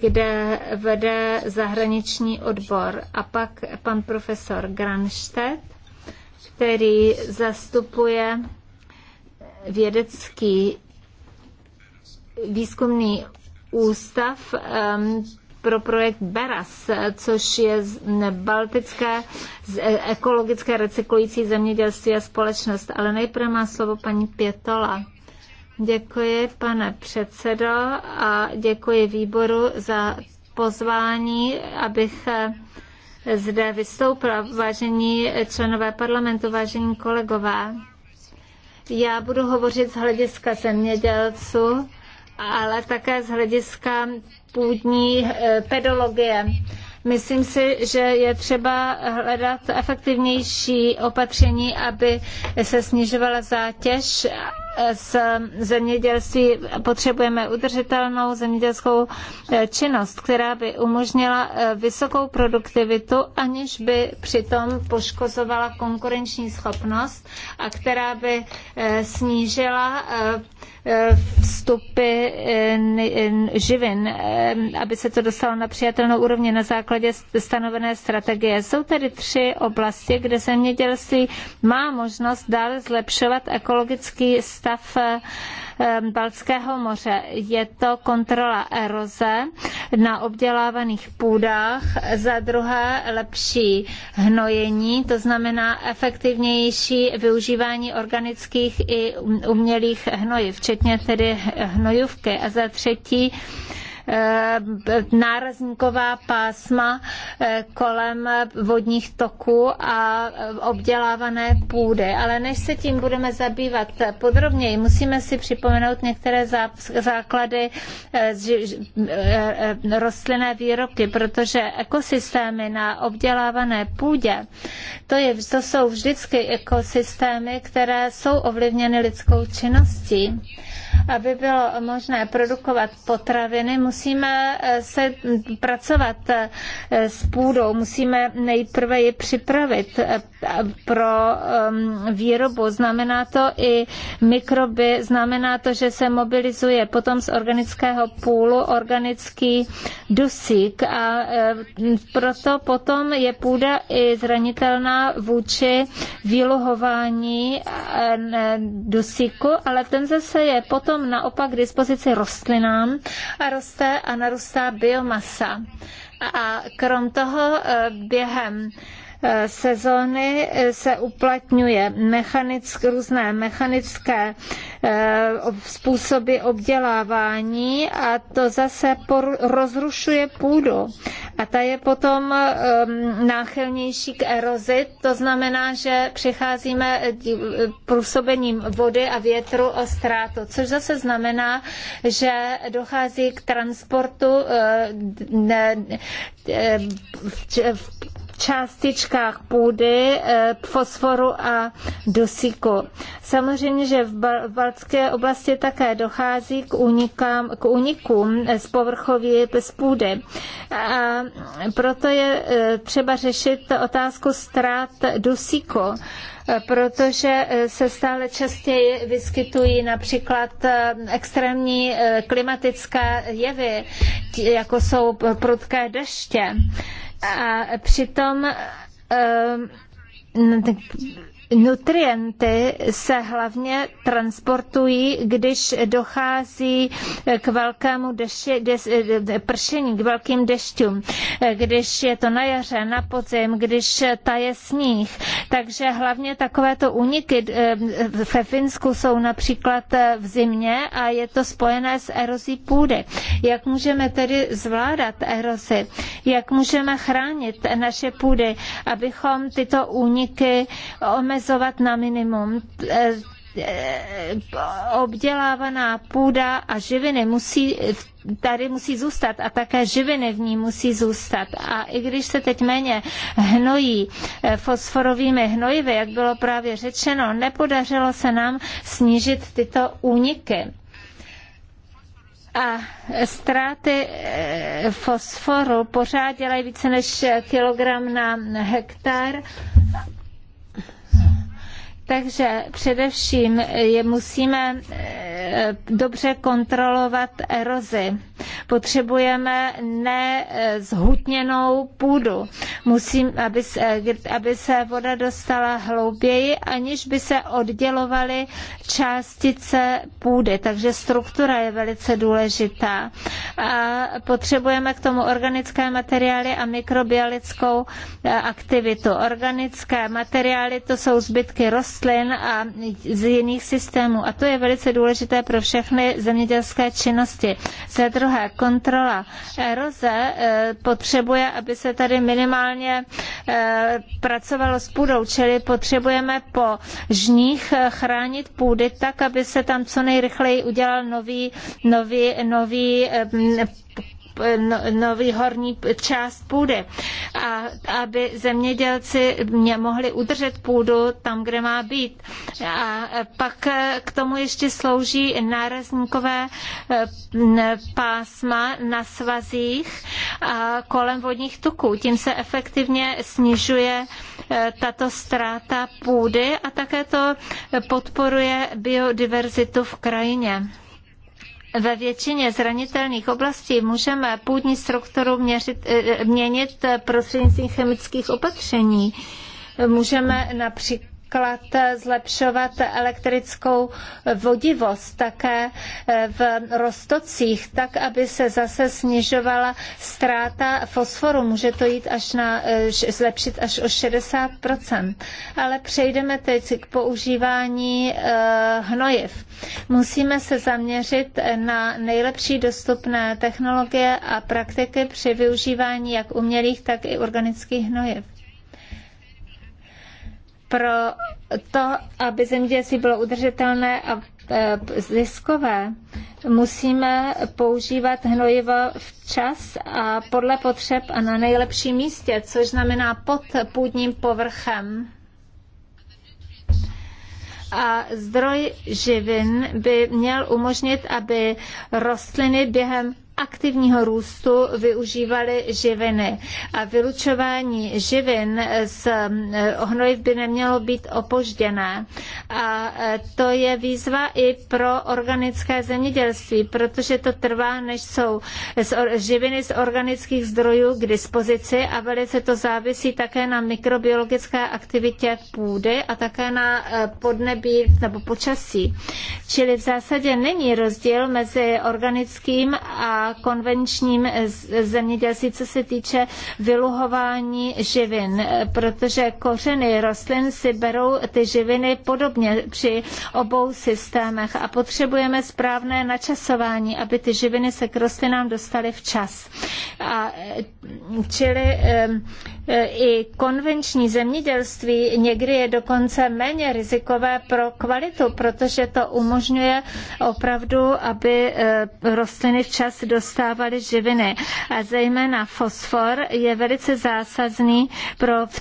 kde vede zahraniční odbor. A pak pan profesor Granstedt, který zastupuje vědecký výzkumný ústav pro projekt BERAS, což je baltické e- ekologické recyklující zemědělství a společnost. Ale nejprve má slovo paní Pětola. Děkuji, pane předsedo, a děkuji výboru za pozvání, abych e, zde vystoupila. Vážení členové parlamentu, vážení kolegové, já budu hovořit z hlediska zemědělců, ale také z hlediska půdní eh, pedologie Myslím si, že je třeba hledat efektivnější opatření, aby se snižovala zátěž z zemědělství potřebujeme udržitelnou zemědělskou eh, činnost, která by umožnila eh, vysokou produktivitu, aniž by přitom poškozovala konkurenční schopnost a která by eh, snížila Eh, vstupy eh, živin, eh, aby se to dostalo na přijatelnou úrovni na základě stanovené strategie. Jsou tedy tři oblasti, kde zemědělství má možnost dále zlepšovat ekologický stav Ehm, Baltského moře. Je to kontrola eroze na obdělávaných půdách, za druhé lepší hnojení, to znamená efektivnější využívání organických i umělých hnojiv, včetně tedy hnojivky. A za třetí Eh, nárazníková pásma eh, kolem vodních toků a obdělávané půdy. Ale než se tím budeme zabývat podrobněji, musíme si připomenout některé základy eh, rostlinné výroby, protože ekosystémy na obdělávané půdě, to, je, to jsou vždycky ekosystémy, které jsou ovlivněny lidskou činností aby bylo možné produkovat potraviny, musíme eh, se pracovat eh, s půdou, musíme nejprve ji připravit, eh, pro um, výrobu. Znamená to i mikroby, znamená to, že se mobilizuje potom z organického půlu organický dusík a um, proto potom je půda i zranitelná vůči výluhování um, dusíku, ale ten zase je potom naopak k dispozici rostlinám a roste a narůstá biomasa. A krom toho uh, během Eh, sezóny eh, se uplatňuje mechanick, různé mechanické eh, způsoby obdělávání a to zase rozrušuje půdu. A ta je potom náchylnější k erozi, to znamená, že přicházíme působením vody a větru o ztrátu, což zase znamená, že dochází k transportu částičkách půdy, eh, fosforu a dusíku. Samozřejmě, že v Baltské oblasti také dochází k, unikám, k unikům z povrchoví bez půdy. A proto je eh, třeba řešit otázku ztrát dusíku eh, protože se stále častěji vyskytují například extrémní klimatické jevy, jako jsou prudké deště. A přitom eh, Nutrienty se hlavně transportují, když dochází k velkému deši, des, pršení, k velkým dešťům, když je to na jaře, na podzim, když taje sníh. Takže hlavně takovéto úniky eh, ve Finsku jsou například eh, v zimě a je to spojené s erozí půdy. Jak můžeme tedy zvládat erozi? Jak můžeme chránit naše půdy, abychom tyto úniky omezili? omezovat na minimum eh, eh, obdělávaná půda a živiny musí, tady musí zůstat a také živiny v ní musí zůstat. A i když se teď méně hnojí eh, fosforovými hnojivy, jak bylo právě řečeno, nepodařilo se nám snížit tyto úniky. A ztráty fosforu pořád dělají více než kilogram na hektar takže především je musíme eh, dobře kontrolovat erozi. Potřebujeme nezhutněnou eh, půdu, Musím, aby, se, eh, aby se voda dostala hlouběji, aniž by se oddělovaly částice půdy. Takže struktura je velice důležitá. A potřebujeme k tomu organické materiály a mikrobiologickou aktivitu. Organické materiály to jsou zbytky rostlin, rostlin a z jiných systémů. A to je velice důležité pro všechny zemědělské činnosti. Za druhé, kontrola eroze eh, potřebuje, aby se tady minimálně eh, pracovalo s půdou, čili potřebujeme po žních eh, chránit půdy tak, aby se tam co nejrychleji udělal nový, nový, nový No, nový horní část půdy. A aby zemědělci mě mohli udržet půdu tam, kde má být. A pak k tomu ještě slouží nárazníkové eh, pásma na svazích a kolem vodních tuků. Tím se efektivně snižuje eh, tato ztráta půdy a také to podporuje biodiverzitu v krajině ve většině zranitelných oblastí můžeme půdní strukturu měřit, eh, eh, měnit eh, prostřednictvím chemických opatření. Můžeme například například zlepšovat elektrickou vodivost také v roztocích, tak, aby se zase snižovala ztráta fosforu. Může to jít až na, eh, zlepšit až o 60%. Ale přejdeme teď k používání eh, hnojiv. Musíme se zaměřit na nejlepší dostupné technologie a praktiky při využívání jak umělých, tak i organických hnojiv pro to, aby zemědělství bylo udržitelné a e, ziskové, musíme používat hnojivo včas a podle potřeb a na nejlepším místě, což znamená pod půdním povrchem. A zdroj živin by měl umožnit, aby rostliny během aktivního růstu využívali živiny. A vylučování živin z eh, hnojiv by nemělo být opožděné. A eh, to je výzva i pro organické zemědělství, protože to trvá, než jsou živiny z organických zdrojů k dispozici a velice to závisí také na mikrobiologické aktivitě půdy a také na eh, podnebí nebo počasí. Čili v zásadě není rozdíl mezi organickým a a konvenčním zemědělství, co se týče vyluhování živin, protože kořeny rostlin si berou ty živiny podobně při obou systémech a potřebujeme správné načasování, aby ty živiny se k rostlinám dostaly včas. A, čili i konvenční zemědělství někdy je dokonce méně rizikové pro kvalitu, protože to umožňuje opravdu, aby eh, rostliny včas dostávali živiny. A zejména fosfor je velice zásadní pro v,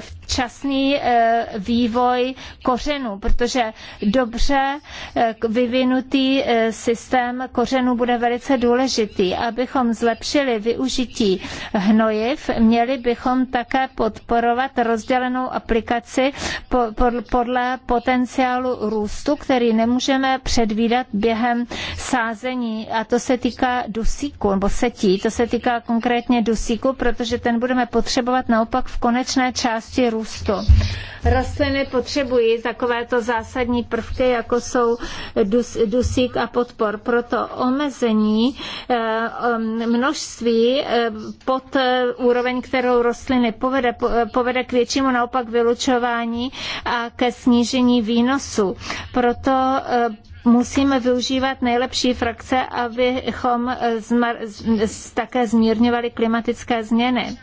v včasný eh, vývoj kořenů, protože dobře eh, vyvinutý eh, systém kořenů bude velice důležitý. Abychom zlepšili využití hnojiv, měli bychom také podporovat rozdělenou aplikaci podle potenciálu růstu, který nemůžeme předvídat během sázení. A to se týká dusíku, nebo setí, to se týká konkrétně dusíku, protože ten budeme potřebovat naopak v konečné části růstu. Rostliny potřebují takovéto zásadní prvky, jako jsou dus, dusík a podpor. Proto omezení eh, množství eh, pod eh, úroveň, kterou rostliny povede, povede k většímu naopak vylučování a ke snížení výnosu. Proto musíme využívat nejlepší frakce, abychom zmar, z, také zmírňovali klimatické změny.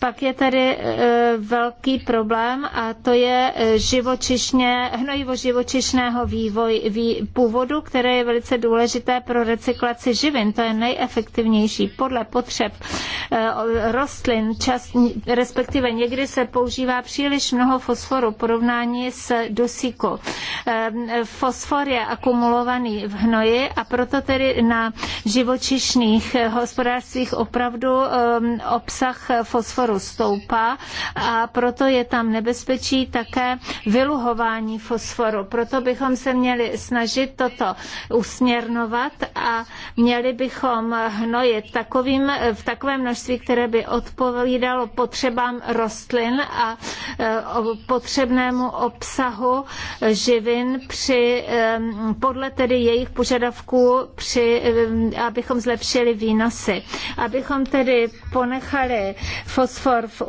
Pak je tady e, velký problém a to je e, živočišně, hnojivo živočišného vývoj, vý, původu, které je velice důležité pro recyklaci živin. To je nejefektivnější podle potřeb e, rostlin, čas, respektive někdy se používá příliš mnoho fosforu v porovnání s dusíku. Fosfor je akumulovaný v hnoji a proto tedy na živočišných hospodářstvích opravdu obsah fosforu fosforu stoupá a proto je tam nebezpečí také vyluhování fosforu. Proto bychom se měli snažit toto usměrnovat a měli bychom hnojit takovým, v takovém množství, které by odpovídalo potřebám rostlin a e, potřebnému obsahu živin při, e, podle tedy jejich požadavků, při, e, abychom zlepšili výnosy. Abychom tedy ponechali fosfor v,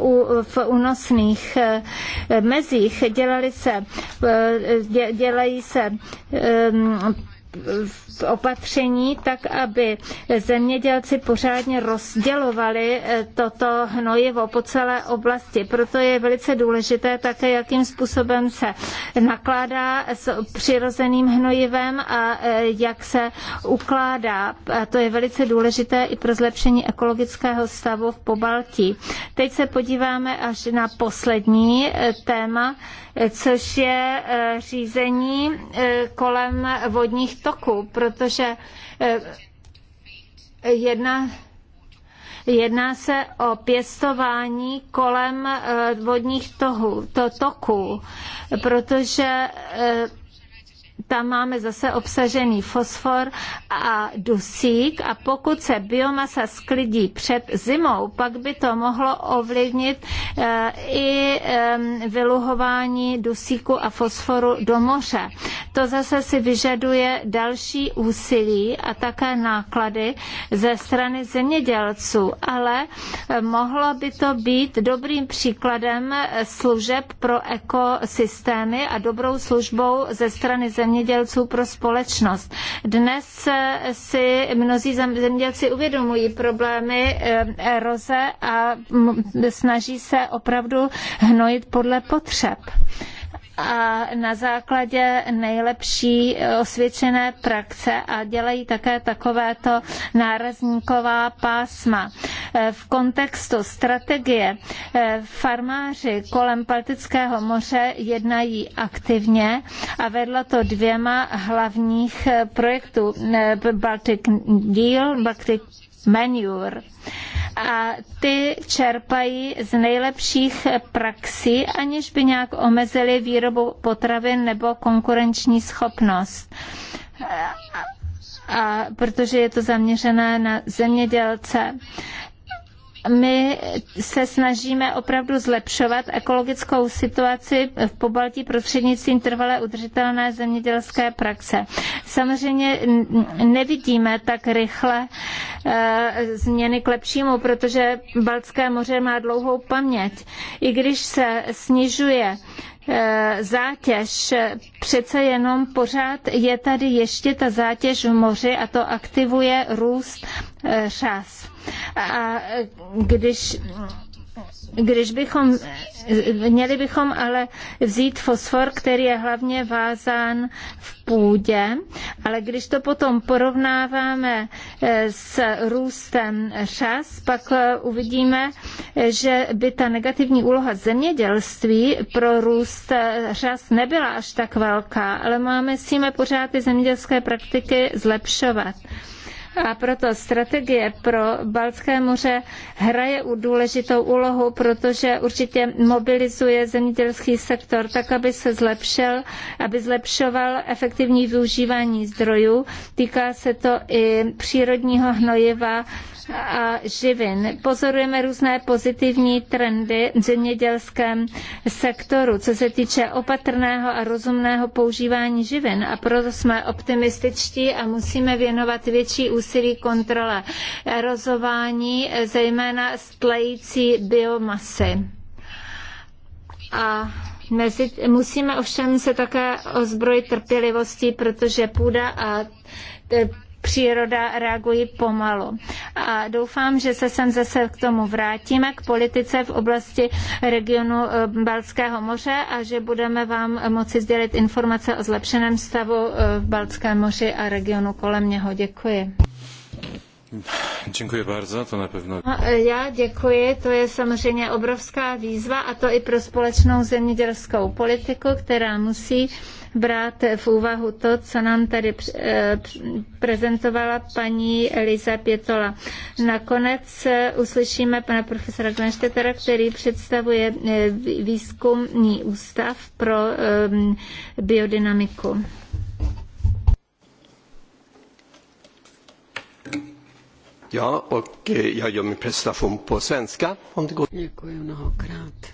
v únosných eh, mezích, dělali se, eh, dělají se eh, opatření, tak aby zemědělci pořádně rozdělovali eh, toto hnojivo po celé oblasti. Proto je velice důležité také, jakým způsobem se nakládá s přirozeným hnojivem a eh, jak se ukládá. A to je velice důležité i pro zlepšení ekologického stavu v Pobaltí. Teď se podíváme až na poslední eh, téma, což je řízení kolem vodních toku, protože eh, jedna Jedná se o pěstování kolem eh, vodních tohu, to toku, protože eh, tam máme zase obsažený fosfor a dusík a pokud se biomasa sklidí před zimou, pak by to mohlo ovlivnit eh, i vyluhování dusíku a fosforu do moře. To zase si vyžaduje další úsilí a také náklady ze strany zemědělců, ale eh, mohlo by to být dobrým příkladem eh, služeb pro ekosystémy a dobrou službou ze strany zemědělců zemědělců pro společnost. Dnes si mnozí zemědělci uvědomují problémy eh, eroze a snaží se opravdu hnojit podle potřeb a na základě nejlepší eh, osvědčené praxe a dělají také takovéto nárazníková pásma. Eh, v kontextu strategie eh, farmáři kolem Baltického moře jednají aktivně a vedlo to dvěma hlavních projektů Baltic Deal, Baltic Manure a ty čerpají z nejlepších praxí, aniž by nějak omezili výrobu potravin nebo konkurenční schopnost a protože je to zaměřené na zemědělce my se snažíme opravdu zlepšovat ekologickou situaci v Pobaltí prostřednictvím trvalé udržitelné zemědělské praxe. Samozřejmě nevidíme tak rychle e, změny k lepšímu, protože Baltské moře má dlouhou paměť. I když se snižuje e, zátěž. Přece jenom pořád je tady ještě ta zátěž v moři a to aktivuje růst e, řas. A když když bychom, měli bychom ale vzít fosfor, který je hlavně vázán v půdě, ale když to potom porovnáváme eh, s růstem řas, pak eh, uvidíme, že by ta negativní úloha zemědělství pro růst eh, řas nebyla až tak velká, ale máme, tím pořád ty zemědělské praktiky zlepšovat. A proto strategie pro Balské moře hraje u důležitou úlohu, protože určitě mobilizuje zemědělský sektor tak, aby se zlepšil, aby zlepšoval efektivní využívání zdrojů. Týká se to i přírodního hnojiva, a živin. Pozorujeme různé pozitivní trendy v zemědělském sektoru, co se týče opatrného a rozumného používání živin a proto jsme optimističtí a musíme věnovat větší úsilí kontrole rozování, zejména stlející biomasy. A mezi, musíme ovšem se také ozbrojit trpělivostí, protože půda a příroda reagují pomalu. A doufám, že se sem zase k tomu vrátíme, k politice v oblasti regionu eh, Balckého moře a že budeme vám moci sdělit informace o zlepšeném stavu eh, v Balckém moři a regionu kolem něho. Děkuji. Děkuji bardzo, to na pewno. No, eh, já děkuji, to je samozřejmě obrovská výzva a to i pro společnou zemědělskou politiku, která musí brát v úvahu to, co nám tady eh, prezentovala paní Liza Pětola. Nakonec eh, uslyšíme pana profesora Glenštetera, který představuje eh, výzkumní ústav pro biodynamiku. Ja, och jag gör min presentation på svenska. Om det går. Děkuji mnohokrát.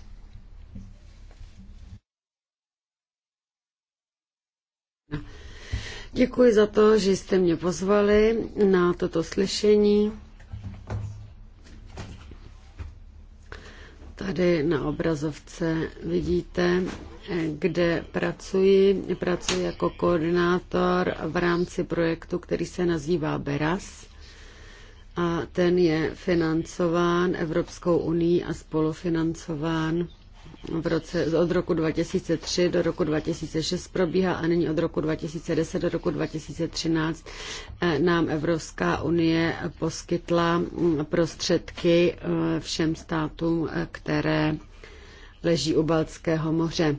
Děkuji za to, že jste mě pozvali na toto slyšení. Tady na obrazovce vidíte, kde pracuji. Pracuji jako koordinátor v rámci projektu, který se nazývá BERAS a ten je financován Evropskou unii a spolufinancován v roce, od roku 2003 do roku 2006 probíhá a nyní od roku 2010 do roku 2013 eh, nám Evropská unie poskytla mm, prostředky eh, všem státům, eh, které leží u Baltského moře.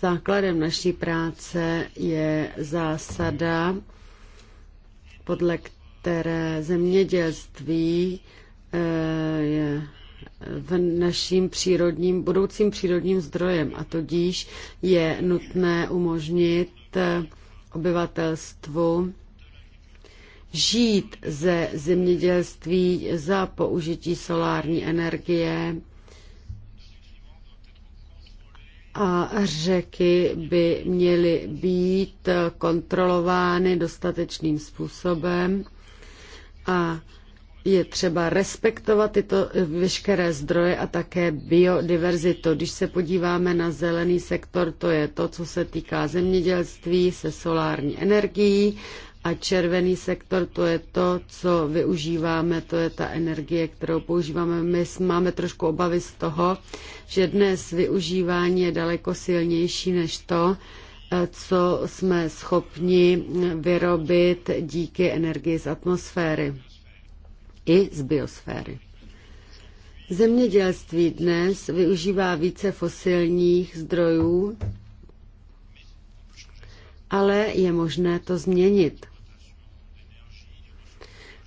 Základem naší práce je zásada, podle které zemědělství je v naším přírodním, budoucím přírodním zdrojem a tudíž je nutné umožnit eh, obyvatelstvu žít ze zemědělství za použití solární energie a řeky by měly být kontrolovány dostatečným způsobem a je třeba respektovat tyto veškeré zdroje a také biodiverzitu. Když se podíváme na zelený sektor, to je to, co se týká zemědělství se solární energií a červený sektor, to je to, co využíváme, to je ta energie, kterou používáme. My máme trošku obavy z toho, že dnes využívání je daleko silnější než to, eh, co jsme schopni vyrobit díky energii z atmosféry i z biosféry. Zemědělství dnes využívá více fosilních zdrojů, ale je možné to změnit.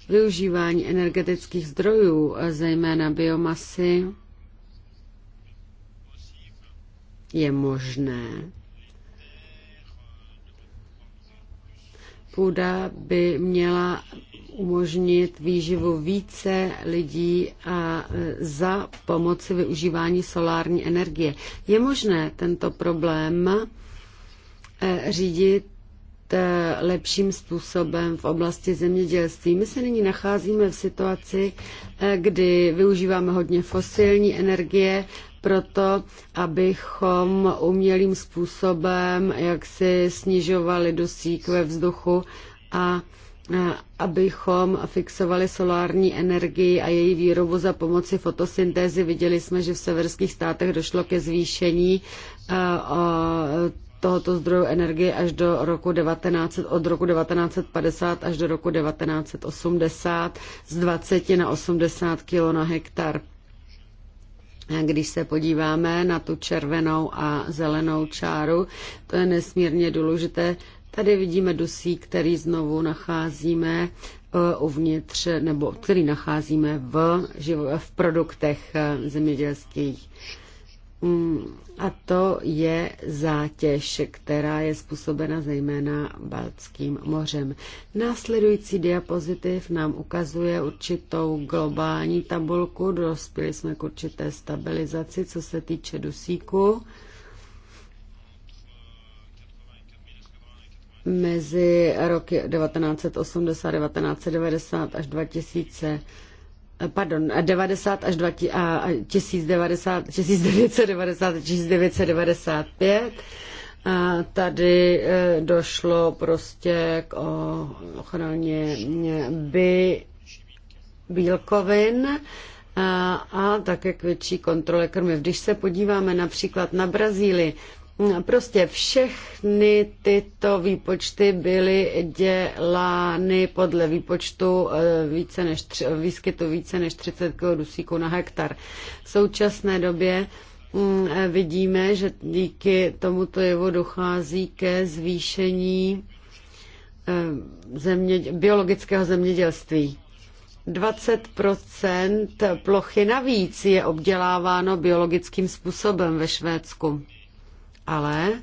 Využívání energetických zdrojů, zejména biomasy, je možné půda by měla umožnit výživu více lidí a e, za pomoci využívání solární energie. Je možné tento problém e, řídit e, lepším způsobem v oblasti zemědělství. My se nyní nacházíme v situaci, kdy využíváme hodně fosilní energie proto abychom umělým způsobem jaksi snižovali dusík ve vzduchu a abychom fixovali solární energii a její výrobu za pomoci fotosyntézy. Viděli jsme, že v severských státech došlo ke zvýšení tohoto zdroju energie až do roku 19, od roku 1950 až do roku 1980 z 20 na 80 kg na hektar. Když se podíváme na tu červenou a zelenou čáru, to je nesmírně důležité. Tady vidíme dusík, který znovu nacházíme eh, uvnitř, nebo který nacházíme v, v produktech eh, zemědělských. Mm, a to je zátěž, která je způsobena zejména Baltským mořem. Následující diapozitiv nám ukazuje určitou globální tabulku. Dospěli jsme k určité stabilizaci, co se týče dusíku. Mezi roky 1980, 1990 až 2000 pardon, 90 až 20, a 1090, 1990 1995. A tady e, došlo prostě k ochraně e, by bílkovin a, a také k větší kontrole krmiv. Když se podíváme například na Brazílii, Prostě všechny tyto výpočty byly dělány podle výpočtu eh, více než, výskytu více než 30 kg dusíku na hektar. V současné době mm, eh, vidíme, že díky tomuto jevu dochází ke zvýšení eh, země, biologického zemědělství. 20 plochy navíc je obděláváno biologickým způsobem ve Švédsku ale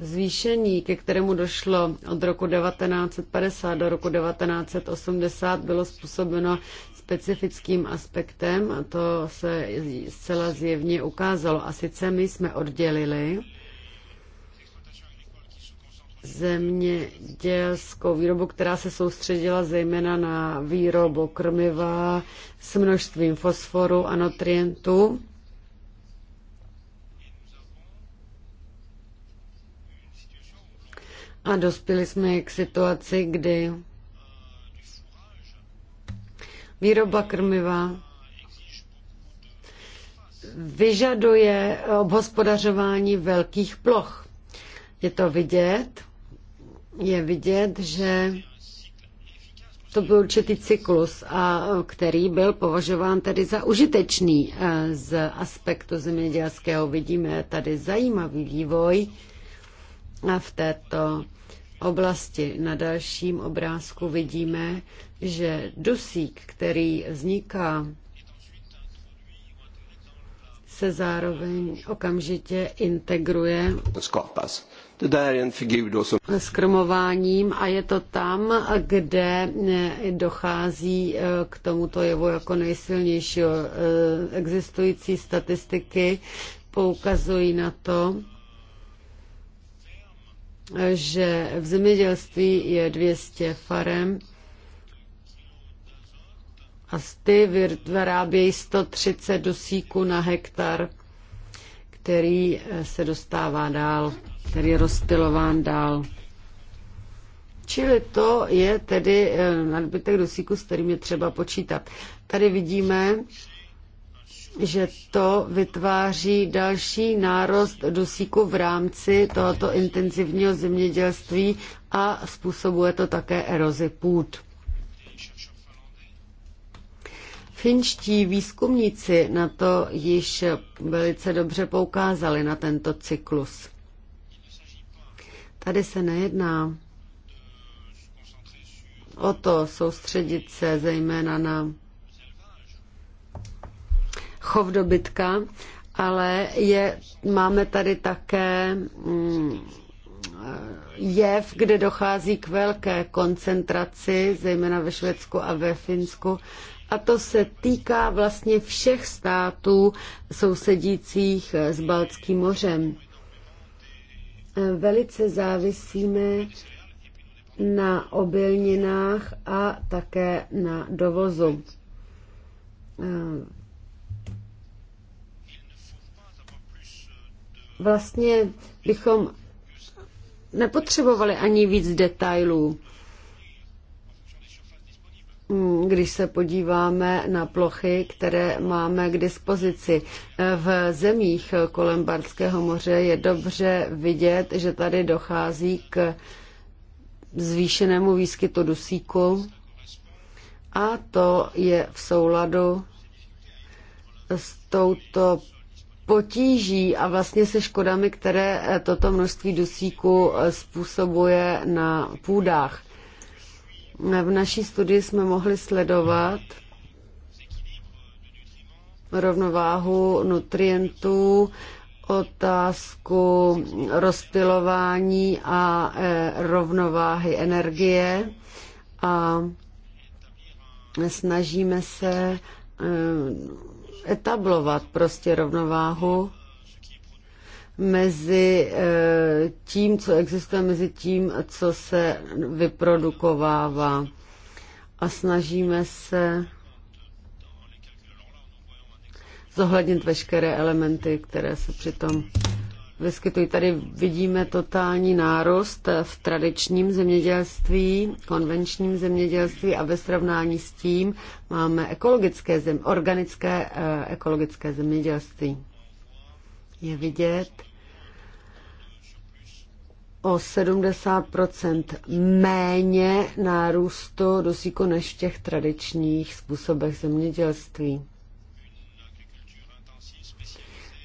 Zvýšení, ke kterému došlo od roku 1950 do roku 1980, bylo způsobeno specifickým aspektem a to se zcela zjevně ukázalo. A sice my jsme oddělili zemědělskou výrobu, která se soustředila zejména na výrobu krmiva s množstvím fosforu a nutrientů. A dospěli jsme k situaci, kdy výroba krmiva vyžaduje obhospodařování velkých ploch. Je to vidět je vidět, že to byl určitý cyklus, a který byl považován tedy za užitečný eh, z aspektu zemědělského. Vidíme tady zajímavý vývoj v této oblasti. Na dalším obrázku vidíme, že dusík, který vzniká, se zároveň okamžitě integruje. Det figur S a je to tam, kde eh, dochází eh, k tomuto jevu jako nejsilnější. Eh, existující statistiky poukazují na to, že v zemědělství je 200 farem a z ty vyrábějí 130 dusíků na hektar, který se dostává dál který je rozpilován dál. Čili to je tedy eh, nadbytek dusíku, s kterým je třeba počítat. Tady vidíme, že to vytváří další nárost dusíku v rámci tohoto intenzivního zemědělství a způsobuje to také erozi půd. Finští výzkumníci na to již velice dobře poukázali na tento cyklus. Tady se nejedná o to soustředit se zejména na chov dobytka, ale je, máme tady také mm, jev, kde dochází k velké koncentraci, zejména ve Švédsku a ve Finsku. A to se týká vlastně všech států sousedících s Baltským mořem velice závisíme na obilninách a také na dovozu. Eh, vlastně bychom nepotřebovali ani víc detailů když se podíváme na plochy, které máme k dispozici. V zemích kolem Barského moře je dobře vidět, že tady dochází k zvýšenému výskytu dusíku a to je v souladu s touto potíží a vlastně se škodami, které toto množství dusíku způsobuje na půdách. V naší studii jsme mohli sledovat rovnováhu nutrientů, otázku rozpilování a e, rovnováhy energie a snažíme se e, etablovat prostě rovnováhu mezi eh, tím, co existuje, mezi tím, co se vyprodukovává. A snažíme se zohlednit veškeré elementy, které se přitom vyskytují. Tady vidíme totální nárost v tradičním zemědělství, konvenčním zemědělství a ve srovnání s tím máme ekologické zem, organické eh, ekologické zemědělství. Je vidět, o 70 méně nárůstu dosíku než v těch tradičních způsobech zemědělství.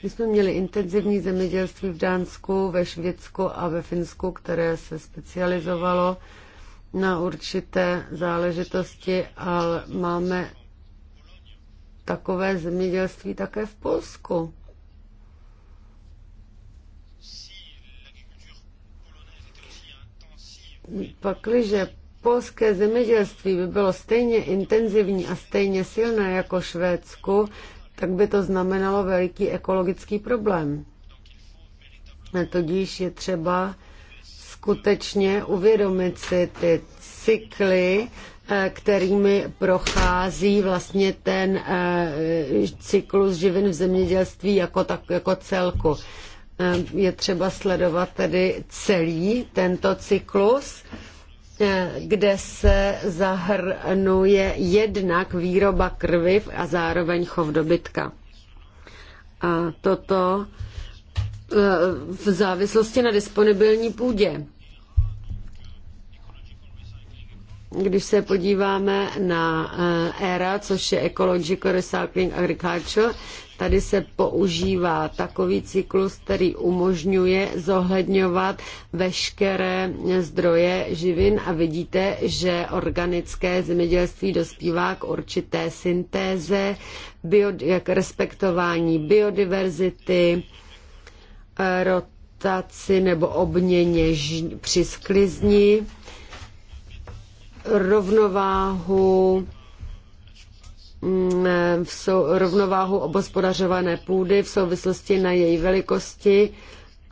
My jsme měli intenzivní zemědělství v Dánsku, ve Švédsku a ve Finsku, které se specializovalo na určité záležitosti, ale máme takové zemědělství také v Polsku. pakliže polské zemědělství by bylo stejně intenzivní a stejně silné jako Švédsku, tak by to znamenalo veliký ekologický problém. Tudíž je třeba skutečně uvědomit si ty cykly, eh, kterými prochází vlastně ten eh, cyklus živin v zemědělství jako, tak, jako celku. Ehm, je třeba sledovat tedy celý tento cyklus, ehm, kde se zahrnuje jednak výroba krvi a zároveň chov dobytka. A toto ehm, v závislosti na disponibilní půdě. Když se podíváme na ERA, eh, což je Ecological Recycling Agriculture, tady se používá takový cyklus, který umožňuje zohledňovat veškeré zdroje živin a vidíte, že organické zemědělství dospívá k určité syntéze, bio, k respektování biodiverzity, eh, rotaci nebo obměně při sklizni rovnováhu mm, v sou, rovnováhu obospodařované půdy v souvislosti na její velikosti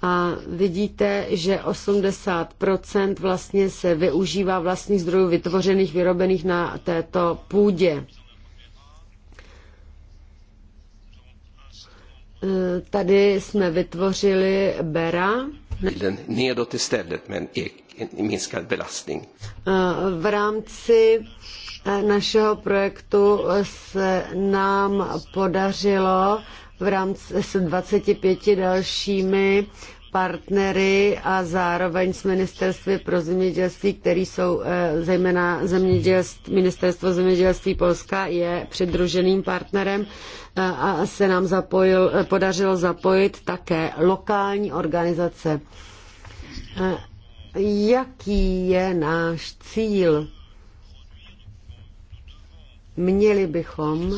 a vidíte, že 80% vlastně se využívá vlastních zdrojů vytvořených, vyrobených na této půdě. E, tady jsme vytvořili bera. Nedo minskad belastning. V rámci eh, našeho projektu se nám podařilo v rámci s 25 dalšími partnery a zároveň s ministerstvy pro zemědělství, který jsou eh, zejména zemědělství, ministerstvo zemědělství Polska je přidruženým partnerem eh, a se nám zapojil, podařilo zapojit také lokální organizace jaký je náš cíl. Měli bychom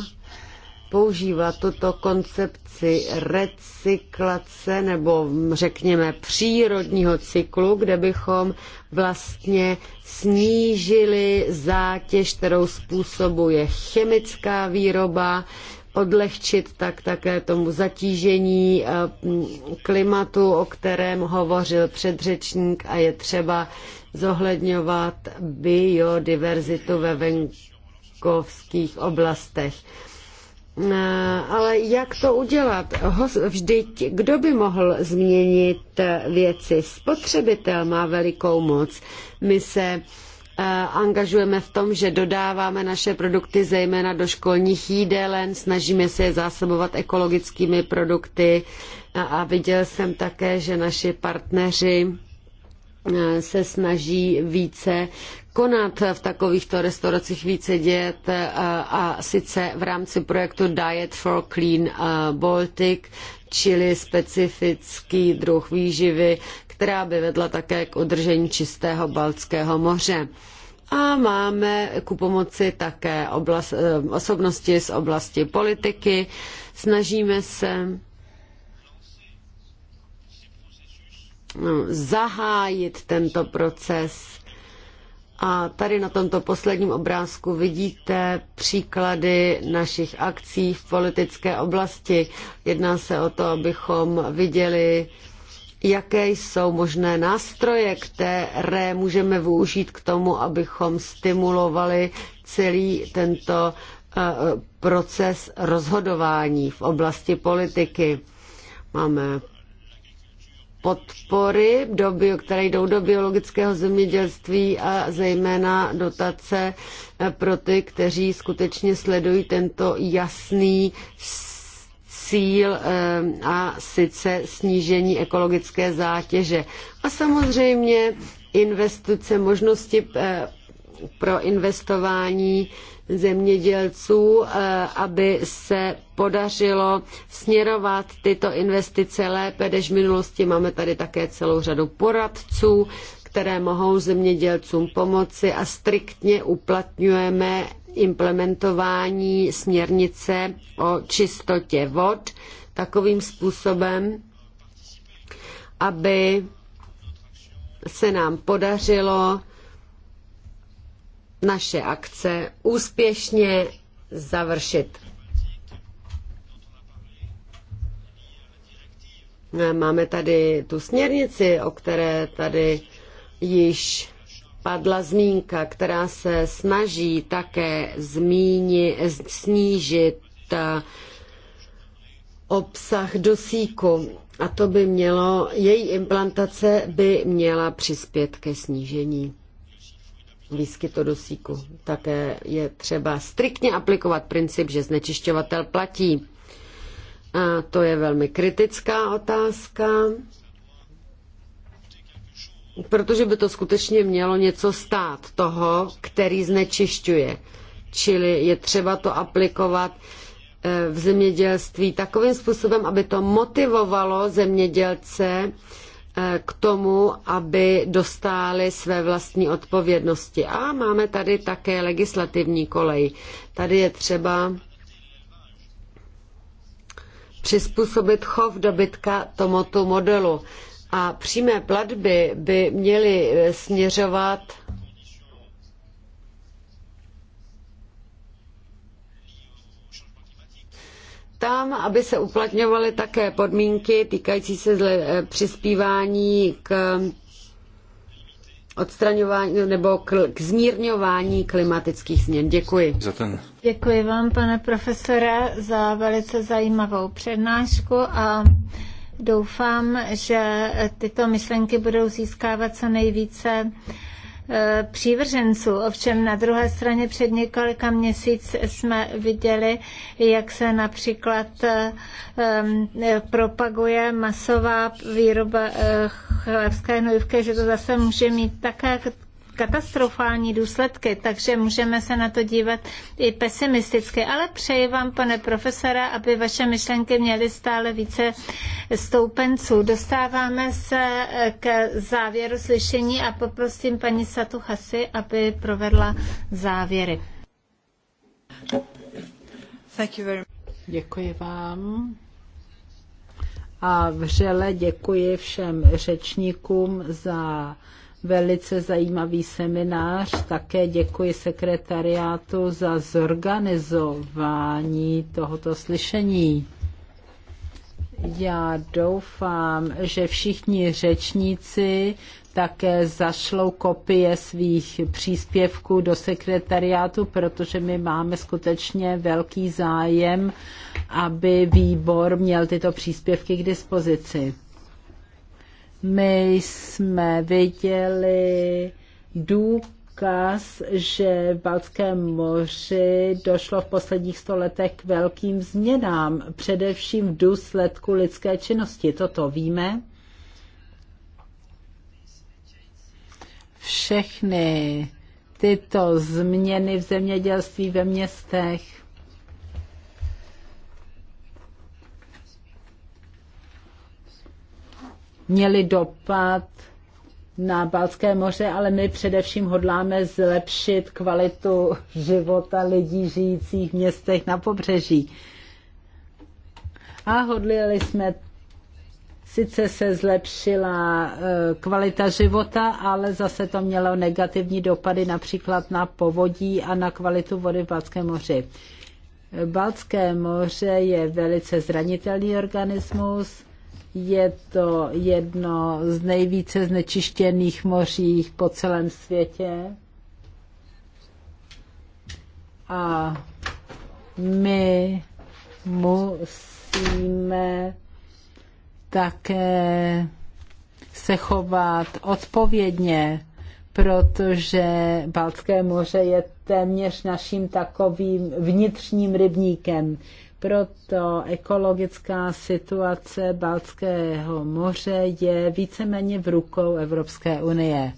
používat tuto koncepci recyklace nebo řekněme přírodního cyklu, kde bychom vlastně snížili zátěž, kterou způsobuje chemická výroba, odlehčit tak také tomu zatížení eh, klimatu, o kterém hovořil předřečník a je třeba zohledňovat biodiverzitu ve venkovských oblastech. Eh, ale jak to udělat? Vždyť kdo by mohl změnit eh, věci? Spotřebitel má velikou moc. My se Eh, angažujeme v tom, že dodáváme naše produkty zejména do školních jídelen, snažíme se je zásobovat ekologickými produkty a viděl jsem také, že naši partneři eh, se snaží více konat v takovýchto restauracích více dět eh, a, sice v rámci projektu Diet for Clean Baltic, čili specifický druh výživy, která by vedla také k udržení čistého Baltského moře. A máme ku pomoci také oblast, eh, osobnosti z oblasti politiky. Snažíme se no, zahájit tento proces. A tady na tomto posledním obrázku vidíte příklady našich akcí v politické oblasti. Jedná se o to, abychom viděli, jaké jsou možné nástroje, které můžeme využít k tomu, abychom stimulovali celý tento eh, proces rozhodování v oblasti politiky. Máme podpory, do bio, které jdou do biologického zemědělství a zejména dotace eh, pro ty, kteří skutečně sledují tento jasný cíl ehm, a sice snížení ekologické zátěže. A samozřejmě investice, možnosti eh, pro investování zemědělců, eh, aby se podařilo směrovat tyto investice lépe než v minulosti. Máme tady také celou řadu poradců, které mohou zemědělcům pomoci a striktně uplatňujeme implementování směrnice o čistotě vod takovým způsobem, aby se nám podařilo naše akce úspěšně završit. Máme tady tu směrnici, o které tady již padla zmínka, která se snaží také zmíni, snížit eh, obsah dosíku a to by mělo, její implantace by měla přispět ke snížení výskytu dosíku. Také je třeba striktně aplikovat princip, že znečišťovatel platí. A to je velmi kritická otázka protože by to skutečně mělo něco stát toho, který znečišťuje. Čili je třeba to aplikovat eh, v zemědělství takovým způsobem, aby to motivovalo zemědělce eh, k tomu, aby dostáli své vlastní odpovědnosti. A máme tady také legislativní kolej. Tady je třeba přizpůsobit chov dobytka tomuto modelu. A přímé platby by měly eh, směřovat tam, aby se uplatňovaly také podmínky týkající se eh, přispívání k odstraňování nebo k, k zmírňování klimatických změn. Děkuji. Za ten. Děkuji vám, pane profesore, za velice zajímavou přednášku a Doufám, že tyto myšlenky budou získávat co nejvíce eh, přívrženců. Ovšem na druhé straně před několika měsíc jsme viděli, jak se například eh, propaguje masová výroba eh, chlebské hnojivky, že to zase může mít také katastrofální důsledky, takže můžeme se na to dívat i pesimisticky. Ale přeji vám, pane profesora, aby vaše myšlenky měly stále více stoupenců. Dostáváme se k závěru slyšení a poprosím paní Satu Hasi, aby provedla závěry. Thank you very much. Děkuji vám a vřele děkuji všem řečníkům za velice zajímavý seminář. Také děkuji sekretariátu za zorganizování tohoto slyšení. Já doufám, že všichni řečníci také zašlou kopie svých příspěvků do sekretariátu, protože my máme skutečně velký zájem, aby výbor měl tyto příspěvky k dispozici. My jsme viděli důkaz, že v Balckém moři došlo v posledních stoletech k velkým změnám, především v důsledku lidské činnosti. Toto víme. Všechny tyto změny v zemědělství ve městech měly dopad na Balské moře, ale my především hodláme zlepšit kvalitu života lidí žijících v městech na pobřeží. A hodlili jsme, sice se zlepšila eh, kvalita života, ale zase to mělo negativní dopady například na povodí a na kvalitu vody v Balském moři. Balské moře je velice zranitelný organismus, je to jedno z nejvíce znečištěných moří po celém světě. A my musíme také se chovat odpovědně, protože Baltské moře je téměř naším takovým vnitřním rybníkem. Proto ekologická situace Balckého moře je víceméně v rukou Evropské unie.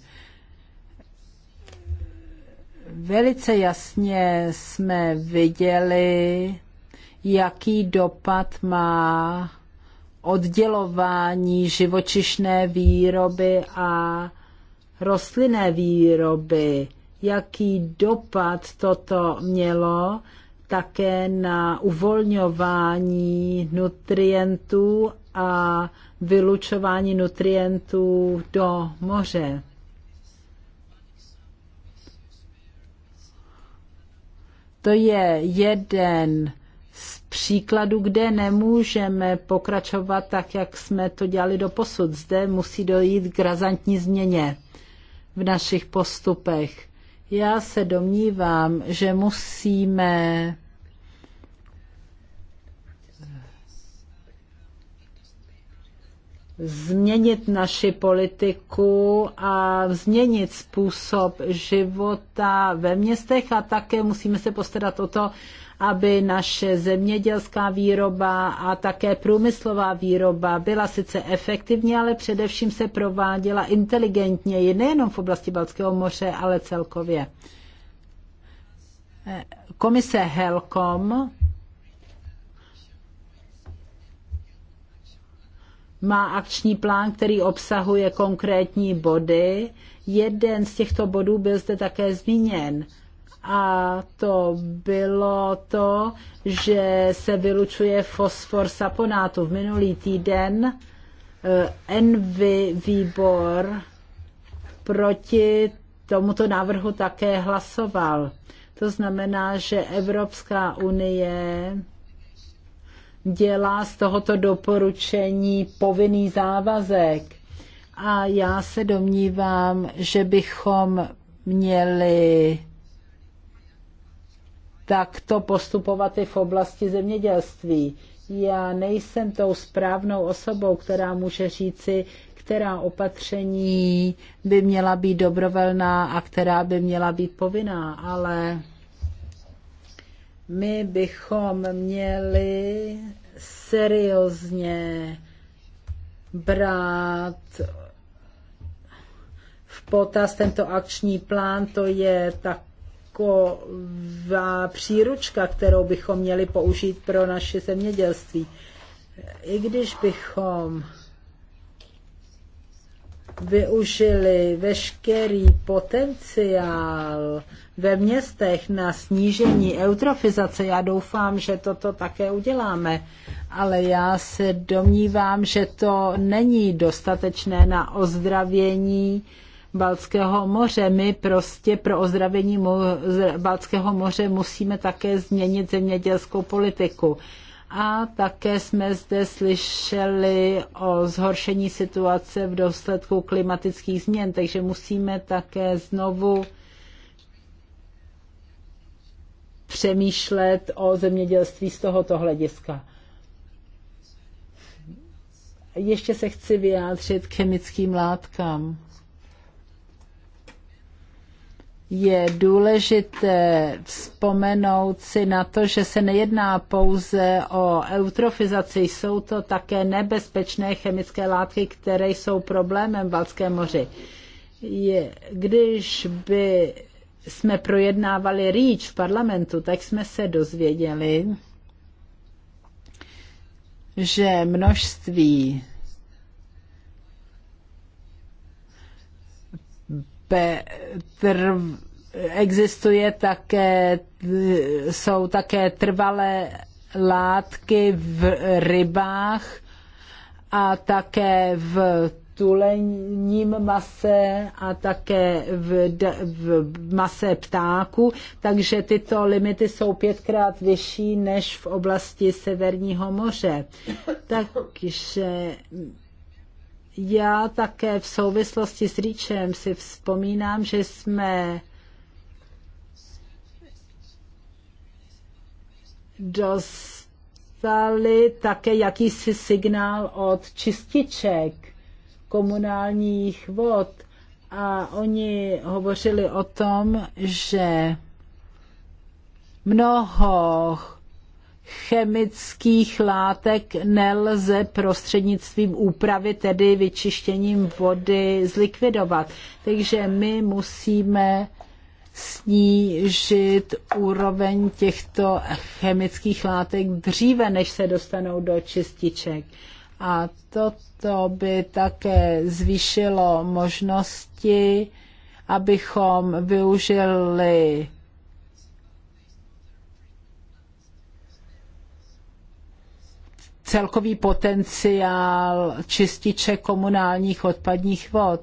Velice jasně jsme viděli, jaký dopad má oddělování živočišné výroby a rostlinné výroby, jaký dopad toto mělo také na uvolňování nutrientů a vylučování nutrientů do moře. To je jeden z příkladů, kde nemůžeme pokračovat tak, jak jsme to dělali do posud. Zde musí dojít k razantní změně v našich postupech. Já se domnívám, že musíme změnit naši politiku a změnit způsob života ve městech a také musíme se postarat o to, aby naše zemědělská výroba a také průmyslová výroba byla sice efektivní, ale především se prováděla inteligentně, nejenom v oblasti Balckého moře, ale celkově. Komise Helcom má akční plán, který obsahuje konkrétní body. Jeden z těchto bodů byl zde také zmíněn. A to bylo to, že se vylučuje fosfor saponátu. V minulý týden eh, Envy výbor proti tomuto návrhu také hlasoval. To znamená, že Evropská unie dělá z tohoto doporučení povinný závazek. A já se domnívám, že bychom měli takto postupovat i v oblasti zemědělství. Já nejsem tou správnou osobou, která může říci, která opatření by měla být dobrovolná a která by měla být povinná, ale my bychom měli seriózně brát v potaz tento akční plán, to je taková příručka, kterou bychom měli použít pro naše zemědělství. I když bychom využili veškerý potenciál ve městech na snížení eutrofizace. Já doufám, že toto také uděláme, ale já se domnívám, že to není dostatečné na ozdravění Balckého moře. My prostě pro ozdravění Balckého moře musíme také změnit zemědělskou politiku. A také jsme zde slyšeli o zhoršení situace v důsledku klimatických změn, takže musíme také znovu přemýšlet o zemědělství z tohoto hlediska. Ještě se chci vyjádřit k chemickým látkám je důležité vzpomenout si na to, že se nejedná pouze o eutrofizaci, jsou to také nebezpečné chemické látky, které jsou problémem v Balckém moři. Je, když by jsme projednávali REACH v parlamentu, tak jsme se dozvěděli, že množství trv, existuje také, jsou také trvalé látky v rybách a také v tulením mase a také v, v mase ptáku, takže tyto limity jsou pětkrát vyšší než v oblasti Severního moře. Takže já také v souvislosti s Rýčem si vzpomínám, že jsme dostali také jakýsi signál od čističek komunálních vod a oni hovořili o tom, že mnoho chemických látek nelze prostřednictvím úpravy, tedy vyčištěním vody, zlikvidovat. Takže my musíme snížit úroveň těchto chemických látek dříve, než se dostanou do čističek. A toto by také zvýšilo možnosti, abychom využili celkový potenciál čističe komunálních odpadních vod.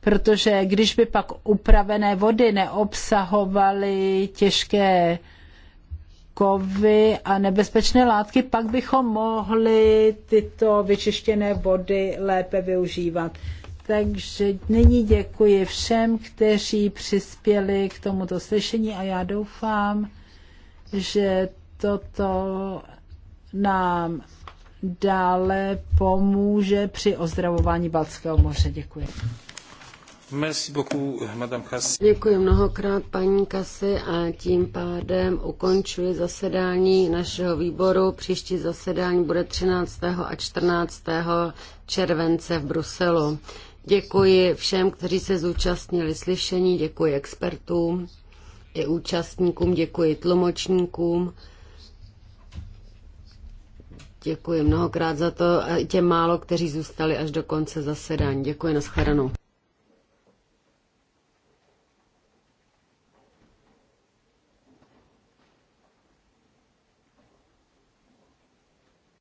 Protože když by pak upravené vody neobsahovaly těžké kovy a nebezpečné látky, pak bychom mohli tyto vyčištěné vody lépe využívat. Takže nyní děkuji všem, kteří přispěli k tomuto slyšení a já doufám, že toto nám dále pomůže při ozdravování Balckého moře. Děkuji. Merci beaucoup, Madame Kassi. Děkuji mnohokrát, paní Kasy, a tím pádem ukončuji zasedání našeho výboru. Příští zasedání bude 13. a 14. července v Bruselu. Děkuji všem, kteří se zúčastnili slyšení, děkuji expertům i účastníkům, děkuji tlumočníkům. Děkuji mnohokrát za to těm málo, kteří zůstali až do konce zasedání. Děkuji, nashledanou.